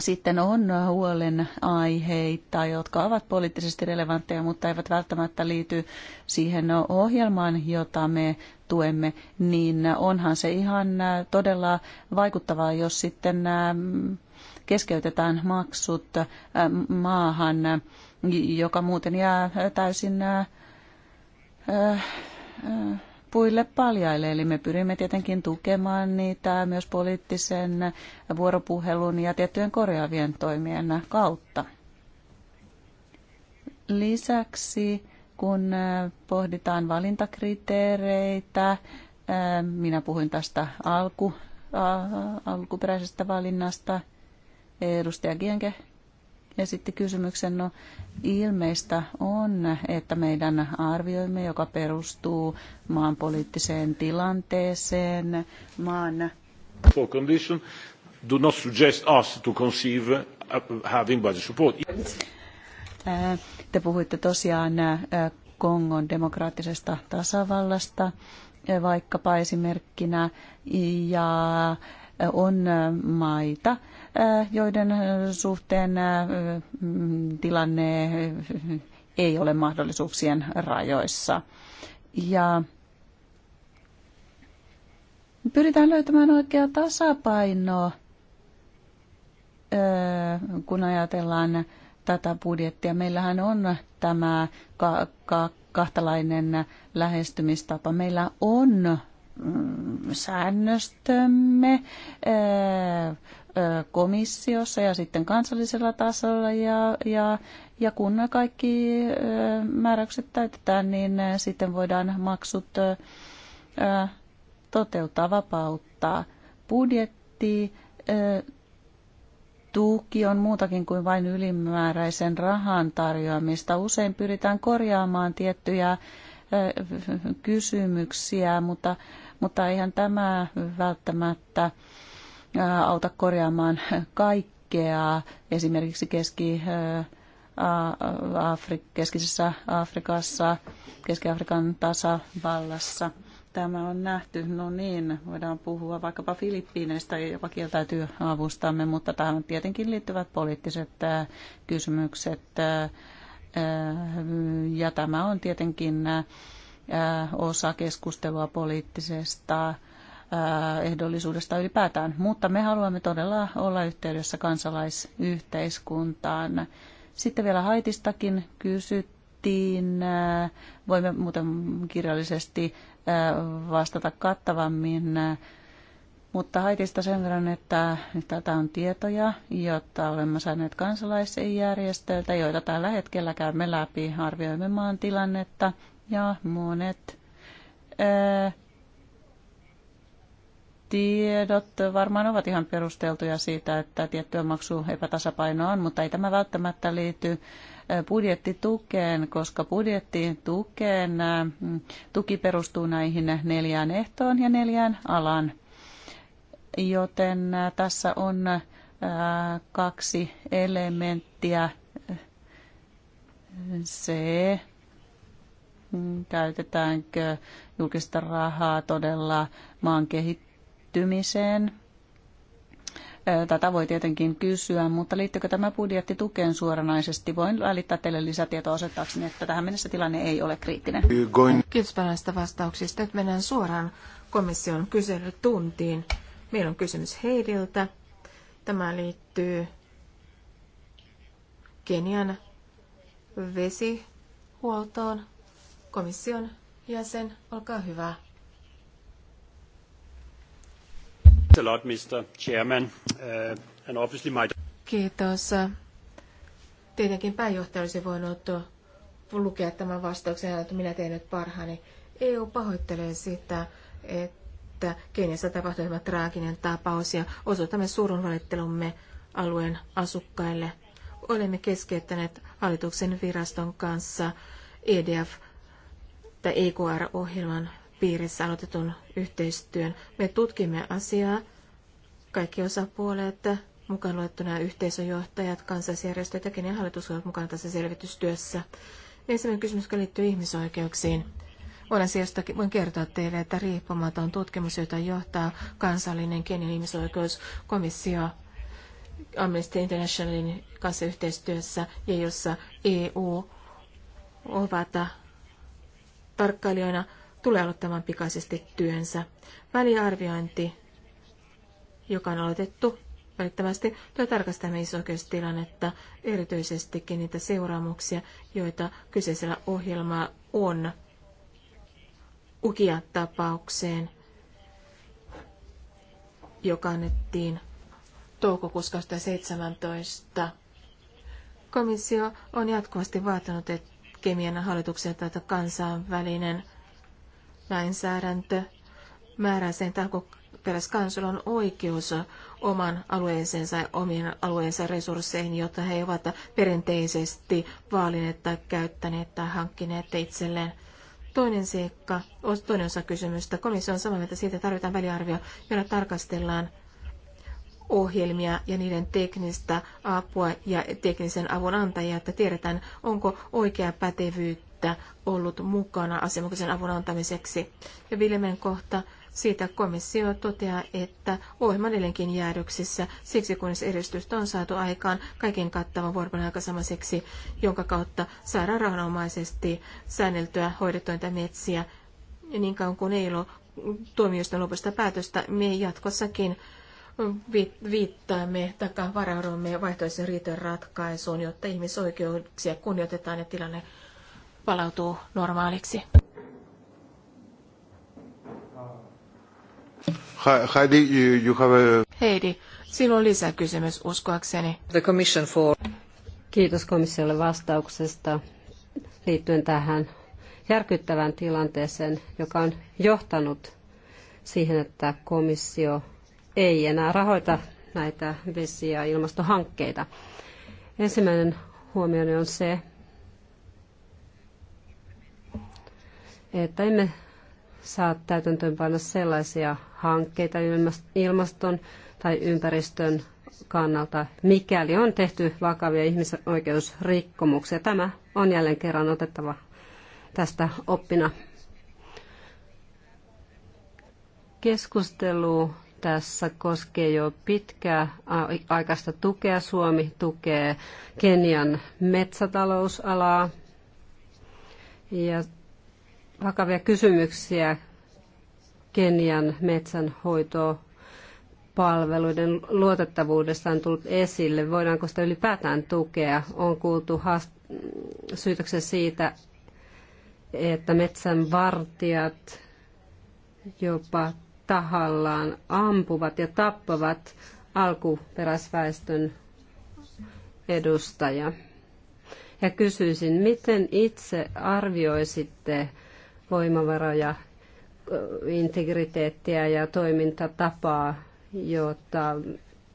sitten on huolen aiheita, jotka ovat poliittisesti relevantteja, mutta eivät välttämättä liity siihen ohjelmaan, jota me tuemme, niin onhan se ihan todella vaikuttavaa, jos sitten ähm, keskeytetään maksut äh, maahan, joka muuten jää täysin äh, äh, puille paljaille. Eli me pyrimme tietenkin tukemaan niitä myös poliittisen vuoropuhelun ja tiettyjen korjaavien toimien kautta. Lisäksi kun pohditaan valintakriteereitä, minä puhuin tästä alku, alkuperäisestä valinnasta, edustaja Gienke esitti kysymyksen. No, ilmeistä on, että meidän arvioimme, joka perustuu maan poliittiseen tilanteeseen, maan for condition do not suggest us to conceive having budget support. Te puhuitte tosiaan Kongon demokraattisesta tasavallasta vaikkapa esimerkkinä ja on äh, maita, äh, joiden äh, suhteen mm, tilanne ei ole mahdollisuuksien rajoissa. Ja pyritään löytämään oikea tasapaino, kun ajatellaan tätä budjettia. Meillähän on tämä kahtalainen lähestymistapa. Meillä on säännöstömme äh, äh, komissiossa ja sitten kansallisella tasolla ja, ja, ja kun kaikki äh, määräykset täytetään, niin sitten voidaan maksut toteuttaa, vapauttaa. Budjetti, tuki on muutakin kuin vain ylimääräisen rahan tarjoamista. Usein pyritään korjaamaan tiettyjä kysymyksiä, mutta mutta eihän tämä välttämättä auta korjaamaan kaikkea. Esimerkiksi Keski Afri- keskisessä Afrikassa, Keski-Afrikan tasavallassa. Tämä on nähty, no niin, voidaan puhua vaikkapa Filippiineistä, joka kieltäytyy avustamme, mutta tähän tietenkin liittyvät poliittiset kysymykset. Ja tämä on tietenkin Äh, osa keskustelua poliittisesta äh, ehdollisuudesta ylipäätään, mutta me haluamme todella olla yhteydessä kansalaisyhteiskuntaan. Sitten vielä Haitistakin kysyttiin. Äh, voimme muuten kirjallisesti vastata kattavammin. Mutta Haitista sen verran, että tätä on tietoja, jotta olemme saaneet kansalaisjärjestöiltä, joita tällä hetkellä käymme läpi. Arvioimme maan tilannetta ja monet ää, tiedot varmaan ovat ihan perusteltuja siitä, että tiettyä maksu epätasapainoa on, mutta ei tämä välttämättä liity budjettitukeen, koska budjettitukeen tuki perustuu näihin neljään ehtoon ja neljään alan. Joten tässä on kaksi elementtiä. Se käytetäänkö julkista rahaa todella maan kehittymiseen. Tätä voi tietenkin kysyä, mutta liittyykö tämä budjetti tukeen suoranaisesti? Voin välittää teille lisätietoa osoittaakseni, että tähän mennessä tilanne ei ole kriittinen. Kiitos näistä vastauksista. Nyt mennään suoraan komission kyselytuntiin. Meillä on kysymys Heidiltä. Tämä liittyy Kenian vesihuoltoon. Komission jäsen, olkaa hyvä. Uh, Kiitos. Tietenkin pääjohtaja olisi voinut lukea tämän vastauksen, että minä teen nyt parhaani. EU pahoittelee sitä, että Keniassa tapahtui tämä traaginen tapaus ja osoitamme suurun valittelumme alueen asukkaille. Olemme keskeyttäneet hallituksen viraston kanssa EDF että EKR-ohjelman piirissä aloitetun yhteistyön. Me tutkimme asiaa, kaikki osapuolet, mukaan luettuna yhteisöjohtajat, kansalaisjärjestöt ja kenen hallitus ovat mukana tässä selvitystyössä. Ensimmäinen kysymys, joka liittyy ihmisoikeuksiin. Olen sieltä, voin kertoa teille, että riippumaton tutkimus, jota johtaa kansallinen Kenian ihmisoikeuskomissio Amnesty Internationalin kanssa yhteistyössä ja jossa EU ovat tarkkailijoina tulee aloittamaan pikaisesti työnsä. Väliarviointi, joka on aloitettu välittömästi, tuo tarkastamaan ihmisoikeustilannetta, erityisestikin niitä seuraamuksia, joita kyseisellä ohjelmaa on Ukia-tapaukseen, joka annettiin toukokuussa 2017. Komissio on jatkuvasti vaatinut, että Kemian hallituksen tai kansainvälinen lainsäädäntö määrää sen, että alkuperäiskansalla on oikeus oman alueensa ja omien alueensa resursseihin, jota he ovat perinteisesti vaalineet tai käyttäneet tai hankkineet itselleen. Toinen seikka, toinen osa kysymystä. Komissio on samaa mieltä siitä, että tarvitaan väliarvio, jolla tarkastellaan ohjelmia ja niiden teknistä apua ja teknisen avun antajia, että tiedetään, onko oikea pätevyyttä ollut mukana asianmukaisen avun antamiseksi. Ja Vilmen kohta siitä komissio toteaa, että ohjelma edelleenkin jäädyksissä, siksi kunnes eristystä on saatu aikaan kaiken kattavan vuoropan aikaisemmaiseksi, jonka kautta saadaan rahanomaisesti säänneltyä hoidettointa metsiä. Ja niin kauan kuin ei ole tuomioistuin lopusta päätöstä, me jatkossakin viittaamme tai varaudumme vaihtoehtoisen riitojen ratkaisuun, jotta ihmisoikeuksia kunnioitetaan ja tilanne palautuu normaaliksi. Heidi, you have a... Heidi, sinulla on lisäkysymys uskoakseni. The commission for... Kiitos komissiolle vastauksesta liittyen tähän järkyttävään tilanteeseen, joka on johtanut siihen, että komissio ei enää rahoita näitä vesi- ja ilmastohankkeita. Ensimmäinen huomio on se, että emme saa täytäntöönpanna sellaisia hankkeita ilmaston tai ympäristön kannalta, mikäli on tehty vakavia ihmisoikeusrikkomuksia. Tämä on jälleen kerran otettava tästä oppina. Keskustelu tässä koskee jo pitkää aikaista tukea. Suomi tukee Kenian metsätalousalaa ja vakavia kysymyksiä Kenian metsänhoitopalveluiden palveluiden luotettavuudesta on tullut esille. Voidaanko sitä ylipäätään tukea? On kuultu haast- syytöksen siitä, että metsänvartijat jopa tahallaan ampuvat ja tappavat alkuperäisväestön edustajia. Ja kysyisin, miten itse arvioisitte voimavaroja, integriteettiä ja toimintatapaa, jota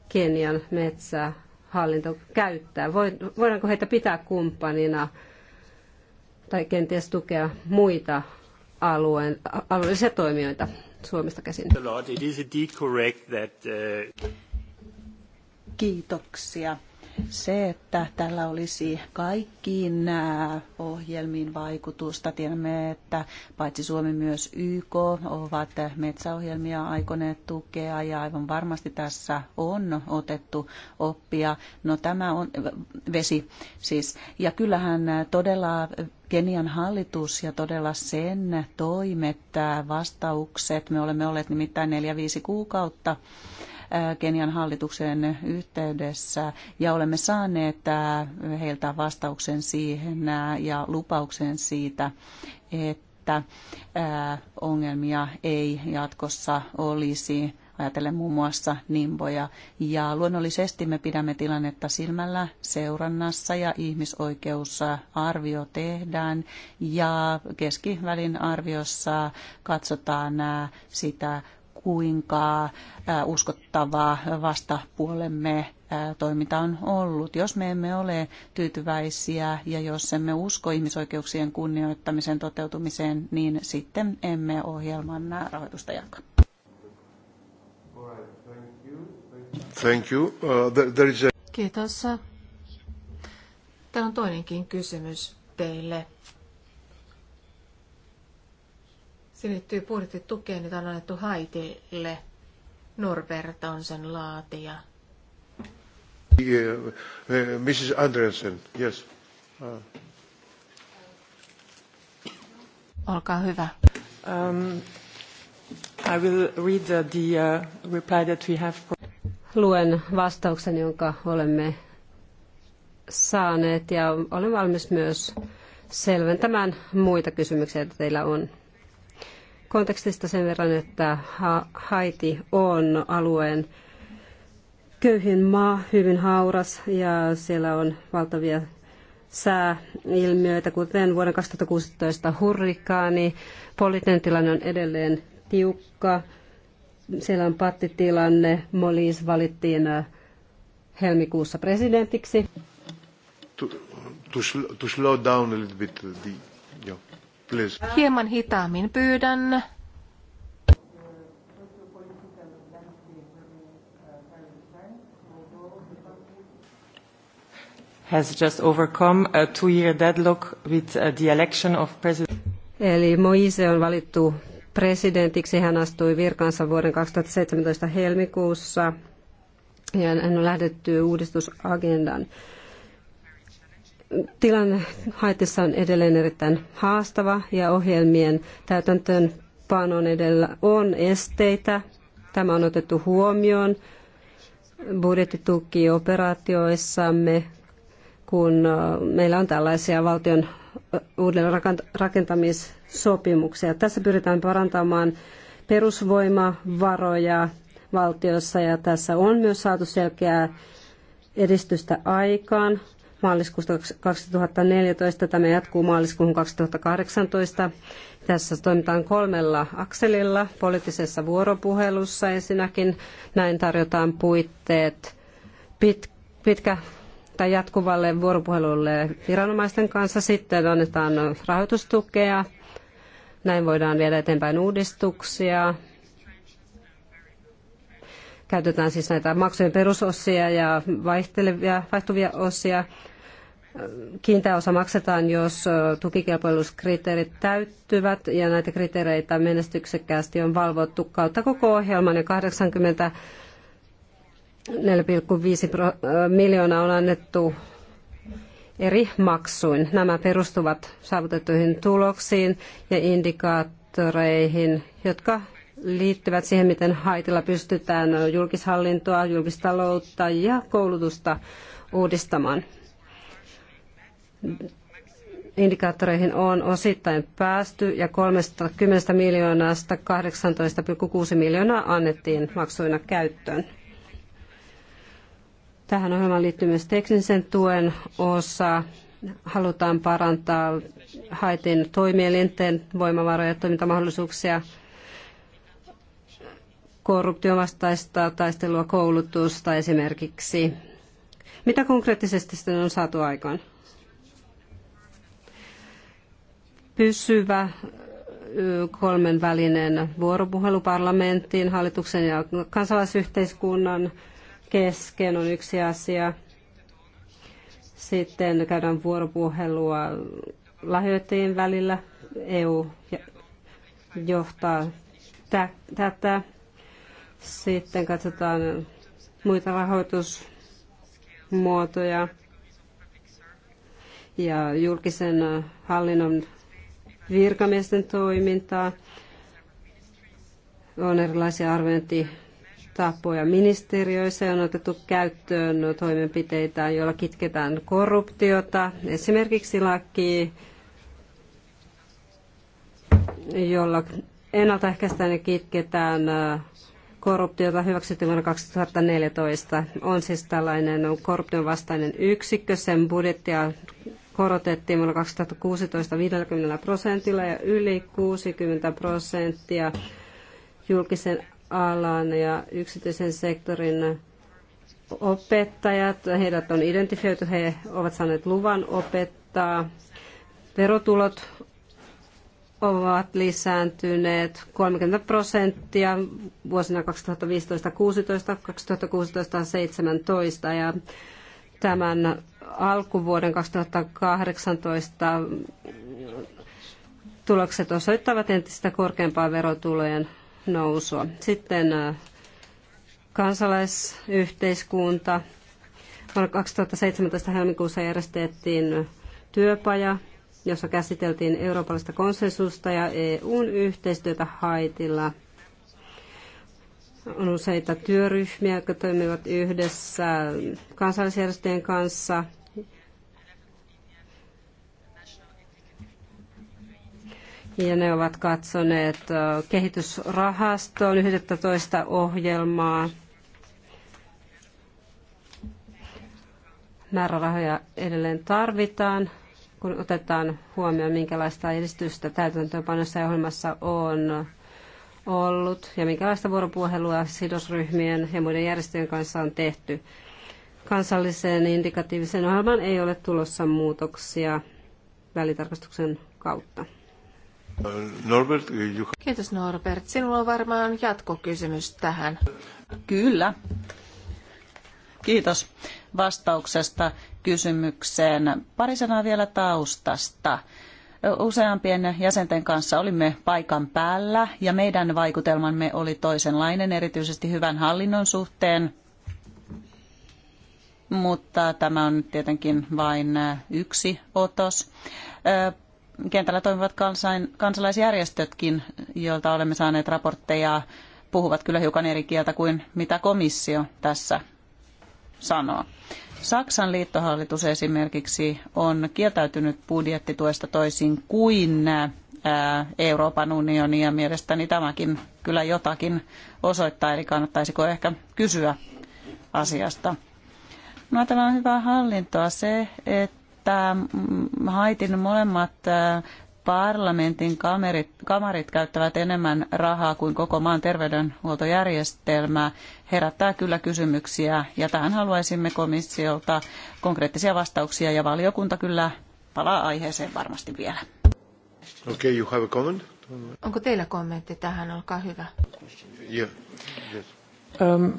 Kenian metsähallinto käyttää? Voidaanko heitä pitää kumppanina tai kenties tukea muita alueen, alueellisia toimijoita? Suomesta käsin. Uh, Kiitoksia. Se, että tällä olisi kaikkiin ohjelmiin vaikutusta, tiedämme, että paitsi Suomi myös YK ovat metsäohjelmia aikoneet tukea ja aivan varmasti tässä on otettu oppia. No tämä on vesi siis. Ja kyllähän todella Kenian hallitus ja todella sen toimet, vastaukset, me olemme olleet nimittäin 4-5 kuukautta Kenian hallituksen yhteydessä ja olemme saaneet heiltä vastauksen siihen ja lupauksen siitä, että ongelmia ei jatkossa olisi ajatellen muun muassa nimboja. Ja luonnollisesti me pidämme tilannetta silmällä seurannassa ja ihmisoikeusarvio tehdään ja keskivälin arviossa katsotaan sitä, kuinka äh, uskottava vastapuolemme äh, toiminta on ollut. Jos me emme ole tyytyväisiä ja jos emme usko ihmisoikeuksien kunnioittamisen toteutumiseen, niin sitten emme ohjelman äh, rahoitusta jakaa. Thank you. Uh, there is a... Kiitos. Täällä on toinenkin kysymys teille. Se liittyy budjettitukeen, jota on annettu Haitille. Norbert on sen laatija. uh, Mrs. Andresen, yes. Uh. Olkaa hyvä. Um, I will read the, the uh, reply that we have. Luen vastauksen, jonka olemme saaneet ja olen valmis myös selventämään muita kysymyksiä, joita teillä on. Kontekstista sen verran, että Haiti on alueen köyhin maa, hyvin hauras ja siellä on valtavia sääilmiöitä, kuten vuoden 2016 hurrikaani. Poliittinen tilanne on edelleen tiukka. Siellä on pattitilanne. Molis valittiin äh, helmikuussa presidentiksi. To, to, to slow down a little bit the please. Hieman hitaammin pyydän. has just overcome a two-year deadlock with uh, the election of president. Eli Moise on valittu presidentiksi. Hän astui virkaansa vuoden 2017 helmikuussa ja hän on lähdetty uudistusagendan. Tilanne haitissa on edelleen erittäin haastava ja ohjelmien täytäntöönpanon edellä on esteitä. Tämä on otettu huomioon budjettitukioperaatioissamme, kun meillä on tällaisia valtion uudelleen rakentamissopimuksia. Tässä pyritään parantamaan perusvoimavaroja valtiossa ja tässä on myös saatu selkeää edistystä aikaan maaliskuusta 2014. Tämä jatkuu maaliskuuhun 2018. Tässä toimitaan kolmella akselilla poliittisessa vuoropuhelussa. Ensinnäkin näin tarjotaan puitteet pit, pitkä tai jatkuvalle vuoropuhelulle viranomaisten kanssa. Sitten annetaan rahoitustukea. Näin voidaan viedä eteenpäin uudistuksia. Käytetään siis näitä maksujen perusosia ja vaihtelevia, vaihtuvia osia kiinteä osa maksetaan, jos tukikelpoiluuskriteerit täyttyvät ja näitä kriteereitä menestyksekkäästi on valvottu kautta koko ohjelman ja 80 miljoonaa on annettu eri maksuin. Nämä perustuvat saavutettuihin tuloksiin ja indikaattoreihin, jotka liittyvät siihen, miten haitilla pystytään julkishallintoa, julkistaloutta ja koulutusta uudistamaan indikaattoreihin on osittain päästy ja 30 miljoonasta 18,6 miljoonaa annettiin maksuina käyttöön. Tähän ohjelmaan liittyy myös teknisen tuen osa. Halutaan parantaa haitin toimielinten voimavaroja ja toimintamahdollisuuksia, korruption vastaista taistelua, koulutusta esimerkiksi. Mitä konkreettisesti sitten on saatu aikaan? pysyvä kolmen välinen vuoropuhelu parlamenttiin, hallituksen ja kansalaisyhteiskunnan kesken on yksi asia. Sitten käydään vuoropuhelua lahjoittajien välillä. EU johtaa tätä. Sitten katsotaan muita rahoitusmuotoja ja julkisen hallinnon virkamiesten toimintaa, on erilaisia arviointitapoja ministeriöissä, on otettu käyttöön toimenpiteitä, joilla kitketään korruptiota, esimerkiksi laki, jolla ennaltaehkäistään ja kitketään korruptiota hyväksytty vuonna 2014. On siis tällainen korruption vastainen yksikkö, sen budjettia korotettiin vuonna 2016 50 prosentilla ja yli 60 prosenttia julkisen alan ja yksityisen sektorin opettajat. Heidät on identifioitu, he ovat saaneet luvan opettaa. Verotulot ovat lisääntyneet 30 prosenttia vuosina 2015-16, 2016-17 ja tämän alkuvuoden 2018 tulokset osoittavat entistä korkeampaa verotulojen nousua. Sitten kansalaisyhteiskunta. Vuonna 2017 helmikuussa järjestettiin työpaja, jossa käsiteltiin eurooppalaista konsensusta ja EUn yhteistyötä Haitilla – on useita työryhmiä, jotka toimivat yhdessä kansalaisjärjestöjen kanssa. Ja ne ovat katsoneet kehitysrahastoon 11 ohjelmaa. Määrärahoja edelleen tarvitaan, kun otetaan huomioon, minkälaista edistystä täytäntöönpanossa ja ohjelmassa on ollut ja minkälaista vuoropuhelua sidosryhmien ja muiden järjestöjen kanssa on tehty. Kansalliseen indikatiiviseen ohjelmaan ei ole tulossa muutoksia välitarkastuksen kautta. Norbert, you... Kiitos Norbert. Sinulla on varmaan jatkokysymys tähän. Kyllä. Kiitos vastauksesta kysymykseen. Pari sanaa vielä taustasta useampien jäsenten kanssa olimme paikan päällä ja meidän vaikutelmamme oli toisenlainen, erityisesti hyvän hallinnon suhteen. Mutta tämä on tietenkin vain yksi otos. Kentällä toimivat kansain, kansalaisjärjestötkin, joilta olemme saaneet raportteja, puhuvat kyllä hiukan eri kieltä kuin mitä komissio tässä sanoo. Saksan liittohallitus esimerkiksi on kieltäytynyt budjettituesta toisin kuin Euroopan unioni ja mielestäni tämäkin kyllä jotakin osoittaa, eli kannattaisiko ehkä kysyä asiasta. No tämä on hyvää hallintoa se, että Haitin molemmat parlamentin kamerit, kamarit käyttävät enemmän rahaa kuin koko maan terveydenhuoltojärjestelmää, herättää kyllä kysymyksiä. Ja tähän haluaisimme komissiolta konkreettisia vastauksia ja valiokunta kyllä palaa aiheeseen varmasti vielä. Okay, you have a comment? Onko teillä kommentti tähän? Olkaa hyvä. Yeah. Yes. Um,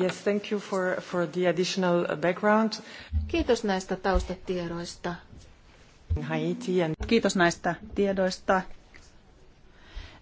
yes, thank you for, for the additional background. Kiitos näistä taustatiedoista. Kiitos näistä tiedoista.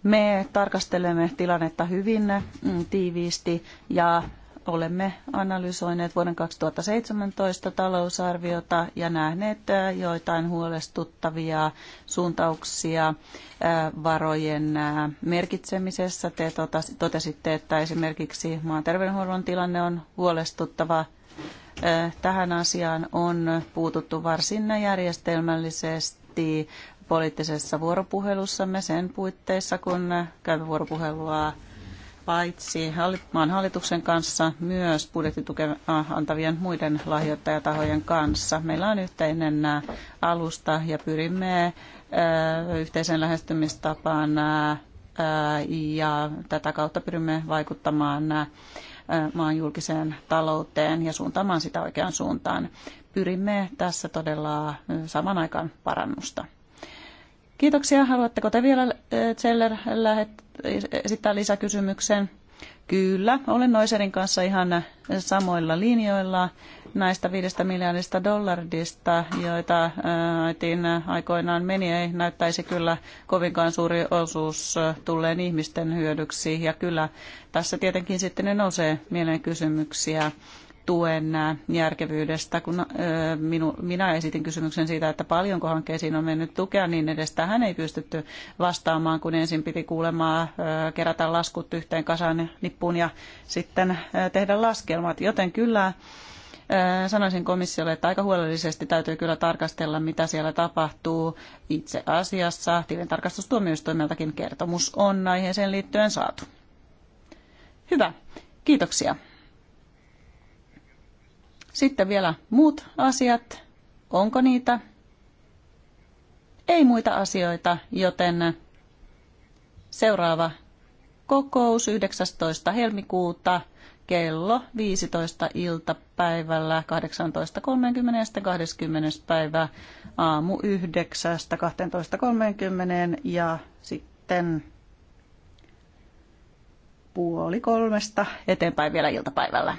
Me tarkastelemme tilannetta hyvin mm, tiiviisti ja olemme analysoineet vuoden 2017 talousarviota ja nähneet äh, joitain huolestuttavia suuntauksia äh, varojen äh, merkitsemisessä. Te tota, totesitte, että esimerkiksi maan terveydenhuollon tilanne on huolestuttava tähän asiaan on puututtu varsin järjestelmällisesti poliittisessa vuoropuhelussamme sen puitteissa, kun käymme vuoropuhelua paitsi maan hallituksen kanssa myös budjettitukea antavien muiden lahjoittajatahojen kanssa. Meillä on yhteinen alusta ja pyrimme yhteisen lähestymistapaan ja tätä kautta pyrimme vaikuttamaan maan julkiseen talouteen ja suuntaamaan sitä oikeaan suuntaan. Pyrimme tässä todella saman aikaan parannusta. Kiitoksia. Haluatteko te vielä, Zeller, esittää lisäkysymyksen? Kyllä, olen Noiserin kanssa ihan samoilla linjoilla näistä viidestä miljardista dollardista, joita äitiin äh, äh, aikoinaan meni, ei näyttäisi kyllä kovinkaan suuri osuus äh, tulleen ihmisten hyödyksi. Ja kyllä tässä tietenkin sitten ne nousee mieleen kysymyksiä tuen järkevyydestä, kun minu, minä esitin kysymyksen siitä, että paljonko hankkeisiin on mennyt tukea, niin edes tähän ei pystytty vastaamaan, kun ensin piti kuulemaa kerätä laskut yhteen kasaan nippuun ja sitten tehdä laskelmat. Joten kyllä sanoisin komissiolle, että aika huolellisesti täytyy kyllä tarkastella, mitä siellä tapahtuu itse asiassa. Tilintarkastustuomioistuimeltakin kertomus on aiheeseen liittyen saatu. Hyvä, kiitoksia. Sitten vielä muut asiat. Onko niitä? Ei muita asioita, joten seuraava kokous 19. helmikuuta kello 15 iltapäivällä 18.30 ja sitten 20. päivä aamu 9.12.30 ja sitten puoli kolmesta eteenpäin vielä iltapäivällä.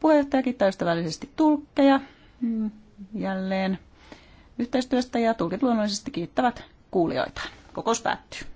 Puheenjohtaja kiittää ystävällisesti tulkkeja mm, jälleen yhteistyöstä ja tulkit luonnollisesti kiittävät kuulijoita Kokous päättyy.